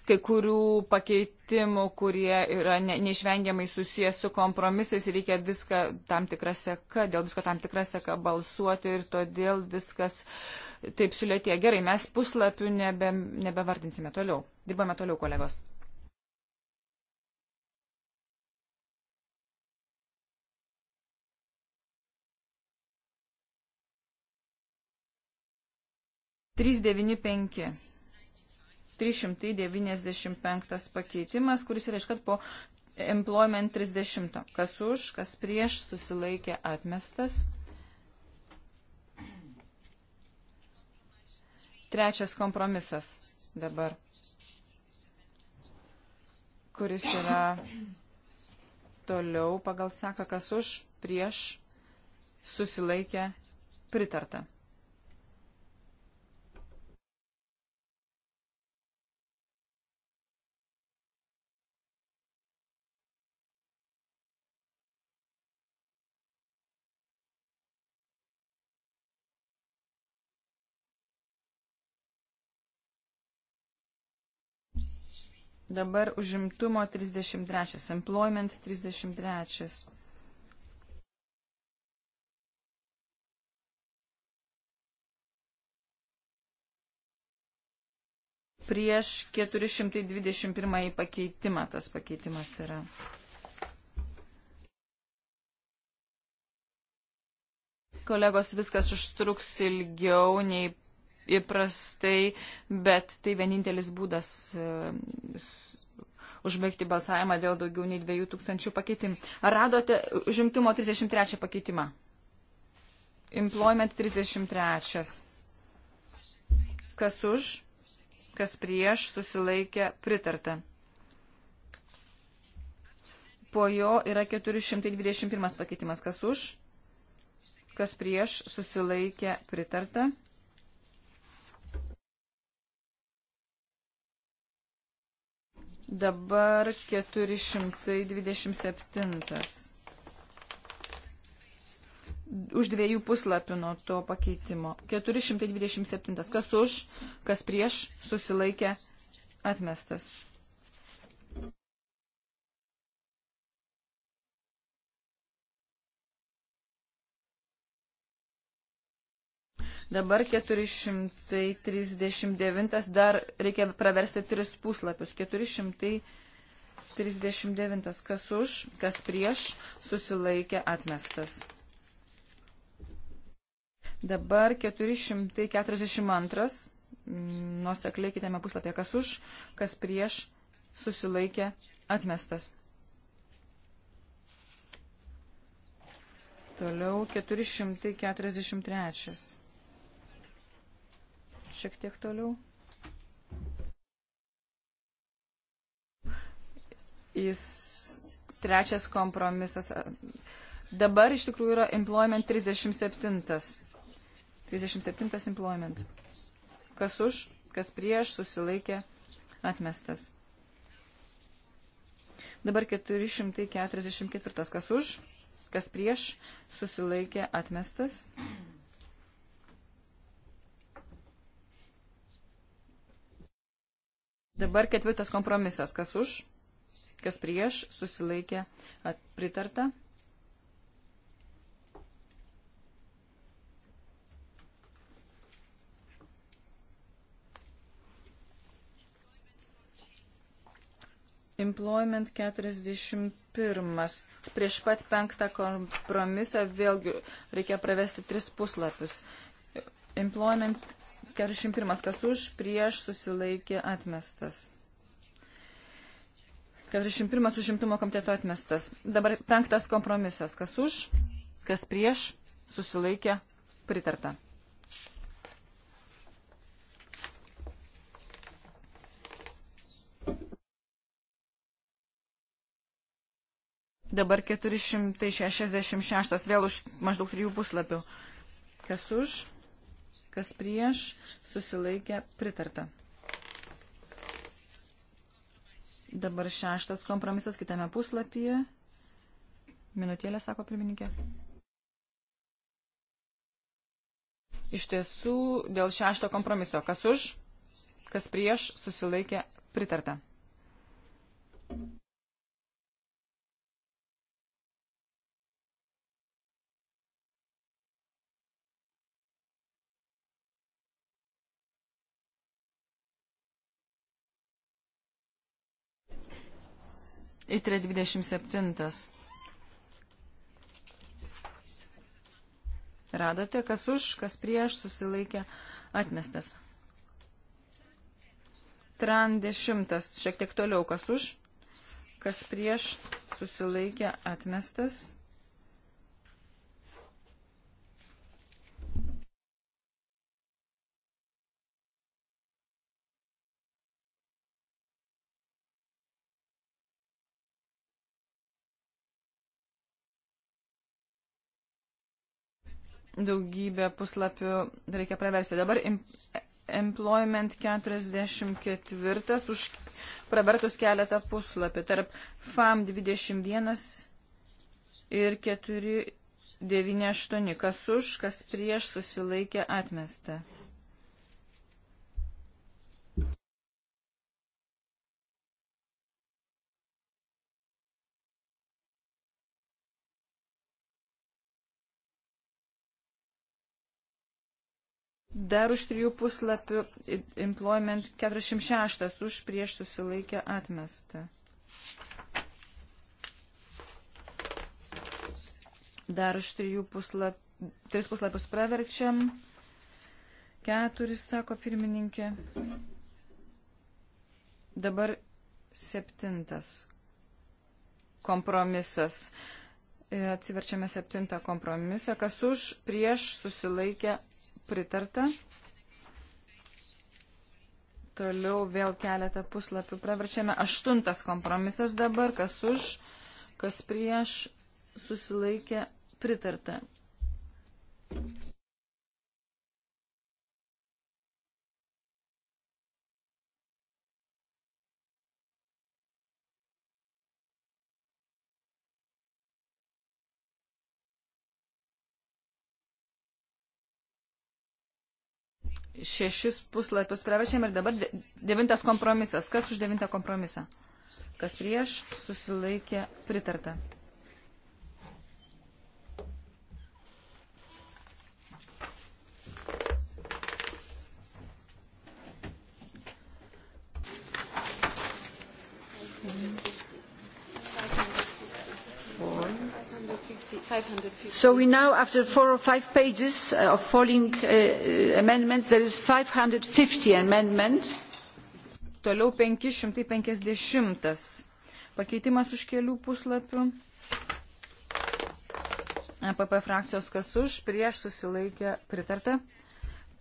kai kurių pakeitimų, kurie yra ne, neišvengiamai susijęs su kompromisais ir reikia viską tam tikrą seką, dėl visko tam tikrą seką balsuoti ir todėl viskas taip sulėtė. Gerai, mes puslapių nebe, nebevardinsime toliau. Dirbame toliau, kolegos. Trys devyni penki. 395 pakeitimas, kuris yra iškart po employment 30. Kas už, kas prieš, susilaikė atmestas. Trečias kompromisas dabar, kuris yra toliau pagal seka, kas už, prieš, susilaikė, pritarta. Dabar užimtumo 33, employment 33. Prieš 421 pakeitimą tas pakeitimas yra. kolegos viskas užtruks ilgiau nei įprastai, bet tai vienintelis būdas e, užbaigti balsavimą dėl daugiau nei 2000 pakeitimų. Ar radote žimtumo 33 pakeitimą? Employment 33. Kas už, kas prieš, susilaikė pritarta. Po jo yra 421 pakeitimas. Kas už, kas prieš, susilaikė pritarta. Dabar 427. Už dviejų puslapių nuo to pakeitimo. 427. Kas už, kas prieš, susilaikė, atmestas. Dabar 439, dar reikia praversti tris puslapius. 439, kas už, kas prieš, susilaikė atmestas. Dabar 442, nuosekliai kitame puslapyje, kas už, kas prieš, susilaikė atmestas. Toliau 443 šiek tiek toliau. Jis trečias kompromisas. Dabar iš tikrųjų yra employment 37. 37 employment. Kas už, kas prieš, susilaikė, atmestas. Dabar 444. Kas už, kas prieš, susilaikė, atmestas. Dabar ketvirtas kompromisas. Kas už, kas prieš, susilaikė, at, pritarta. Employment 41. Prieš pat penktą kompromisą vėlgi reikia pravesti tris puslapius. Employment 41. Kas už, prieš, susilaikė, atmestas. 41. Užimtumo komiteto atmestas. Dabar penktas kompromisas. Kas už, kas prieš, susilaikė, pritarta. Dabar 466 vėl už maždaug trijų puslapių. Kas už, kas prieš, susilaikė pritarta. Dabar šeštas kompromisas kitame puslapyje. Minutėlė, sako pirmininkė. Iš tiesų, dėl šešto kompromiso, kas už, kas prieš, susilaikė pritarta. Itre 27. Radote, kas už, kas prieš susilaikė atmestas. Tran 10. Šiek tiek toliau, kas už, kas prieš susilaikė atmestas. daugybę puslapių reikia praversti. Dabar Employment 44 už pravertus keletą puslapių tarp FAM 21 ir 498, kas už, kas prieš susilaikė atmestą. Dar už trijų puslapių employment 46 už prieš susilaikę atmestą. Dar už trijų puslap, tris puslapius praverčiam. Keturis, sako pirmininkė. Dabar septintas kompromisas. E, atsiverčiame septintą kompromisą. Kas už prieš susilaikę pritarta. Toliau vėl keletą puslapių praverčiame. Aštuntas kompromisas dabar, kas už, kas prieš, susilaikė pritarta. šešis puslapius pravašėm ir dabar devintas kompromisas. Kas už devintą kompromisą? Kas prieš? Susilaikė pritarta. 550. So we now, after four or five pages uh, of falling uh, uh, amendments, there is 550 amendment. Toliau 550. Pakeitimas už kelių puslapių. EPP frakcijos kas už, prieš susilaikė pritarta.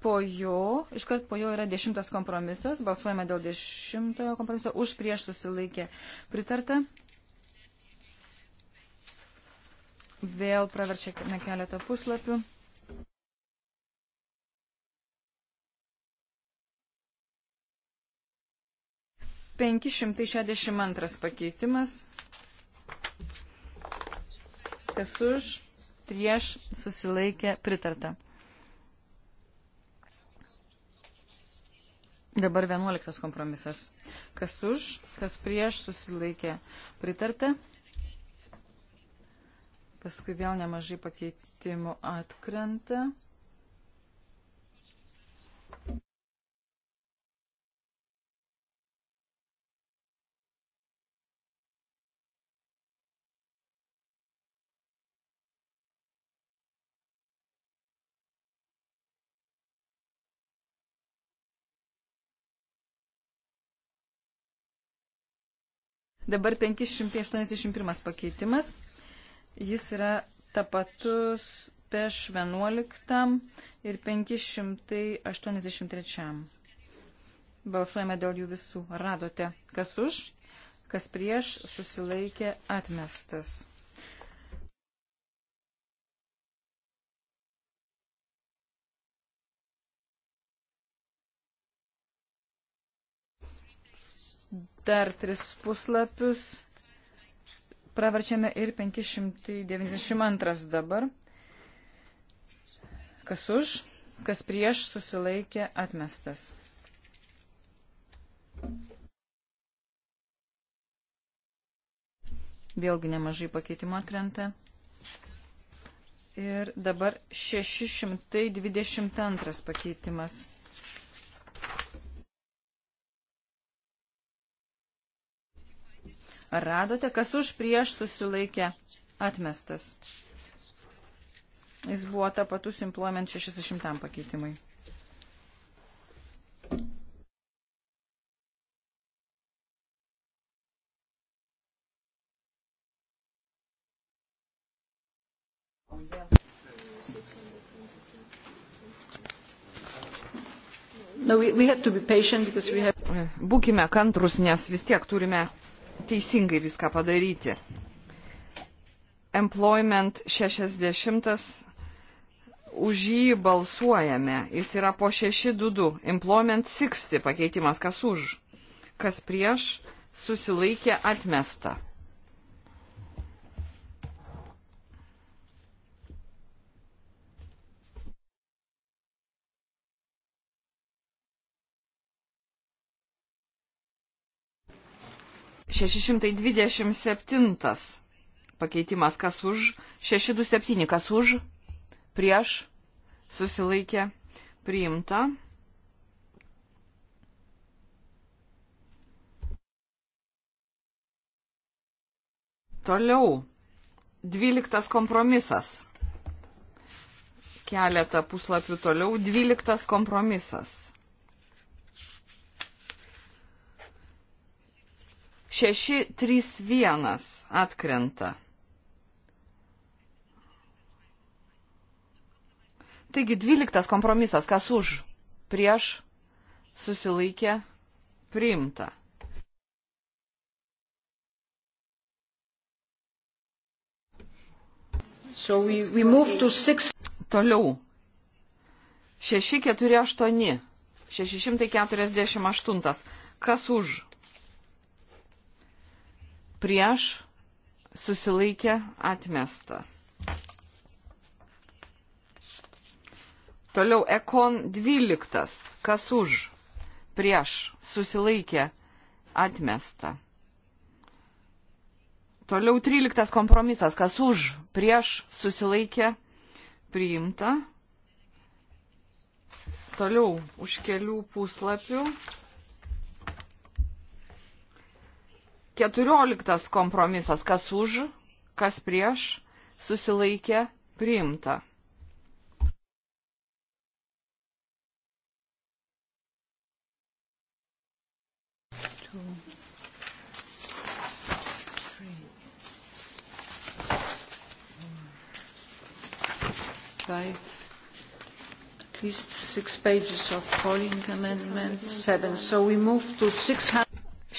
Po jo, iškart po jo yra dešimtas kompromisas, balsuojame dėl dešimtojo kompromiso, už prieš susilaikė pritarta. Vėl praverčiame keletą puslapių. Penki šimtai šešiasdešimt antras pakeitimas. Kas už, prieš, susilaikė, pritarta. Dabar vienuoliktas kompromisas. Kas už, kas prieš, susilaikė, pritarta. Paskui vėl nemažai pakeitimų atkrenta. Dabar 581 pakeitimas. Jis yra tapatus peš 11 ir 583. Balsuojame dėl jų visų. Radote, kas už, kas prieš, susilaikė atmestas. Dar tris puslapius pravarčiame ir 592 dabar. Kas už, kas prieš susilaikė atmestas. Vėlgi nemažai pakeitimo atkrenta. Ir dabar 622 pakeitimas. Ar radote, kas už prieš susilaikė atmestas? Jis buvo ta patus implement 600 pakeitimui. No, we, we have... Būkime kantrus, nes vis tiek turime teisingai viską padaryti. Employment 60 už jį balsuojame. Jis yra po 622. Employment 60 pakeitimas. Kas už? Kas prieš? Susilaikė atmesta. 627 pakeitimas, kas už, 627, kas už, prieš, susilaikė, priimta. Toliau, 12 kompromisas. Keletą puslapių toliau, 12 kompromisas. 631 atkrenta. Taigi 12 kompromisas, kas už, prieš, susilaikė, priimta. So we, we move to six... Toliau. 648. 648. Kas už? prieš, susilaikė, atmesta. Toliau Ekon 12. Kas už? Prieš, susilaikė, atmesta. Toliau 13 kompromisas. Kas už? Prieš, susilaikė, priimta. Toliau už kelių puslapių Keturioliktas kompromisas, kas už, kas prieš, susilaikė, priimta. Two, three, five, at least six pages of calling amendment seven. So we move to 600.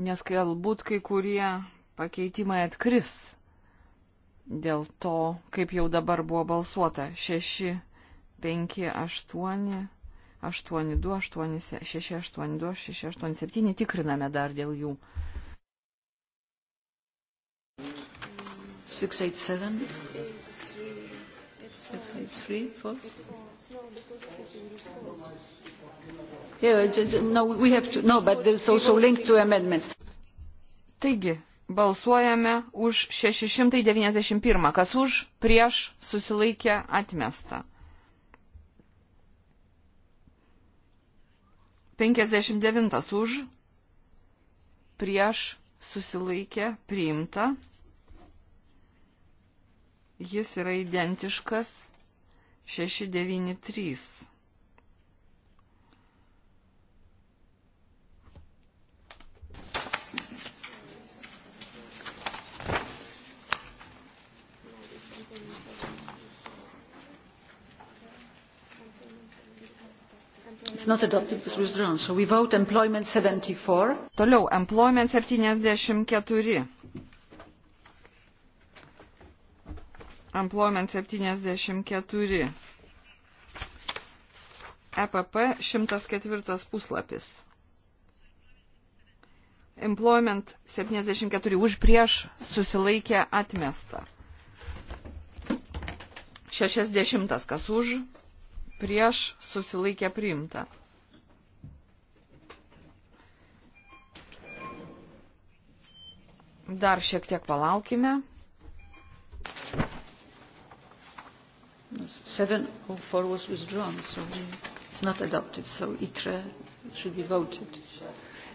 nes galbūt kai kurie pakeitimai atkris dėl to, kaip jau dabar buvo balsuota 6, 5, 8. 82, 86, 82, 687 tikriname dar dėl jų. 687. 683, false. Yeah, just, no, we have to, no, but there's also link to amendments. Taigi, balsuojame už 691, kas už, prieš, susilaikė, atmesta. 59 už, prieš, susilaikė, priimta. Jis yra identiškas 693. It's not adopted, it was withdrawn. So we vote employment 74. Toliau, employment 74. Employment 74. EPP 104 puslapis. Employment 74 už prieš susilaikė atmestą. 60 kas už prieš susilaikė priimta. Dar šiek tiek palaukime. 704 was withdrawn, so we, it's not adopted, so ITRE should be voted.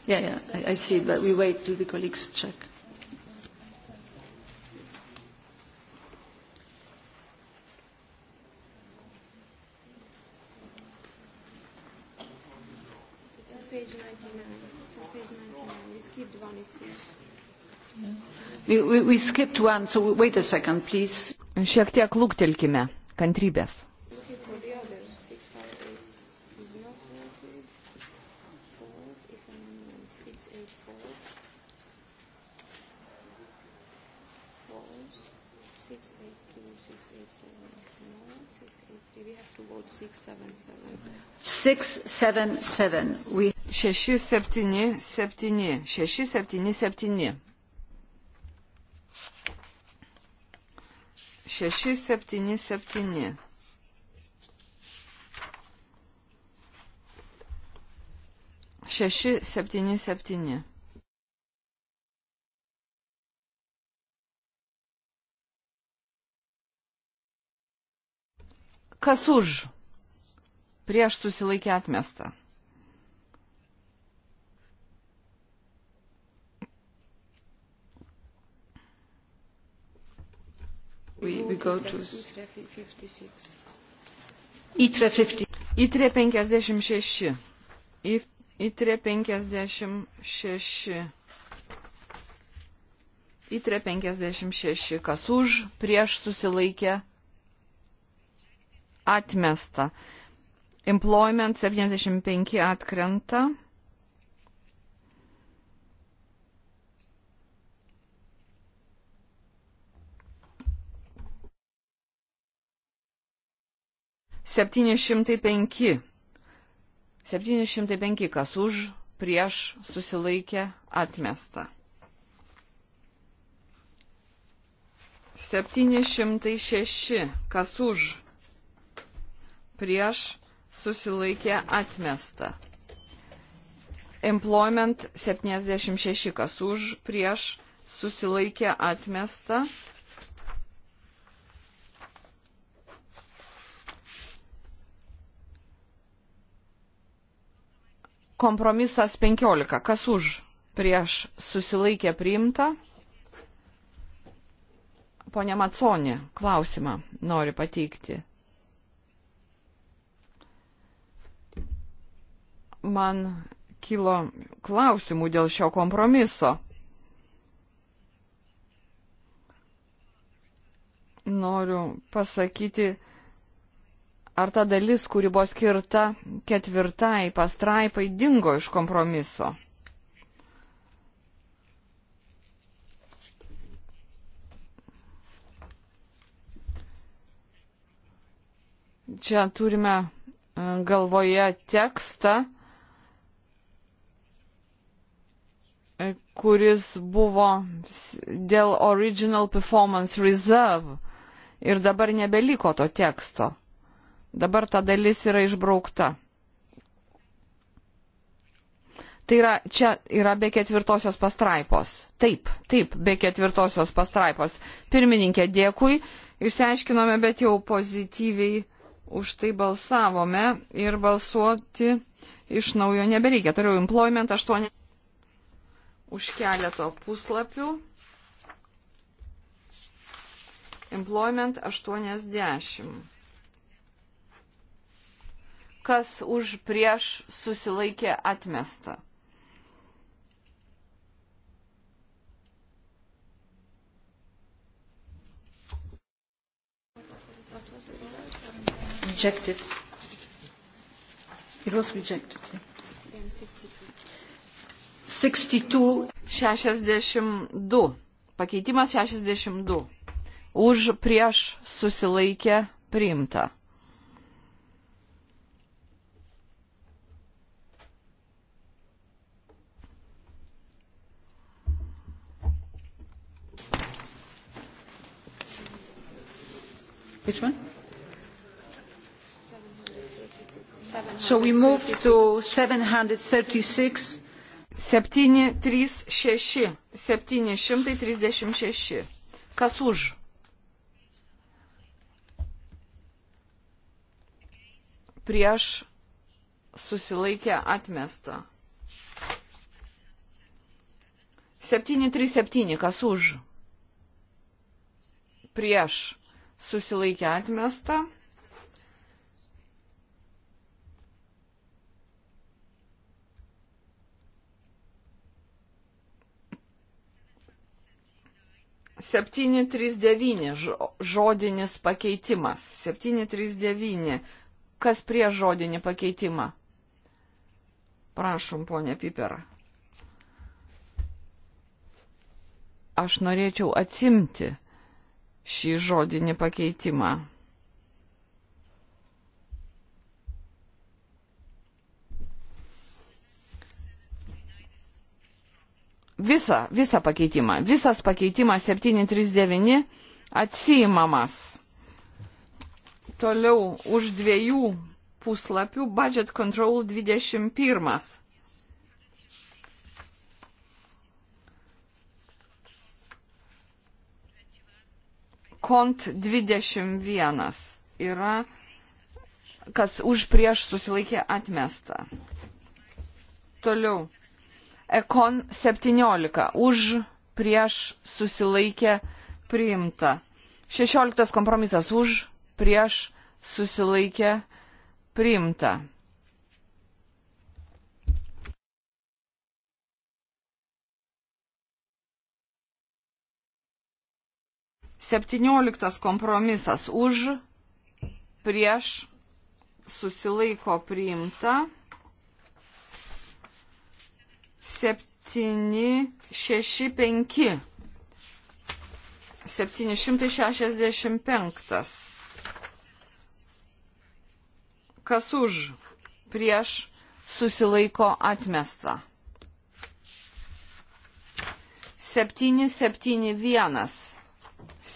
Yeah, yeah, I, I see, but we wait till the colleagues check. We, we, we skipped one, so wait a second, please. Šiek tiek lūktelkime kantrybės. Six, seven, seven. We... Šeši, septyni, septyni. Šeši, septyni, septyni. 677. Šeši, septyni, septyni. Kas už? Prieš susilaikė atmestą. We, we go to... Įtre 56. Įtre 56. Įtre 56. Kas už, prieš susilaikė atmesta. Employment 75 atkrenta. 705. 705 kas už, prieš, susilaikė, atmesta. 706 kas už, prieš, susilaikė, atmesta. Employment 76 kas už, prieš, susilaikė, atmesta. Kompromisas 15. Kas už? Prieš susilaikė priimta. Pone Maconė, klausimą nori pateikti. Man kilo klausimų dėl šio kompromiso. Noriu pasakyti, ar ta dalis, kuri buvo skirta ketvirtai pastraipai, dingo iš kompromiso. Čia turime e, galvoje tekstą, e, kuris buvo dėl Original Performance Reserve ir dabar nebeliko to teksto. Dabar ta dalis yra išbraukta. Tai yra, čia yra be ketvirtosios pastraipos. Taip, taip, be ketvirtosios pastraipos. Pirmininkė, dėkui, išsiaiškinome, bet jau pozityviai už tai balsavome ir balsuoti iš naujo nebereikia. Toliau employment 8 už keleto puslapių. Employment 80 kas už prieš susilaikė atmesta. Rejected. It was rejected. Yeah. 62. 62. Pakeitimas 62. Už prieš susilaikė priimta. Which one? So we move to 736. 736. 736. Kas už? Prieš susilaikę atmestą. 737. Kas už? Prieš susilaikė atmesta. Septyni trys devyni žodinis pakeitimas. Septyni trys devyni. Kas prie žodinį pakeitimą? Prašom, ponė Pipera. Aš norėčiau atsimti šį žodinį pakeitimą. Visa, visa pakeitimą, visas pakeitimas 739 atsiimamas. Toliau už dviejų puslapių Budget Control 21 kont 21 yra, kas už prieš susilaikė atmesta. Toliau. Ekon 17 už prieš susilaikė priimta. 16 kompromisas už prieš susilaikė priimta. 17 kompromisas už, prieš, susilaiko priimta. 765. 765. Kas už, prieš, susilaiko atmesta. 771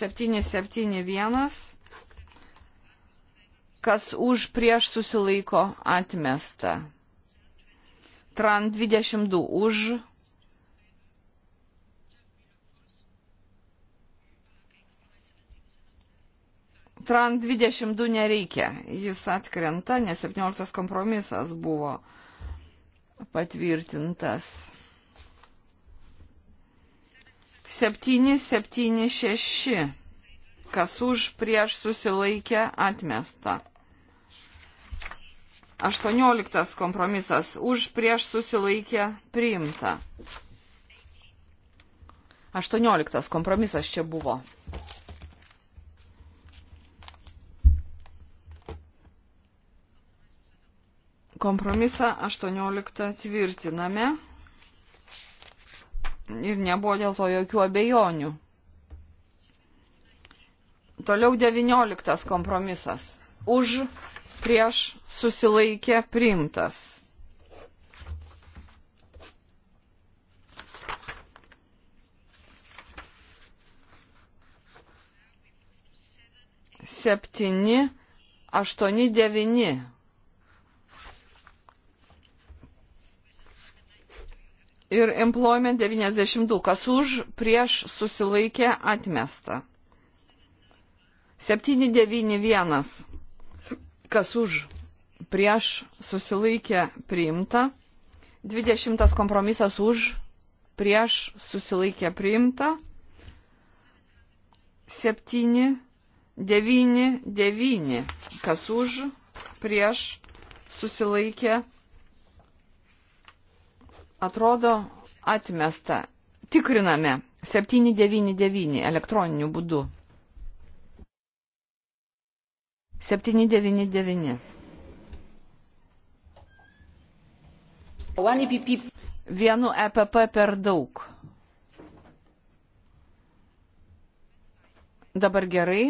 771, kas už prieš susilaiko atmesta. Tran 22 už. Tran 22 nereikia, jis atkrenta, nes 17 kompromisas buvo patvirtintas. 776. Kas už prieš susilaikė atmesta. 18 kompromisas už prieš susilaikė priimta. 18 kompromisas čia buvo. Kompromisą 18 tvirtiname ir nebuvo dėl to jokių abejonių. Toliau 19 kompromisas. Už, prieš, susilaikė, priimtas. Septyni, aštuoni, devini. ir employment 92, kas už, prieš susilaikė atmesta. 791, kas už, prieš susilaikė priimta. 20 kompromisas už, prieš susilaikė priimta. 7, 9, 9, kas už, prieš susilaikė priimta Atrodo atmesta. Tikriname 799 elektroniniu būdu. 799. Vienu EPP per daug. Dabar gerai.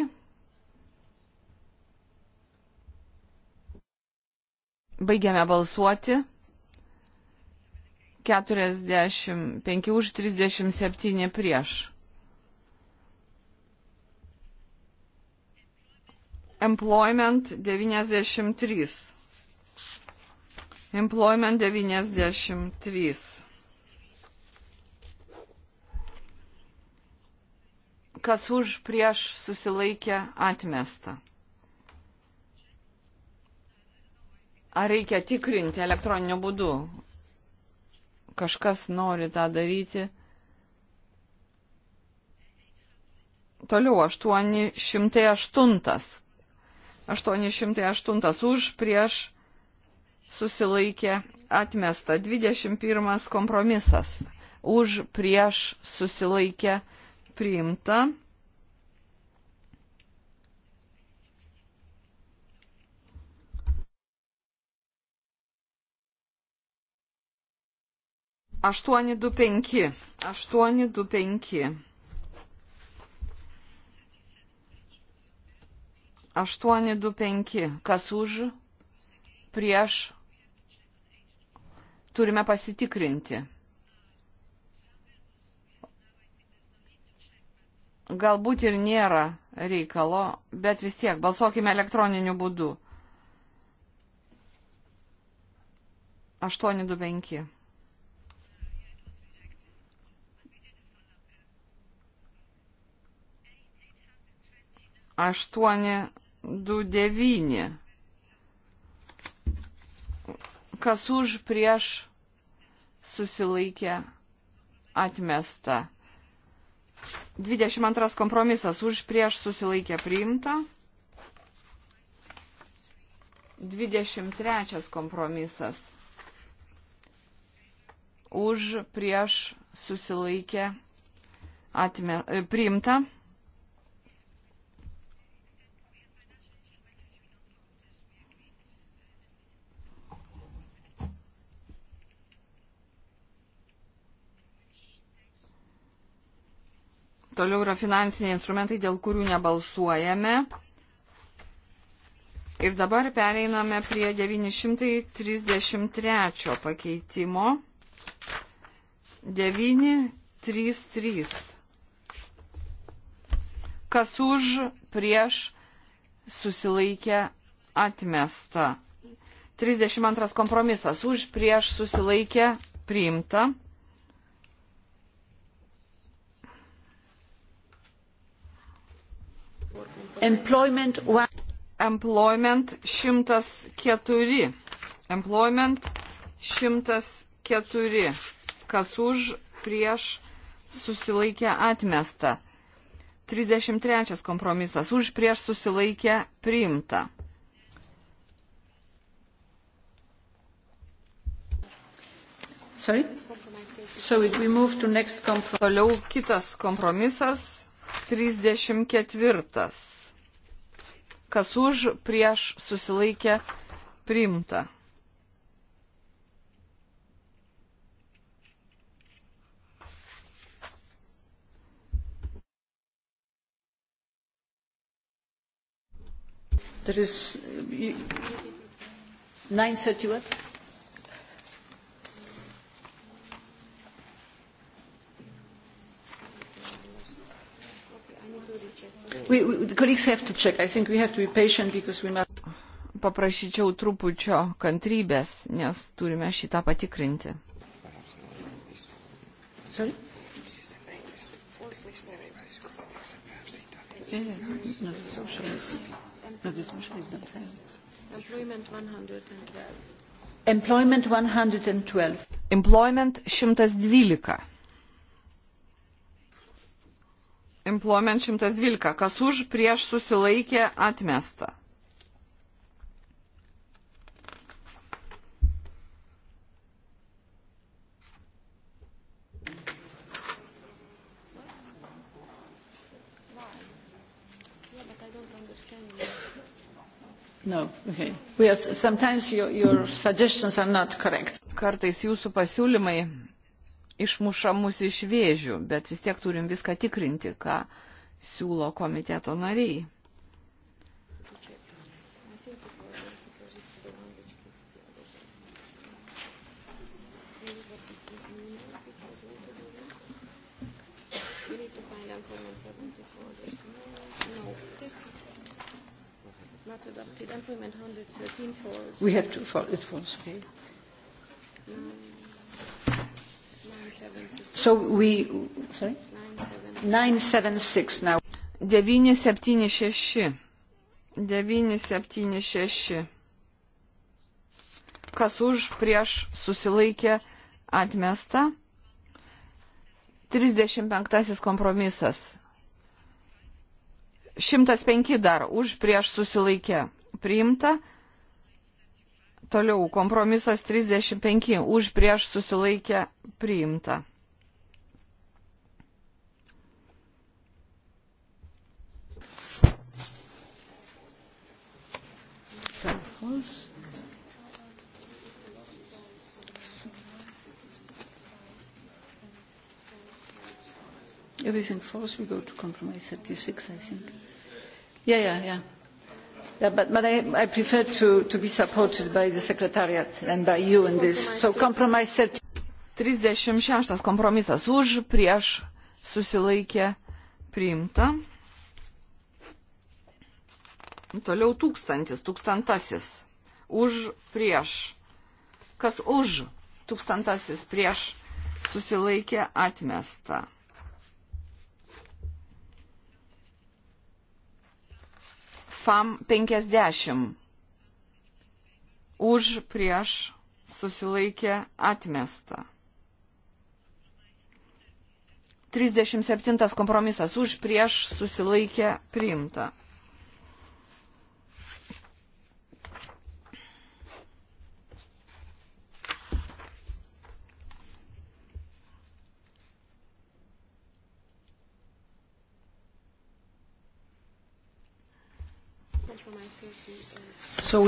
Baigiame balsuoti. 45 už 37 prieš. Employment 93. Employment 93. Kas už prieš susilaikė atmestą. Ar reikia tikrinti elektroniniu būdu? kažkas nori tą daryti. Toliau 808. 808 už prieš susilaikė atmesta. 21 kompromisas už prieš susilaikė priimta. 825. 825. 825. Kas už? Prieš? Turime pasitikrinti. Galbūt ir nėra reikalo, bet vis tiek balsuokime elektroniniu būdu. 825. 829. Kas už prieš susilaikė atmesta. 22 kompromisas už prieš susilaikė priimta. 23 kompromisas už prieš susilaikė atme, priimta. Toliau yra finansiniai instrumentai, dėl kurių nebalsuojame. Ir dabar pereiname prie 933 pakeitimo. 933. Kas už, prieš, susilaikė, atmesta. 32 kompromisas. Už, prieš, susilaikė, priimta. Employment, Employment 104. Employment 104. Kas už, prieš, susilaikė atmesta. 33 kompromisas. Už, prieš, susilaikė priimta. Sorry? So Toliau kitas kompromisas, 34 kas už, prieš, susilaikė, priimta. There is 931. We, we, the colleagues have to check. I think we have to be patient because we must. Paprašyčiau trupučio kantrybės, nes turime šitą patikrinti. Sorry? Yeah, yeah. No, the socialists. No, the socialists don't have. Employment 112. Employment 112. Employment 112. Implement 112. Kas už prieš susilaikė atmesta. No, okay. Sometimes your, your suggestions are not correct. Kartais jūsų pasiūlymai išmuša mus iš vėžių, bet vis tiek turim viską tikrinti, ką siūlo komiteto nariai. not adopted. Employment 113 falls. We have two fall. It falls. Okay. Mm. So we, sorry? 976 now. 976. 976. Kas už, prieš, susilaikė, atmesta. 35 kompromisas. 105 dar už, prieš, susilaikė, priimta. Toliau kompromisas 35 už prieš susilaikę priimta. False. Everything false, we go to compromise 36, I think. Yeah, yeah, yeah. Yeah, but, but I, I prefer to, to be supported by the Secretariat and by you in this. So compromise 30. 36 kompromisas už, prieš, susilaikė, priimta. Toliau tūkstantis, tūkstantasis. Už, prieš. Kas už, tūkstantasis, prieš, susilaikė, atmesta. FAM 50. Už prieš susilaikė atmesta. 37 kompromisas už prieš susilaikė priimta. So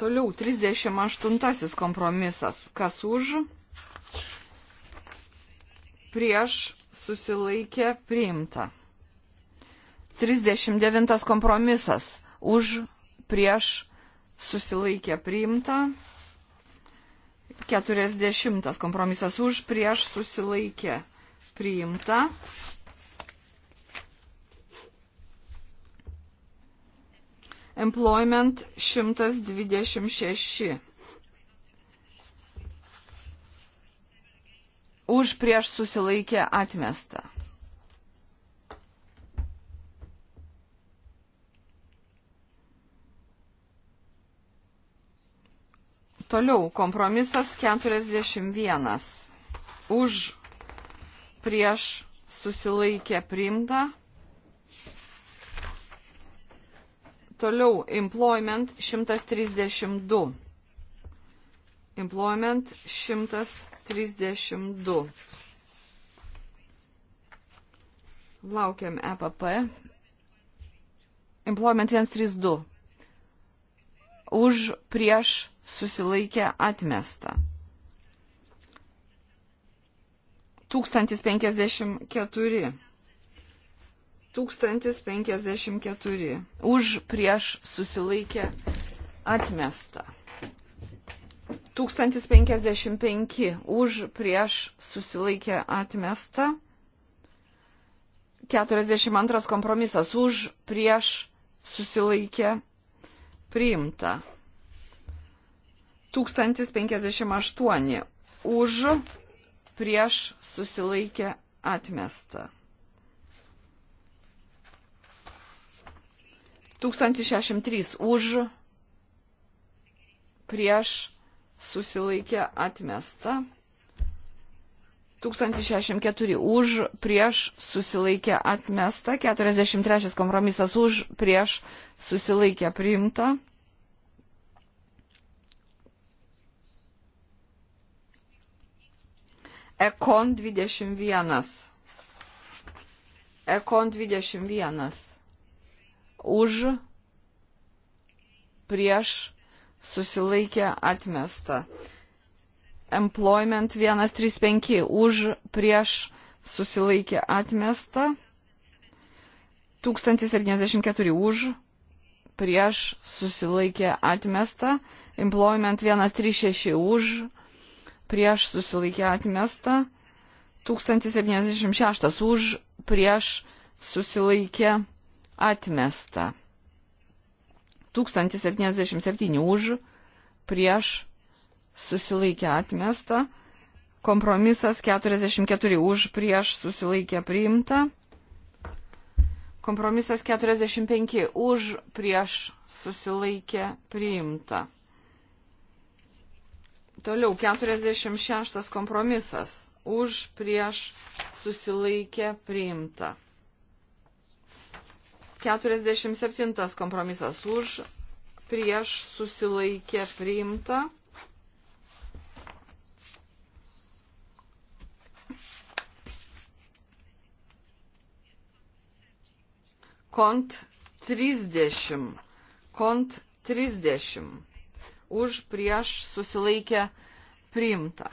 Toliau 38 kompromisas. Kas už? Prieš susilaikė priimta. 39 kompromisas. Už, prieš susilaikė priimta. 40 kompromisas. Už, prieš susilaikė priimta. Employment 126. Už prieš susilaikė atmestą. Toliau kompromisas 41. Už prieš susilaikė primta. Toliau, employment 132. Employment 132. Laukiam EPP. Employment 132. Už prieš susilaikę atmestą. 1054. 1054. Už prieš susilaikė atmesta. 1055. Už prieš susilaikė atmesta. 42 kompromisas. Už prieš susilaikė priimta. 1058. Už prieš susilaikė atmesta. 1063 už, prieš, susilaikė atmesta. 1064 už, prieš, susilaikė atmesta. 43 kompromisas už, prieš, susilaikė priimta. Ekon 21. Ekon 21 už, prieš, susilaikė atmesta. Employment 135 už, prieš, susilaikė atmesta. 1074 už, prieš, susilaikė atmesta. Employment 136 už, prieš, susilaikė atmesta. 1076 už, prieš, susilaikė atmesta susilaikė atmesta. 1077 už, prieš susilaikė atmesta. Kompromisas 44 už, prieš susilaikė priimta. Kompromisas 45 už, prieš susilaikė priimta. Toliau 46 kompromisas už, prieš susilaikė priimta. 47 kompromisas už, prieš susilaikė priimta. Kont 30. Kont 30. Už prieš susilaikė priimta.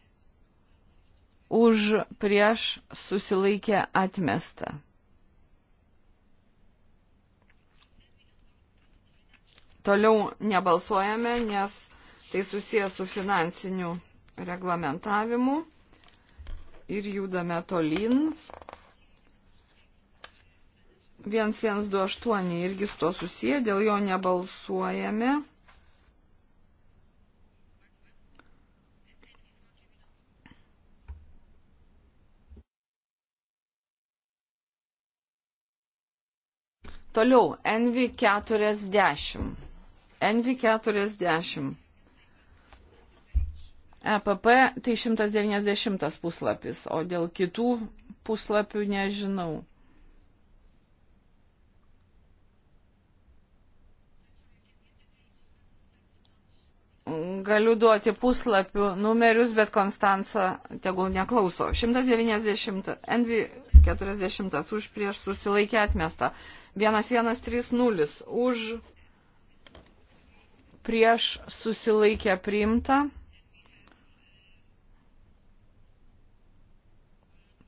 už prieš susilaikė atmesta. Toliau nebalsuojame, nes tai susijęs su finansiniu reglamentavimu ir judame tolyn. 1128 irgi su to susiję, dėl jo nebalsuojame. Toliau, NV40. NV40. EPP tai 190 puslapis, o dėl kitų puslapių nežinau. Galiu duoti puslapių numerius, bet Konstanca tegul neklauso. 190 NV 40 už prieš susilaikė atmesta. 1130 už prieš susilaikė priimta.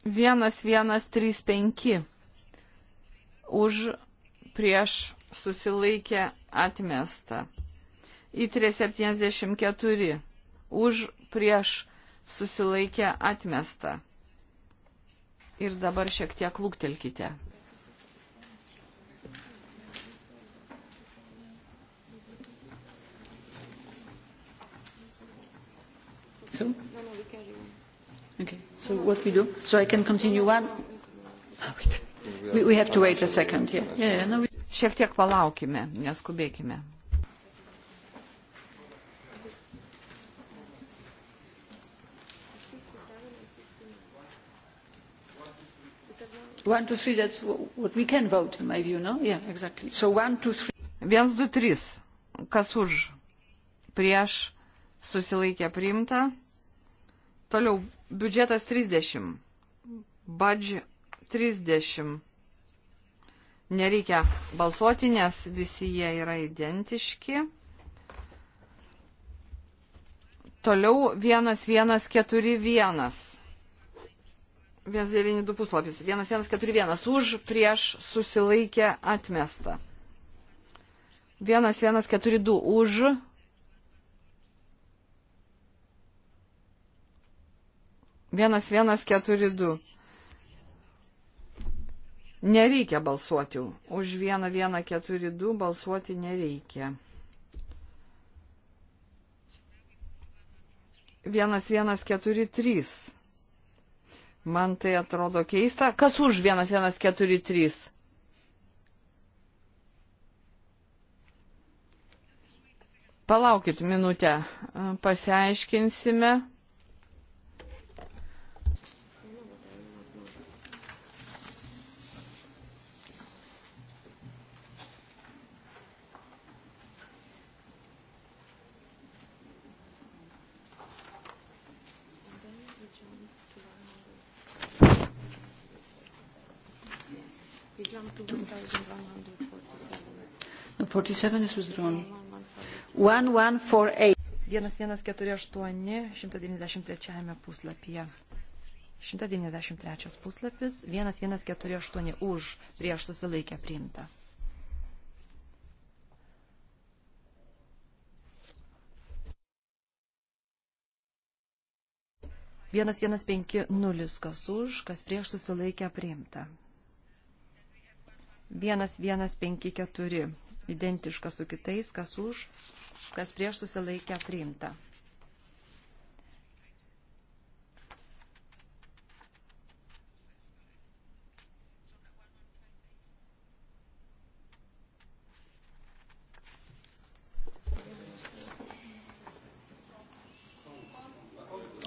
1135 už prieš susilaikė atmesta. Į 374 už prieš susilaikė atmesta ir dabar šiek tiek lūktelkite. So? No, no, we carry on. Okay, so what we do? So I can continue one? We, we have to wait a second. Yeah. Yeah, no, we... Šiek tiek palaukime, neskubėkime. One, two, three, that's what we can vote, in my view, no? Yeah, exactly. So one, two, three. Viens, du, trys. Kas už? Prieš susilaikė priimta. Toliau biudžetas 30. Badž 30. Nereikia balsuoti, nes visi jie yra identiški. Toliau 1141. 192 puslapis. 1141 už, prieš, susilaikė, atmesta. 1142 už. Vienas, vienas, keturi, du. Nereikia balsuoti. Už vieną, vieną, keturi, du balsuoti nereikia. Vienas, vienas, keturi, trys. Man tai atrodo keista. Kas už 1143? Palaukit minutę, pasiaiškinsime. 47 is withdrawn. 1148. 1148, 193 puslapyje. 193 puslapis, 1148 už, prieš susilaikę priimta. Vienas vienas penki nulis, kas už, kas prieš susilaikę priimta. Vienas vienas penki keturi identiška su kitais, kas už, kas prieš susilaikę priimta.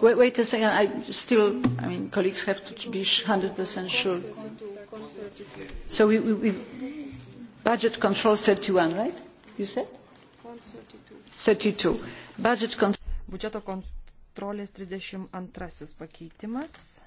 Wait, wait a second, I still, I mean, colleagues have to be 100% sure. So we, we, we budget control 31, right? You said? 32. Budget control. Budžeto kontrolės 32 pakeitimas.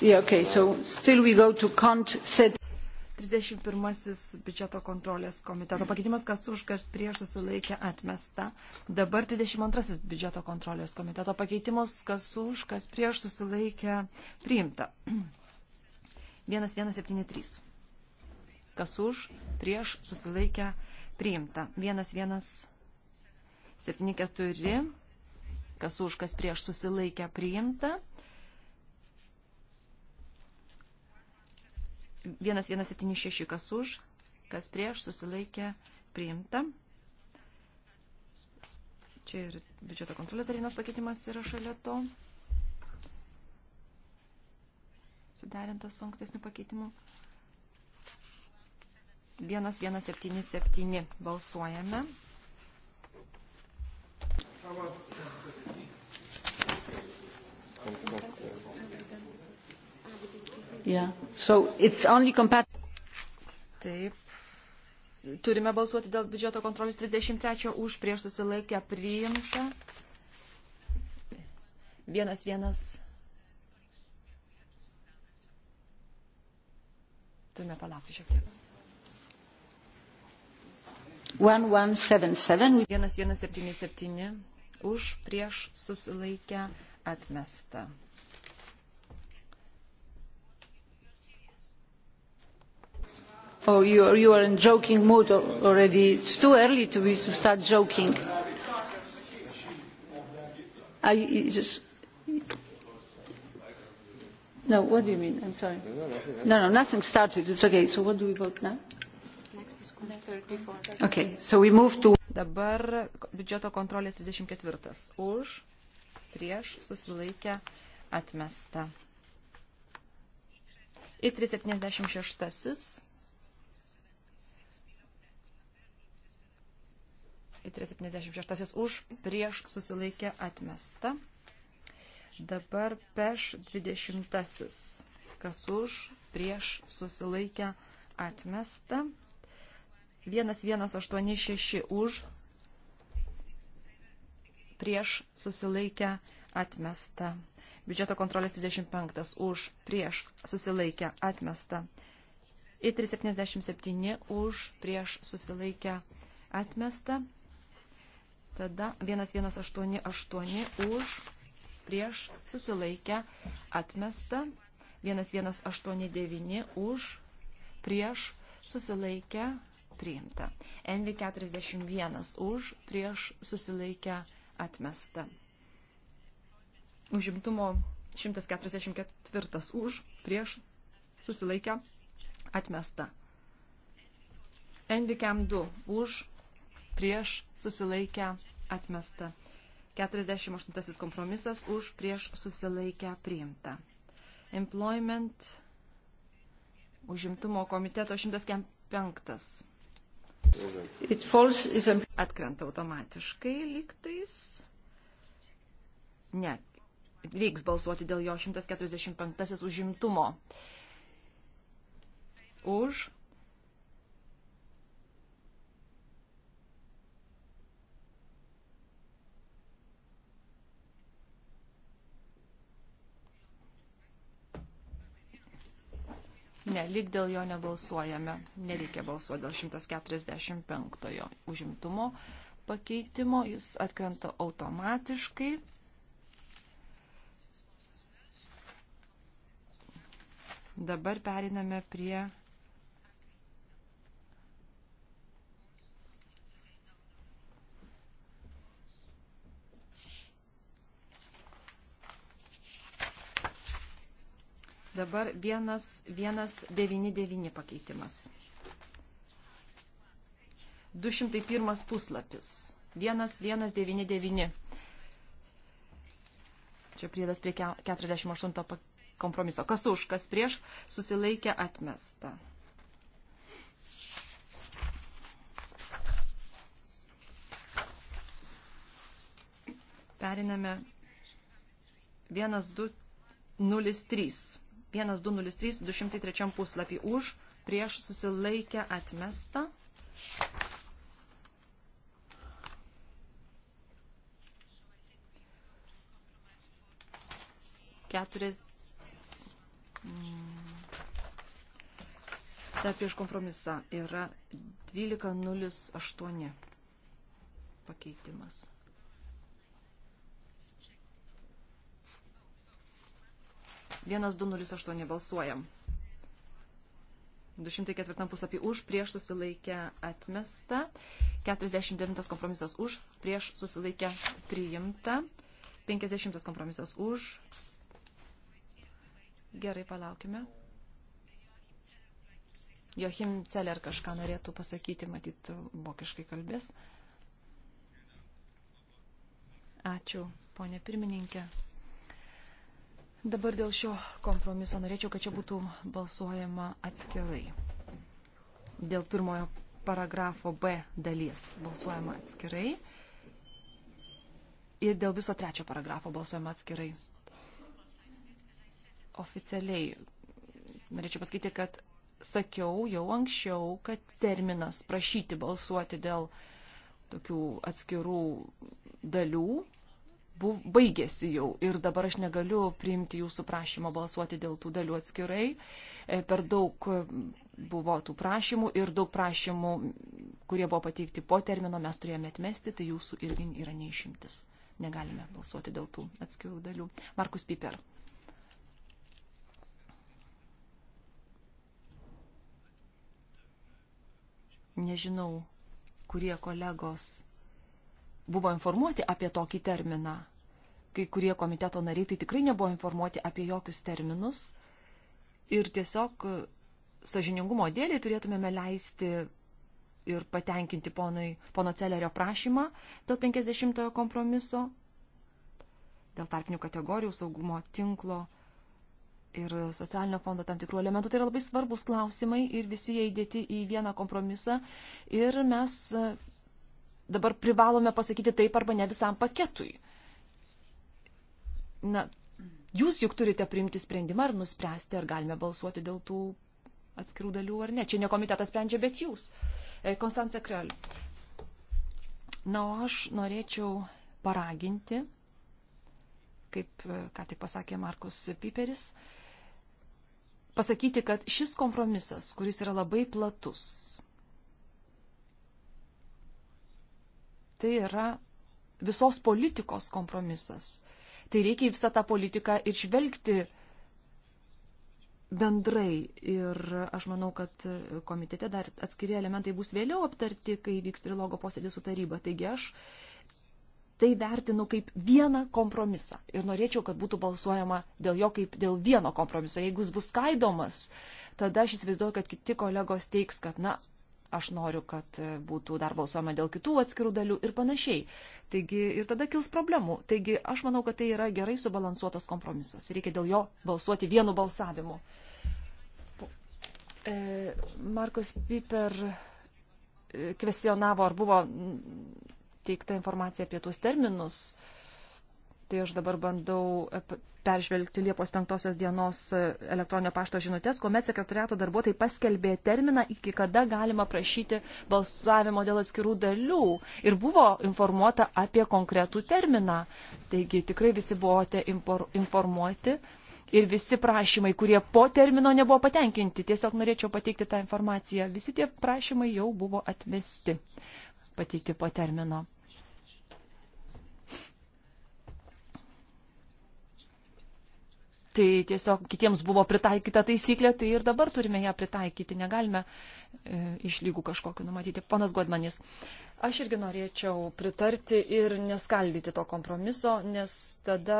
Yeah, okay, so still we go to cont set. 31 biudžeto kontrolės komiteto pakeitimas, kas už, kas prieš susilaikė atmesta. Dabar 32 biudžeto kontrolės komiteto pakeitimas, kas už, kas prieš susilaikė priimta. 1173. Kas už, prieš susilaikė priimta. 1174. Kas už, kas prieš susilaikė priimta. 1176 kas už, kas prieš, susilaikė, priimta. Čia ir biudžeto kontrolės dar vienas pakeitimas yra šalia to. Suderintas su ankstesniu pakeitimu. 1177 balsuojame. Thank you. Yeah. So Taip. Turime balsuoti dėl biudžeto kontrolės 33 už prieš susilaikę priimta. Vienas vienas. Turime palaukti šiek tiek. 1177. 1177 už prieš susilaikę atmesta. Oh, you are, you are in joking mood already. It's too early to, be, to start joking. I you just. No, what do you mean? I'm sorry. No, no, nothing started. It's okay. So what do we vote now? Okay, so we move to. Dabar biudžeto kontrolės 34. Už, prieš, susilaikę, atmesta. I376 į 376 už, prieš susilaikė atmesta. Dabar peš 20. Kas už, prieš susilaikė atmesta. 1186 už, prieš susilaikę atmesta. Biudžeto kontrolės 35 už, prieš susilaikę atmesta. I377 už, prieš susilaikę atmesta. Tada 1188 už, prieš, susilaikę, atmesta. 1189 už, prieš, susilaikę, priimta. NV41 už, prieš, susilaikę, atmesta. Užimtumo 144 už, prieš, susilaikę, atmesta. NVKM2 už, prieš susilaikę atmesta. 48 kompromisas už prieš susilaikę priimta. Employment užimtumo komiteto 105. Atkrenta automatiškai liktais. Ne, reiks balsuoti dėl jo 145 užimtumo. Už Ne, lyg dėl jo nebalsuojame. Nereikia balsuoti dėl 145 užimtumo pakeitimo. Jis atkrenta automatiškai. Dabar periname prie Dabar 1199 pakeitimas. 201 puslapis. 1199. Čia priedas prie 48 kompromiso. Kas už, kas prieš, susilaikė atmesta. Periname 1203. 1203 203 puslapį už, prieš susilaikę atmestą. Keturis. Mm, dar prieš kompromisą yra 1208 pakeitimas. 1208 balsuojam. 204 puslapį už, prieš susilaikę atmesta. 49 kompromisas už, prieš susilaikę priimta. 50 kompromisas už. Gerai, palaukime. Joachim Celler kažką norėtų pasakyti, matyt, vokiškai kalbės. Ačiū, ponė pirmininkė. Dabar dėl šio kompromiso norėčiau, kad čia būtų balsuojama atskirai. Dėl pirmojo paragrafo B dalies balsuojama atskirai. Ir dėl viso trečio paragrafo balsuojama atskirai. Oficialiai norėčiau pasakyti, kad sakiau jau anksčiau, kad terminas prašyti balsuoti dėl tokių atskirų dalių buv, baigėsi jau ir dabar aš negaliu priimti jūsų prašymo balsuoti dėl tų dalių atskirai. E, per daug buvo tų prašymų ir daug prašymų, kurie buvo pateikti po termino, mes turėjome atmesti, tai jūsų irgi yra neišimtis. Negalime balsuoti dėl tų atskirų dalių. Markus Piper. Nežinau, kurie kolegos buvo informuoti apie tokį terminą. Kai kurie komiteto nariai tai tikrai nebuvo informuoti apie jokius terminus. Ir tiesiog e, sažiningumo dėliai turėtumėme leisti ir patenkinti ponui, pono Celerio prašymą dėl 50-ojo kompromiso, dėl tarpinių kategorijų, saugumo tinklo ir socialinio fondo tam tikrų elementų. Tai yra labai svarbus klausimai ir visi jie įdėti į vieną kompromisą. Ir mes e, dabar privalome pasakyti taip arba ne visam paketui. Na, jūs juk turite priimti sprendimą ir nuspręsti, ar galime balsuoti dėl tų atskirų dalių ar ne. Čia ne komitetas sprendžia, bet jūs. E, Konstancija Krel. Na, o aš norėčiau paraginti, kaip e, ką tik pasakė Markus Piperis, pasakyti, kad šis kompromisas, kuris yra labai platus, tai yra visos politikos kompromisas. Tai reikia į visą tą politiką ir žvelgti bendrai. Ir aš manau, kad komitete dar atskiri elementai bus vėliau aptarti, kai vyks trilogo posėdis su taryba. Taigi aš tai vertinu kaip vieną kompromisą. Ir norėčiau, kad būtų balsuojama dėl jo kaip dėl vieno kompromiso. Jeigu jis bus skaidomas, tada aš įsivaizduoju, kad kiti kolegos teiks, kad, na, aš noriu, kad e, būtų dar balsuojama dėl kitų atskirų dalių ir panašiai. Taigi ir tada kils problemų. Taigi aš manau, kad tai yra gerai subalansuotas kompromisas. Reikia dėl jo balsuoti vienu balsavimu. E, Markus Piper e, kvestionavo, ar buvo teikta informacija apie tuos terminus. E, Tai aš dabar bandau e, peržvelgti Liepos 5 dienos e, elektroninio pašto žinutės, kuomet sekretariato darbuotojai paskelbė terminą, iki kada galima prašyti balsavimo dėl atskirų dalių. Ir buvo informuota apie konkretų terminą. Taigi tikrai visi buvote informuoti. Ir visi prašymai, kurie po termino nebuvo patenkinti, tiesiog norėčiau pateikti tą informaciją, visi tie prašymai jau buvo atmesti, pateikti po termino. tai tiesiog kitiems buvo pritaikyta taisyklė, tai ir dabar turime ją pritaikyti, negalime e, išlygų kažkokiu numatyti. Ponas Godmanis, aš irgi norėčiau pritarti ir neskaldyti to kompromiso, nes tada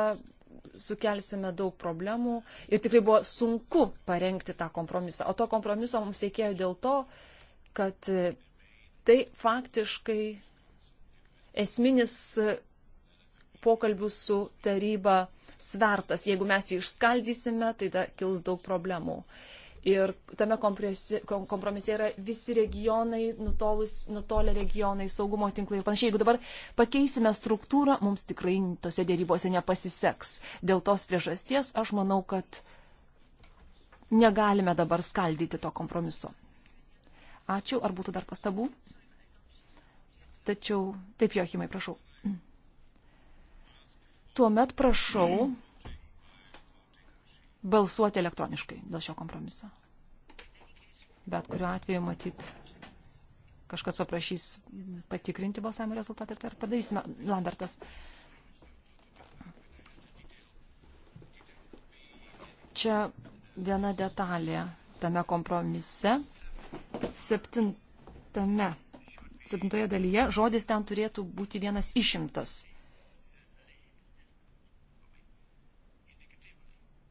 sukelsime daug problemų ir tikrai buvo sunku parengti tą kompromisą. O to kompromiso mums reikėjo dėl to, kad e, tai faktiškai esminis e, pokalbių su taryba svertas. Jeigu mes jį išskaldysime, tai da, kils daug problemų. Ir tame kompromise yra visi regionai, nutolus, nutolę regionai, saugumo tinklai ir panašiai. Jeigu dabar pakeisime struktūrą, mums tikrai tose dėrybose nepasiseks. Dėl tos priežasties aš manau, kad negalime dabar skaldyti to kompromiso. Ačiū, ar būtų dar pastabų? Tačiau, taip, Johimai, prašau. Tuomet prašau balsuoti elektroniškai dėl šio kompromiso. Bet kuriuo atveju matyt, kažkas paprašys patikrinti balsavimo rezultatą ir tai padarysime. Lambertas. Čia viena detalė tame kompromise. Septintame, septintoje dalyje žodis ten turėtų būti vienas išimtas.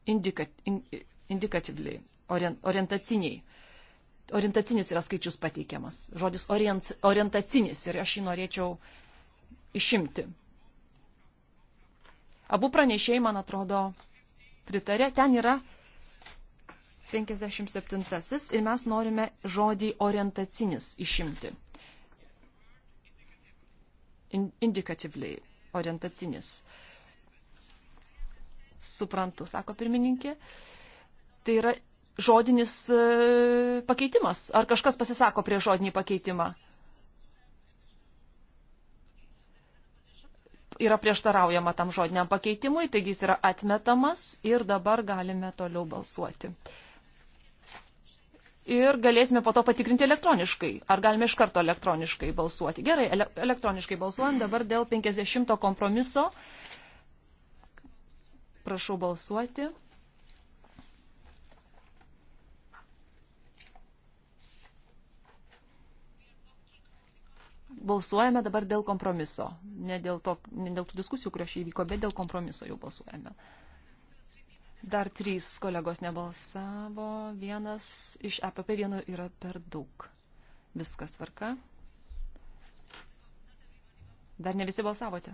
indikat, in, indikatyvliai, orient, orientaciniai. Orientacinis yra skaičius pateikiamas. Žodis orient, orientacinis ir aš jį norėčiau išimti. Abu pranešėjai, man atrodo, pritarė. Ten yra 57 ir mes norime žodį orientacinis išimti. In, indikatyvliai orientacinis suprantu, sako pirmininkė. Tai yra žodinis e, pakeitimas. Ar kažkas pasisako prie žodinį pakeitimą? Yra prieštaraujama tam žodiniam pakeitimui, taigi jis yra atmetamas ir dabar galime toliau balsuoti. Ir galėsime po to patikrinti elektroniškai. Ar galime iš karto elektroniškai balsuoti? Gerai, ele elektroniškai balsuojam dabar dėl 50 kompromiso Prašau balsuoti. Balsuojame dabar dėl kompromiso. Ne dėl, to, ne dėl tų diskusijų, kurios įvyko, bet dėl kompromiso jau balsuojame. Dar trys kolegos nebalsavo, vienas iš EPP vieno yra per daug. Viskas tvarka. Dar ne visi balsavote.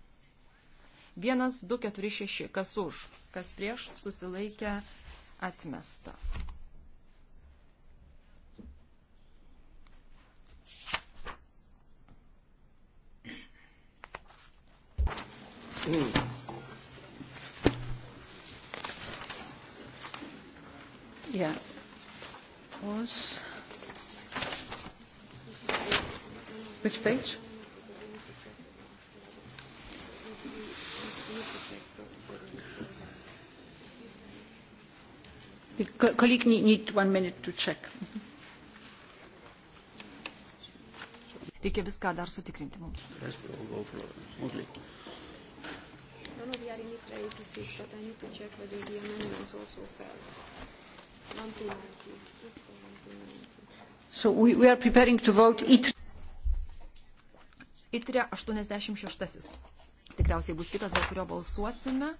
1, 2, 4, 6. Kas už, kas prieš, susilaikę, atmesta. Mm. colleague need, need one minute to check. Reikia viską dar sutikrinti mums. No, no, we are in ITRA 86, but I need to check whether the amendments also fell. 1 to 90. So we, we are preparing to vote ITRA. ITRA 86. Tikriausiai bus kitas, dėl kurio balsuosime.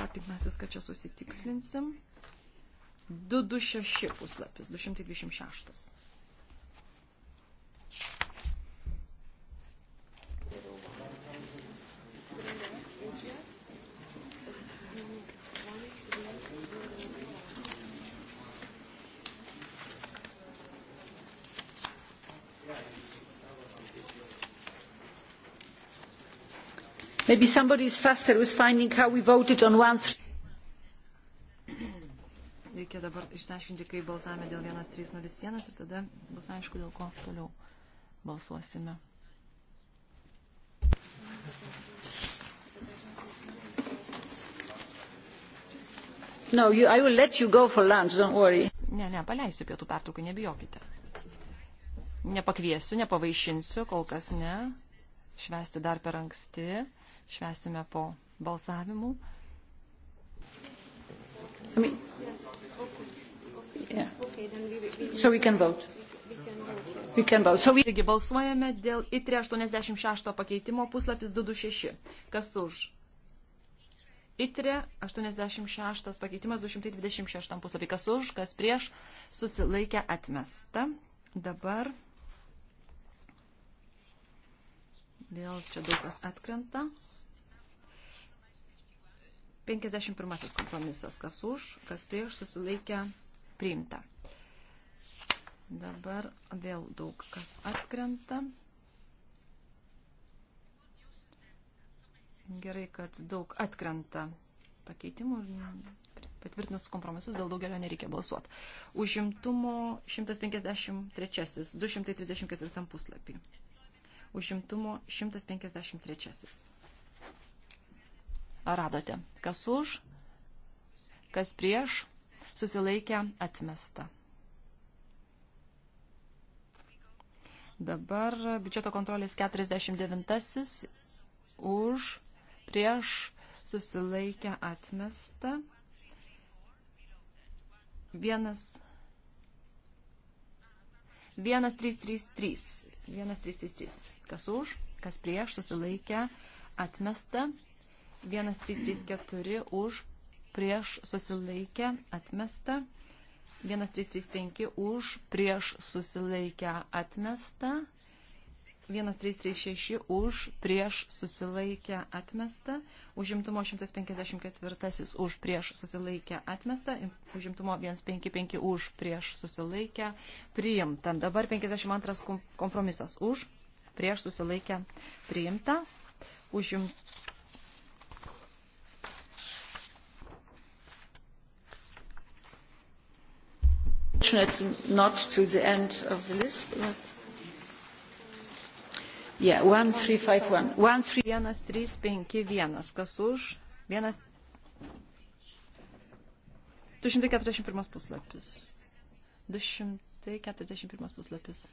Ar tik mes viską čia susitikslinsim. 226 puslapis, 226. maybe somebody is faster with finding how we voted on one three išsiaiškinti, kai balsavome dėl 1301 ir tada bus aišku, dėl ko toliau balsuosime. No, you, I will let you go for lunch, don't worry. Ne, ne, paleisiu pietų pertraukai, nebijokite. Nepakviesiu, nepavaišinsiu, kol kas ne. Švesti dar per anksti. Švesime po balsavimų. I mean, Yeah. Okay, we, we, so we can vote. We can vote. So we... Taigi balsuojame dėl ITRE 86 pakeitimo puslapis 226. Kas už? ITRE 86 pakeitimas 226 puslapį. Kas už, kas prieš, susilaikė atmesta. Dabar vėl čia daug kas atkrenta. 51 kompromisas. Kas už, kas prieš, susilaikė atmesta priimta. Dabar vėl daug kas atkrenta. Gerai, kad daug atkrenta pakeitimų. Patvirtinus kompromisus dėl daugelio nereikia balsuoti. Užimtumo 153, 234 puslapį. Užimtumo 153. Ar radote? Kas už? Kas prieš? susilaikę, atmesta. Dabar biudžeto kontrolės 49-asis už, prieš, susilaikę, atmesta. Vienas. 1333. 1333. Kas už, kas prieš, susilaikę, atmesta. 1334 už, prieš susilaikę atmesta, 1335 už prieš susilaikę atmesta, 1336 už prieš susilaikę atmesta, užimtumo 154 už prieš susilaikę atmesta, užimtumo 155 už prieš susilaikę priimta. Dabar 52 kompromisas už prieš susilaikę priimta, užimt unfortunately not to the end of the list. But yeah, 1351. 1351. Kas už? 1... 241 puslapis. 241 puslapis.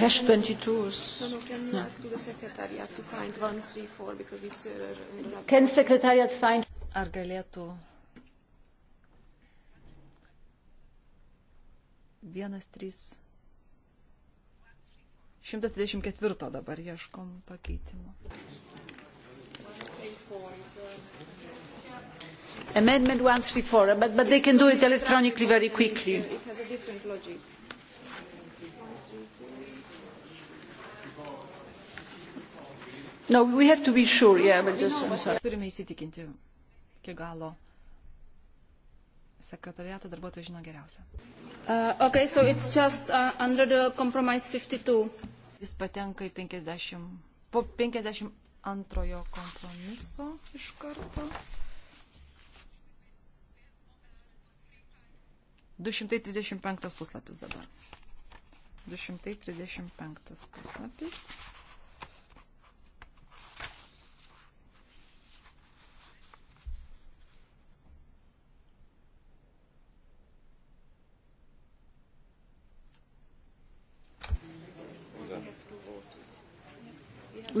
Pesh 22. No, no, can you no. ask to the secretariat to find 134 because it's uh, error. Can secretariat find? Ar galėtų vienas trys. 124 dabar ieškom pakeitimo. Amendment 134, but, but they can do it electronically very quickly. It has a different logic. No, we have to be sure, yeah, but just, I'm sorry. Turime įsitikinti iki galo. Sekretariato darbuotojai žino geriausia. Uh, okay, so it's just uh, under the compromise 52. Jis patenka į 50, po 52 kompromiso iš karto. 235 puslapis dabar. 235 puslapis.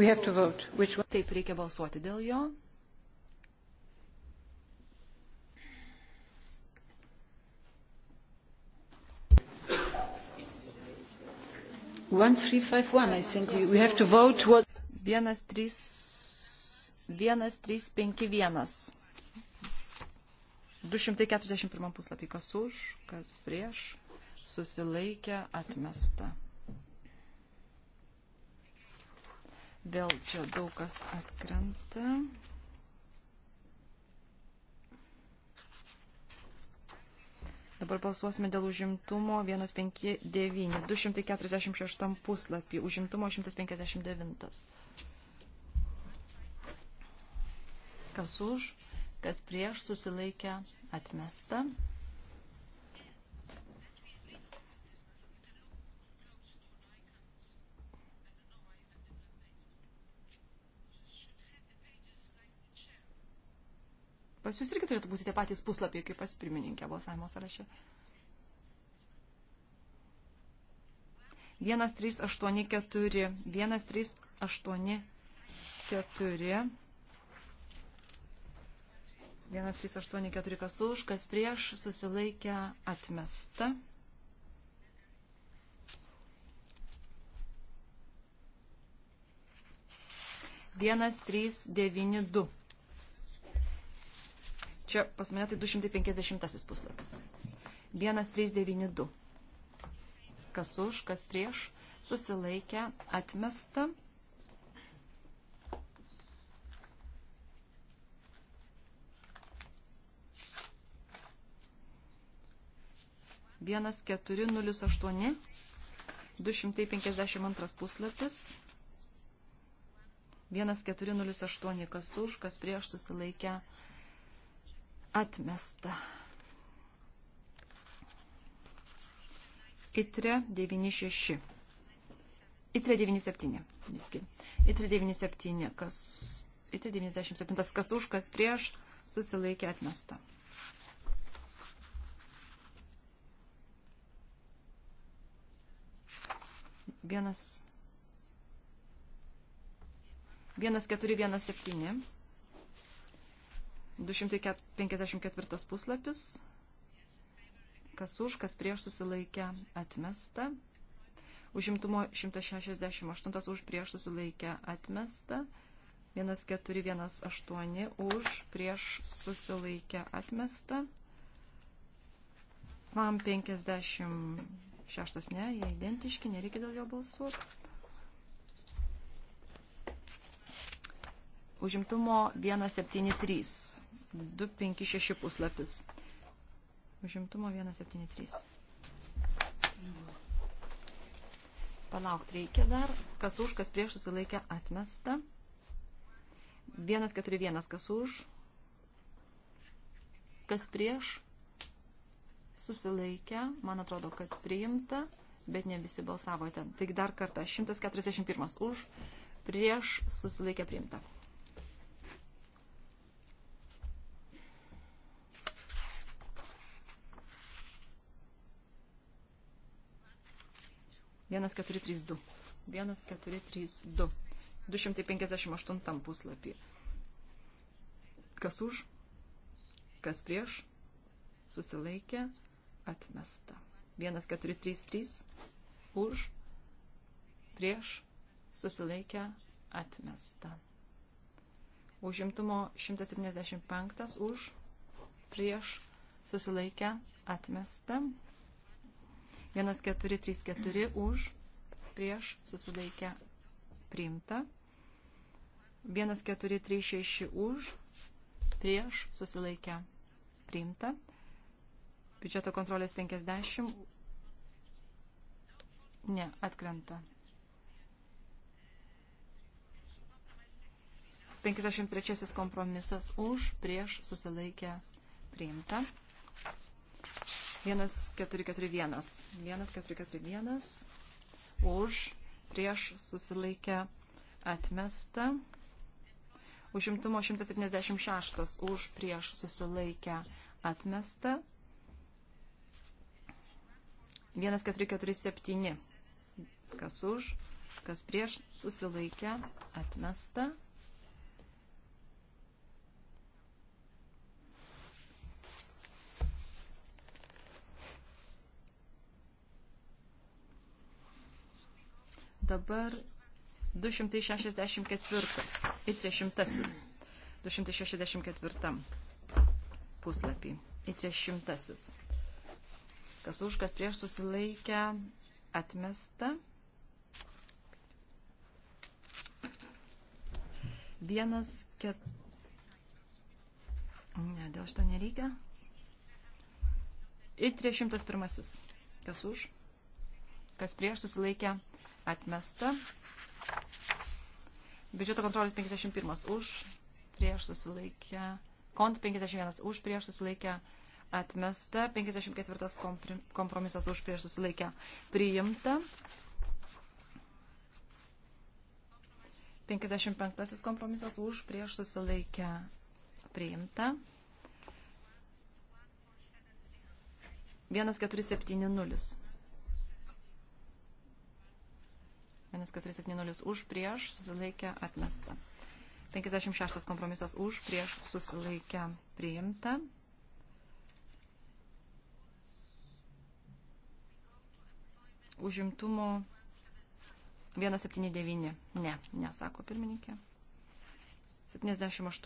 Taip, reikia balsuoti dėl jo. Vienas, trys, vienas, trys, penki, vienas. 241 puslapį, kas už, kas prieš, susilaikė, atmesta. Vėl čia daug kas atkrenta. Dabar balsuosime dėl užimtumo 159, 246 puslapį, užimtumo 159. Kas už, kas prieš susilaikę atmesta. pas jūs irgi turėtų būti tie patys puslapiai, kaip pas pirmininkė balsavimo sąraše. 1384, 1384, 1384, kas už, kas prieš, susilaikę atmesta. Vienas, trys, devyni, du. Čia pas mane tai 250 puslapis. 1392. Kas už, kas prieš, susilaikę, atmesta. Vienas keturi nulis aštuoni, du šimtai penkiasdešimt antras puslapis, 1408, kas už, kas prieš susilaikę Atmesta. Itre 96. Itre 97. Visgi. Itre 97. Kas. Itre 97. Kas už, kas prieš. Susilaikė atmesta. Vienas. Vienas keturi, vienas septyni. 254 puslapis. Kas už, kas prieš susilaikę atmesta. Užimtumo 168 už prieš susilaikę atmesta. 1418 už prieš susilaikę atmesta. Man 56 ne, jie identiški, nereikia dėl jo balsuoti. Užimtumo 173 256 puslapis. Užimtumo 173. Palaukti reikia dar. Kas už, kas prieš susilaikė atmesta. 141 kas už. Kas prieš susilaikė. Man atrodo, kad priimta, bet ne visi balsavote. Taigi dar kartą. 141 už. Prieš susilaikė priimta. 1432. 1432. 258 puslapį. Kas už, kas prieš, susilaikė, atmesta. 1433 už, prieš, susilaikė, atmesta. Užimtumo 175 už, prieš, susilaikė, atmesta. 1434 už, prieš, susilaikę, priimta. 1436 už, prieš, susilaikę, priimta. Biudžeto kontrolės 50. Ne, atkrenta. 53 kompromisas už, prieš, susilaikę, priimta. 1441. 1441. Už, prieš, susilaikę, atmesta. Užimtumo 176 už, prieš, susilaikę, atmesta. 1447. Kas už, kas prieš, susilaikę, atmesta. Dabar 264 ir 300. 264 puslapį į 300. Kas už, kas prieš susilaikę atmesta. 1, 4. Ne, dėl šito nereikia. Į 301. Kas už? Kas prieš susilaikę? atmesta. Biudžeto kontrolės 51 už, prieš susilaikę, kont 51 už, prieš susilaikę, atmesta, 54 kompromisas už, prieš susilaikę, priimta. 55 kompromisas už, prieš susilaikę, priimta. 1470. 1470 už, prieš, susilaikę, atmesta. 56 kompromisas už, prieš, susilaikę, priimta. Užimtumo 179. Ne, nesako pirmininkė. 78. 178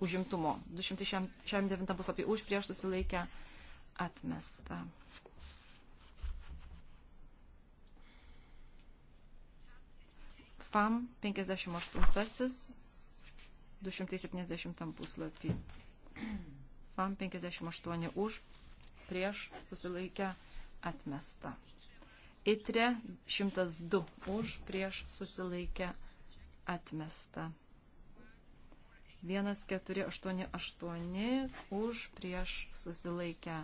užimtumo. 269 puslapį už, prieš, susilaikę, atmesta. FAM 58, 270 puslapį. FAM 58 už, prieš, susilaikę, atmesta. ITRE 102 už, prieš, susilaikę, atmesta. 1488 už, prieš, susilaikę,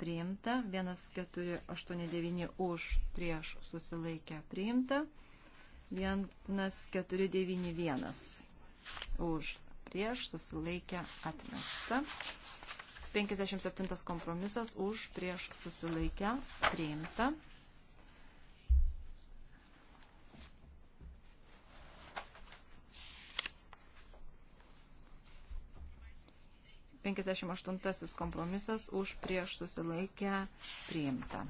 priimta. 1489 už, prieš, susilaikę, priimta. 1489 1491 už prieš susilaikę atmesta. 57 kompromisas už prieš susilaikę priimta. Penkiasdešimt aštuntasis kompromisas už prieš susilaikę priimta.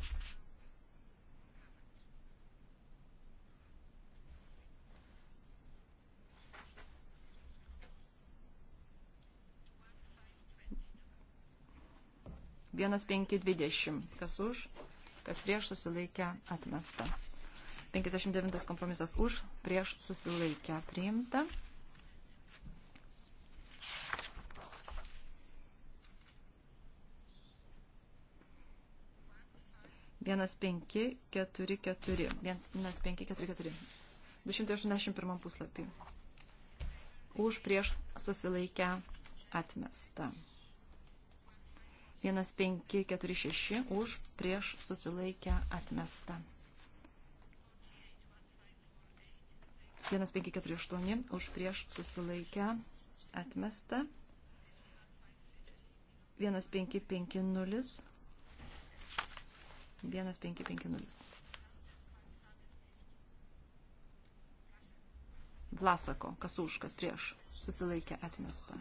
1520. Kas už, kas prieš susilaikę atmesta. 59 kompromisas už, prieš susilaikę priimta. Vienas penki, keturi, keturi. Vienas penki, keturi, keturi. 281 puslapį. Už prieš susilaikę atmestą. 1546 už prieš susilaikę atmestą. 1548 už prieš susilaikę atmestą. 1550 1550. Vlasako, kas už, kas prieš, susilaikė atmestą.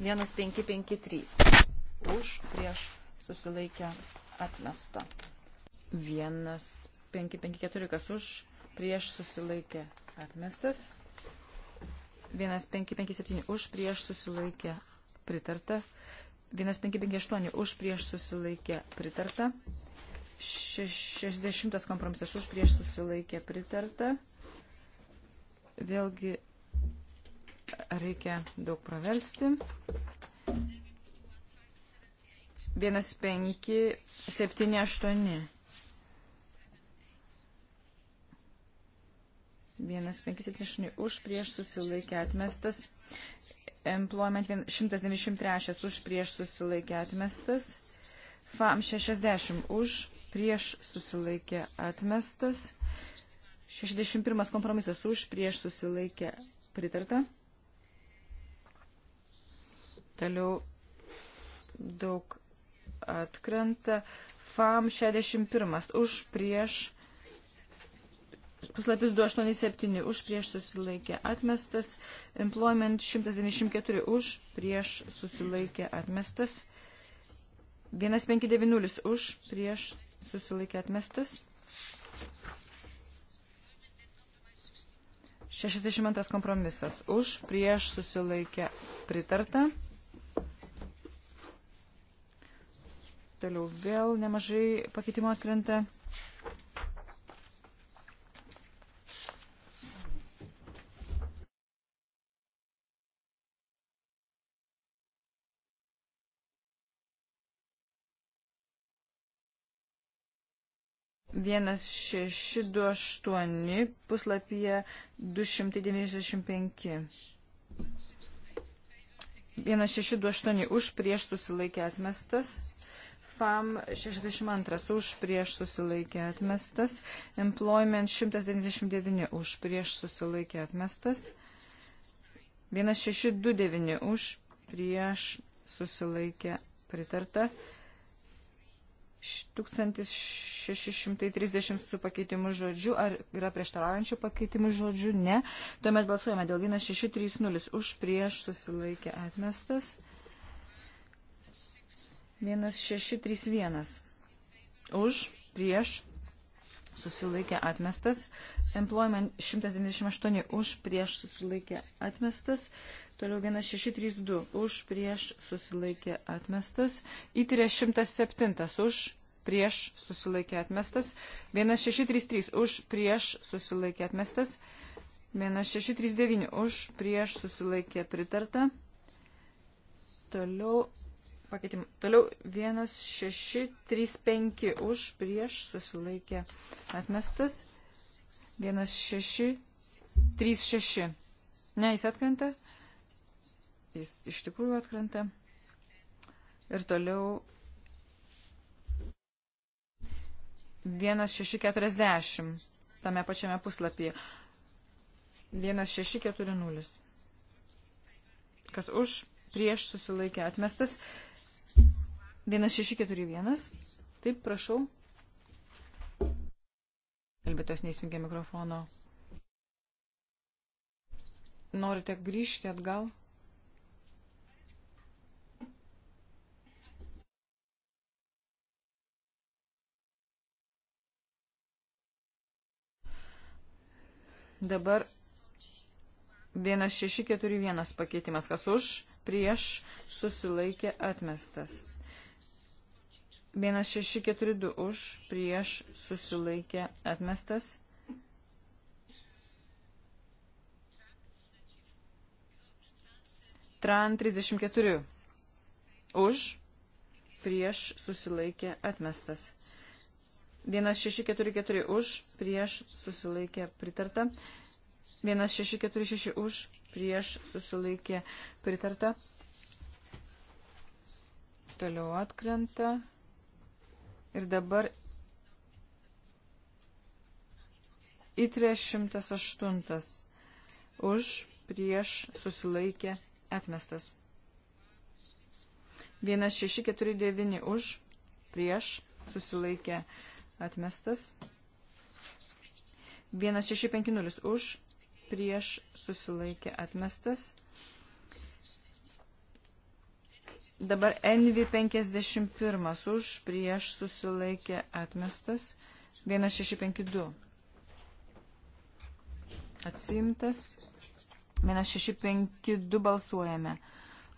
1553. Už, prieš, susilaikę, atmesta. 1554, kas už, prieš, susilaikę, atmestas. 1557, už, prieš, susilaikę, pritarta. 1558, už, prieš, susilaikę, pritarta. 60 kompromisas už, prieš, susilaikę, pritarta. Vėlgi reikia daug praversti. 1578. 1578 už prieš susilaikė atmestas. Employment 193 už prieš susilaikė atmestas. FAM 60 už prieš susilaikė atmestas. 61 kompromisas už prieš susilaikė pritarta. Toliau daug atkrenta. FAM 61 už prieš puslapis 287 už prieš susilaikė atmestas, employment 194 už prieš susilaikė atmestas, 1590 už prieš susilaikė atmestas, 62 kompromisas už prieš susilaikė pritarta. toliau. Vėl nemažai pakeitimo atkrenta. Vienas šeši du aštuoni puslapyje du šimtai devyniasdešimt penki. 1628 už prieš susilaikė atmestas. FAM 62 už prieš susilaikė atmestas, Employment 199 už prieš susilaikė atmestas, 1629 už prieš susilaikė pritarta, 1630 su pakeitimu žodžiu, ar yra prieštaraujančių pakeitimų žodžiu, ne, tuomet balsuojame dėl 1630 už prieš susilaikė atmestas. 1630 1631. Už, prieš, susilaikė atmestas. Employment 198 už, prieš, susilaikė atmestas. Toliau 1632 už, prieš, susilaikė atmestas. Įtirė 107 už, prieš, susilaikė atmestas. 1633 už, prieš, susilaikė atmestas. 1639 už, prieš, susilaikė pritarta. Toliau pakeitimų. Toliau 1, 6, 3, 5 už, prieš, susilaikė atmestas. 1, 6, 3, 6. Ne, jis atkrenta. Jis iš tikrųjų atkrenta. Ir toliau 1640 tame pačiame puslapyje. 1640. Kas už, prieš susilaikė atmestas. 1641. Taip, prašau. Kalbėtos neįsijungia mikrofono. Norite grįžti atgal? Dabar 1641 pakeitimas, kas už, prieš, susilaikė atmestas. 1642 už, prieš, susilaikė, atmestas. Tran 34 už, prieš, susilaikė, atmestas. 1644 už, prieš, susilaikė, pritarta. 1646 už, prieš, susilaikė, pritarta. Toliau atkrenta. Ir dabar į 308 už prieš susilaikė atmestas. 1649 už prieš susilaikė atmestas. 1650 už prieš susilaikė atmestas. Dabar NV51 už prieš susilaikė atmestas 1652. Atsimtas 1652 balsuojame.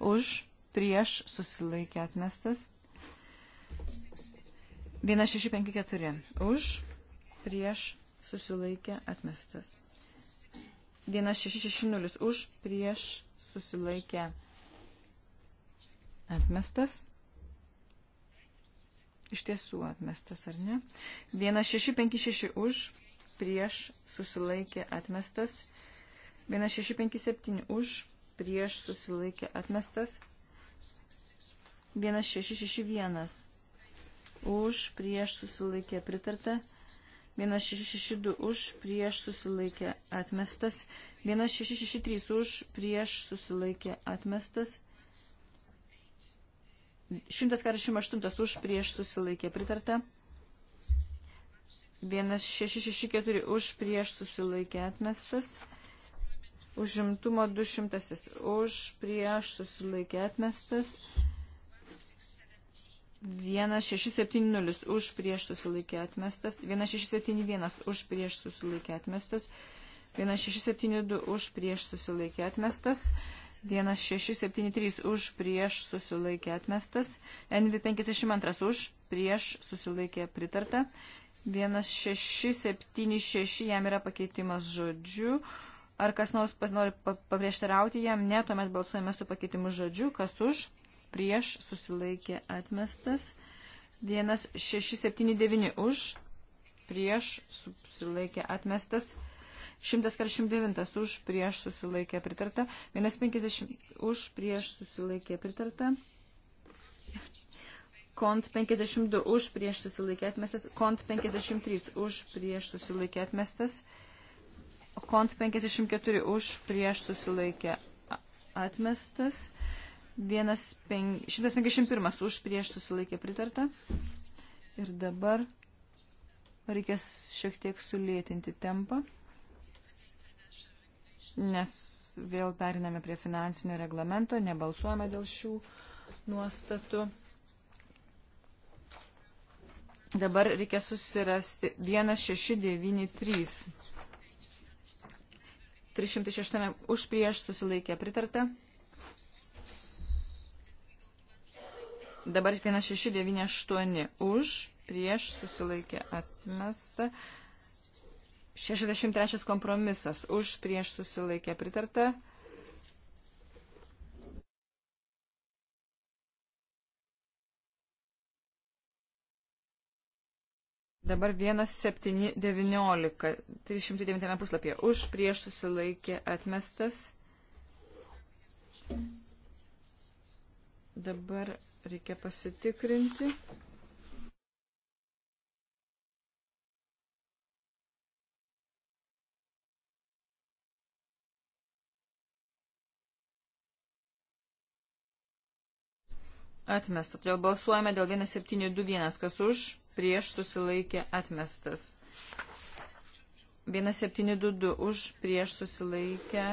Už prieš susilaikė atmestas 1654. Už prieš susilaikė atmestas. 1660 už prieš susilaikė atmestas. Atmestas. Iš tiesų atmestas, ar ne? 1656 už, prieš susilaikė atmestas. 1657 už, prieš susilaikė atmestas. 1661 už, prieš susilaikė pritarta. 1662 už, prieš susilaikė atmestas. 1663 už, prieš susilaikė atmestas. 148 už prieš susilaikė pritarta. 1664 už prieš susilaikė atmestas. Užimtumo 200 už prieš susilaikė atmestas. 1670 už prieš susilaikė atmestas. 1671 už prieš susilaikė atmestas. 1672 už prieš susilaikė atmestas. 1672, 1673 už prieš susilaikė atmestas, NV52 už prieš susilaikė pritarta, 1676 jam yra pakeitimas žodžiu, ar kas nors nori paprieštarauti jam, ne, tuomet balsuojame su pakeitimu žodžiu, kas už prieš susilaikė atmestas, 1679 už prieš susilaikė atmestas, 149 už prieš susilaikė pritarta, 150 už prieš susilaikė pritarta, kont 52 už prieš susilaikė atmestas, kont 53 už prieš susilaikė atmestas, kont 54 už prieš susilaikė atmestas, 151 už prieš susilaikė pritarta. Ir dabar reikės šiek tiek sulėtinti tempą nes vėl periname prie finansinio reglamento, nebalsuojame dėl šių nuostatų. Dabar reikia susirasti 1693. 306 už prieš susilaikė pritarta. Dabar 1698 už prieš susilaikė atmesta. 63 kompromisas už prieš susilaikę pritarta. Dabar 1.7.19, 309 puslapyje. Už prieš susilaikė atmestas. Dabar reikia pasitikrinti. Atmesta. Todėl balsuojame dėl 1721, kas už, prieš susilaikė atmestas. 1722 už, prieš susilaikė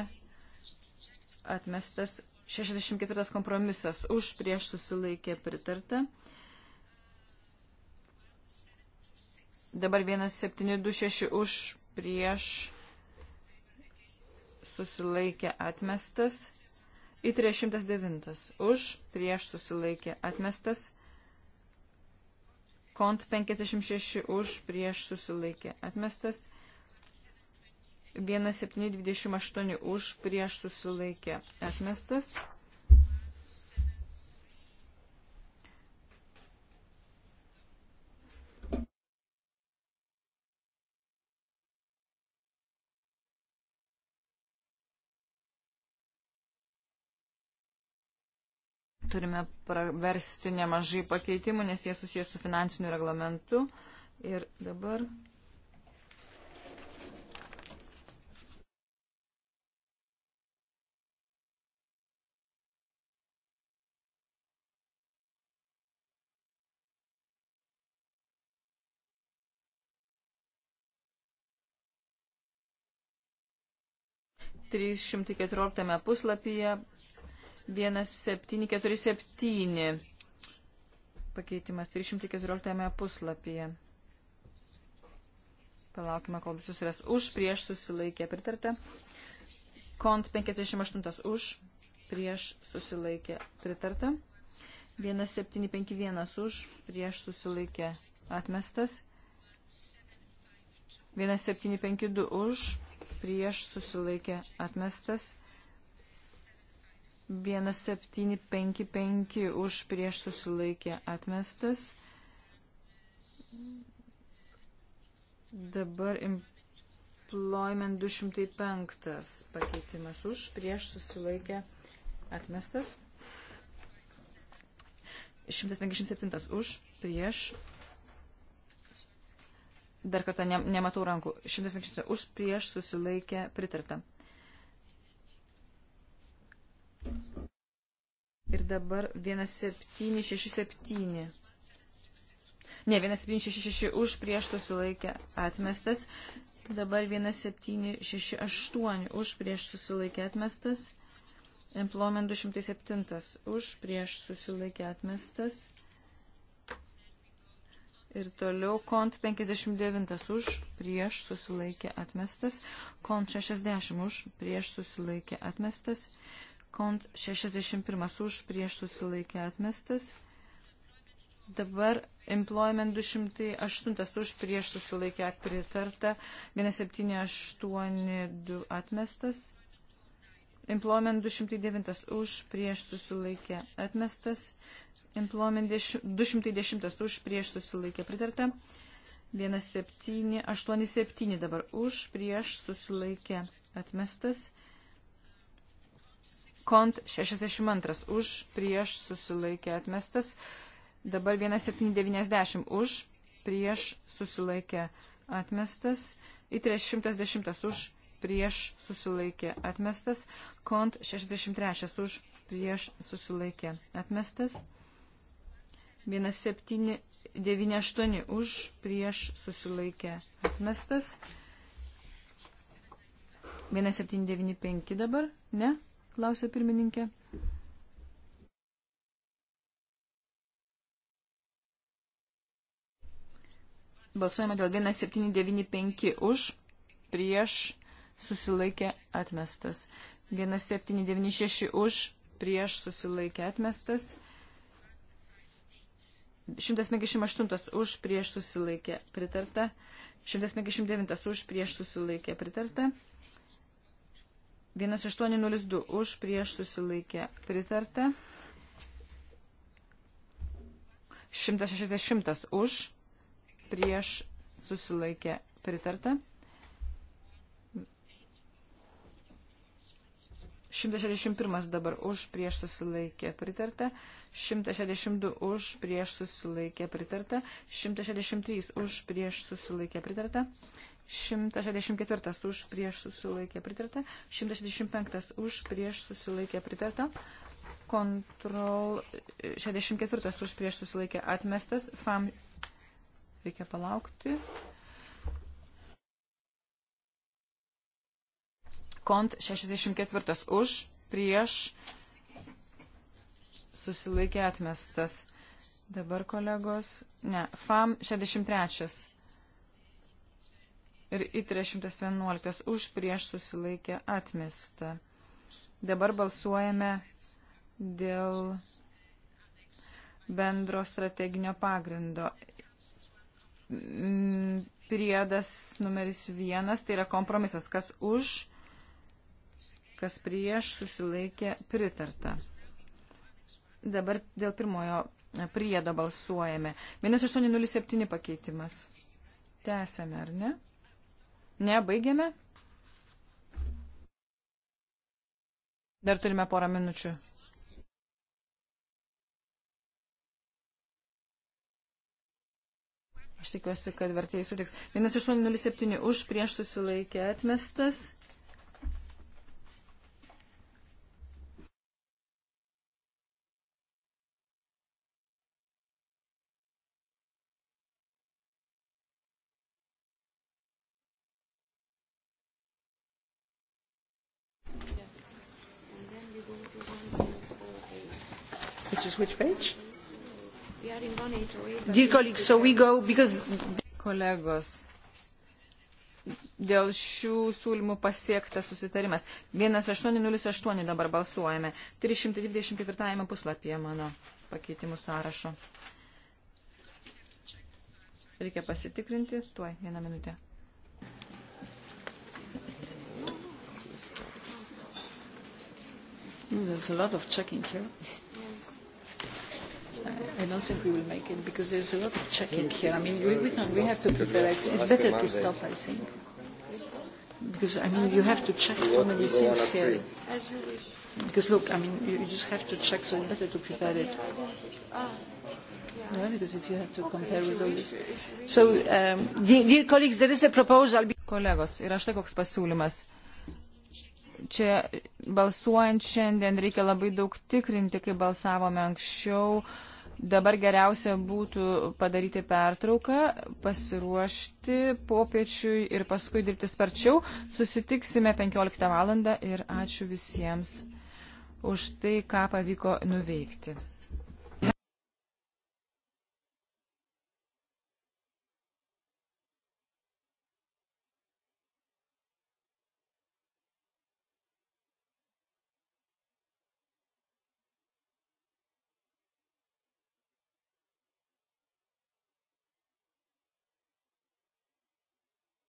atmestas. 64 kompromisas už, prieš susilaikė pritarta. Dabar 1726 už, prieš susilaikė atmestas į 309. Už, prieš susilaikė atmestas. Kont 56 už, prieš susilaikė atmestas. 1728 už, prieš susilaikė atmestas. turime praversti nemažai pakeitimų, nes jie susijęs su finansiniu reglamentu. Ir dabar. Trys šimtai keturioliktame puslapyje 1747 pakeitimas 314 puslapyje. Palaukime, kol visus ras už, prieš susilaikė pritarta. Kont 58 už, prieš susilaikė pritarta. 1751 už, prieš susilaikė atmestas. 1752 už, prieš susilaikė atmestas. 1755 už prieš susilaikė atmestas. Dabar employment 205 pakeitimas už prieš susilaikė atmestas. 157 už prieš Dar kartą ne, nematau rankų. 157 už prieš susilaikė pritarta. Ir dabar 1767. Ne, 1766 už prieš susilaikė atmestas. Dabar 1768 už prieš susilaikė atmestas. Employment 207 už prieš susilaikė atmestas. Ir toliau kont 59 už, prieš susilaikė atmestas, kont 60 už, prieš susilaikė atmestas, kont 61 už prieš susilaikė atmestas. Dabar employment 208 už prieš susilaikė pritarta, 1782 atmestas. Employment 209 už prieš susilaikė atmestas. Employment 210 už prieš susilaikė pritarta. 1787 dabar už prieš susilaikė atmestas. Kont 62 už, prieš susilaikė atmestas. Dabar 1790 už, prieš susilaikė atmestas. Į 310 už, prieš susilaikė atmestas. Kont 63 už, prieš susilaikė atmestas. 1798 už, prieš susilaikė atmestas. 1795 dabar, ne? klausė pirmininkė. Balsuojame dėl 1795 už, prieš, susilaikė atmestas. 1796 už, prieš, susilaikė atmestas. 158 už, prieš, susilaikė pritarta. 159 už, prieš, susilaikė pritarta. 1802 už prieš susilaikė pritarta. 160 už prieš susilaikė pritarta. 161 dabar už prieš susilaikė pritarta, 162 už prieš susilaikė pritarta, 163 už prieš susilaikė pritarta, 164 už prieš susilaikė pritarta, 165 už prieš susilaikė pritarta, kontrol 64 už prieš susilaikė atmestas, FAM reikia palaukti. Kont 64 už, prieš, susilaikė atmestas. Dabar kolegos, ne, FAM 63 ir I311 už, prieš, susilaikė atmestą. Dabar balsuojame dėl bendro strateginio pagrindo. Priedas numeris vienas, tai yra kompromisas, kas už, kas prieš susilaikė pritarta. Dabar dėl pirmojo priedo balsuojame. 1807 pakeitimas. Tęsėme, ar ne? Nebaigėme? Dar turime porą minučių. Aš tikiuosi, kad vertėjai sutiks. 1807 už prieš susilaikė atmestas. which page? We are in 188. Dear colleagues, so we go because... Kolegos, dėl šių siūlymų pasiektas susitarimas. 1808 dabar balsuojame. 324 puslapyje mano pakeitimų sąrašo. Reikia pasitikrinti. Tuoj, vieną minutę. There's a lot of checking here. I don't think we will make it because there's a lot of checking here. I mean, we, we, can, we have to prepare. It's, it's better to stop, I think. Because, I mean, you have to check so many things here. As you wish. Because, look, I mean, you, you just have to check, so it's better to prepare it. Yeah, because if you have to compare with all this. So, um, dear, dear colleagues, there is a proposal. Kolegos, yra štai koks pasiūlymas čia balsuojant šiandien reikia labai daug tikrinti, kai balsavome anksčiau, Dabar geriausia būtų padaryti pertrauką, pasiruošti popiečiui ir paskui dirbti sparčiau. Susitiksime 15 val. ir ačiū visiems už tai, ką pavyko nuveikti.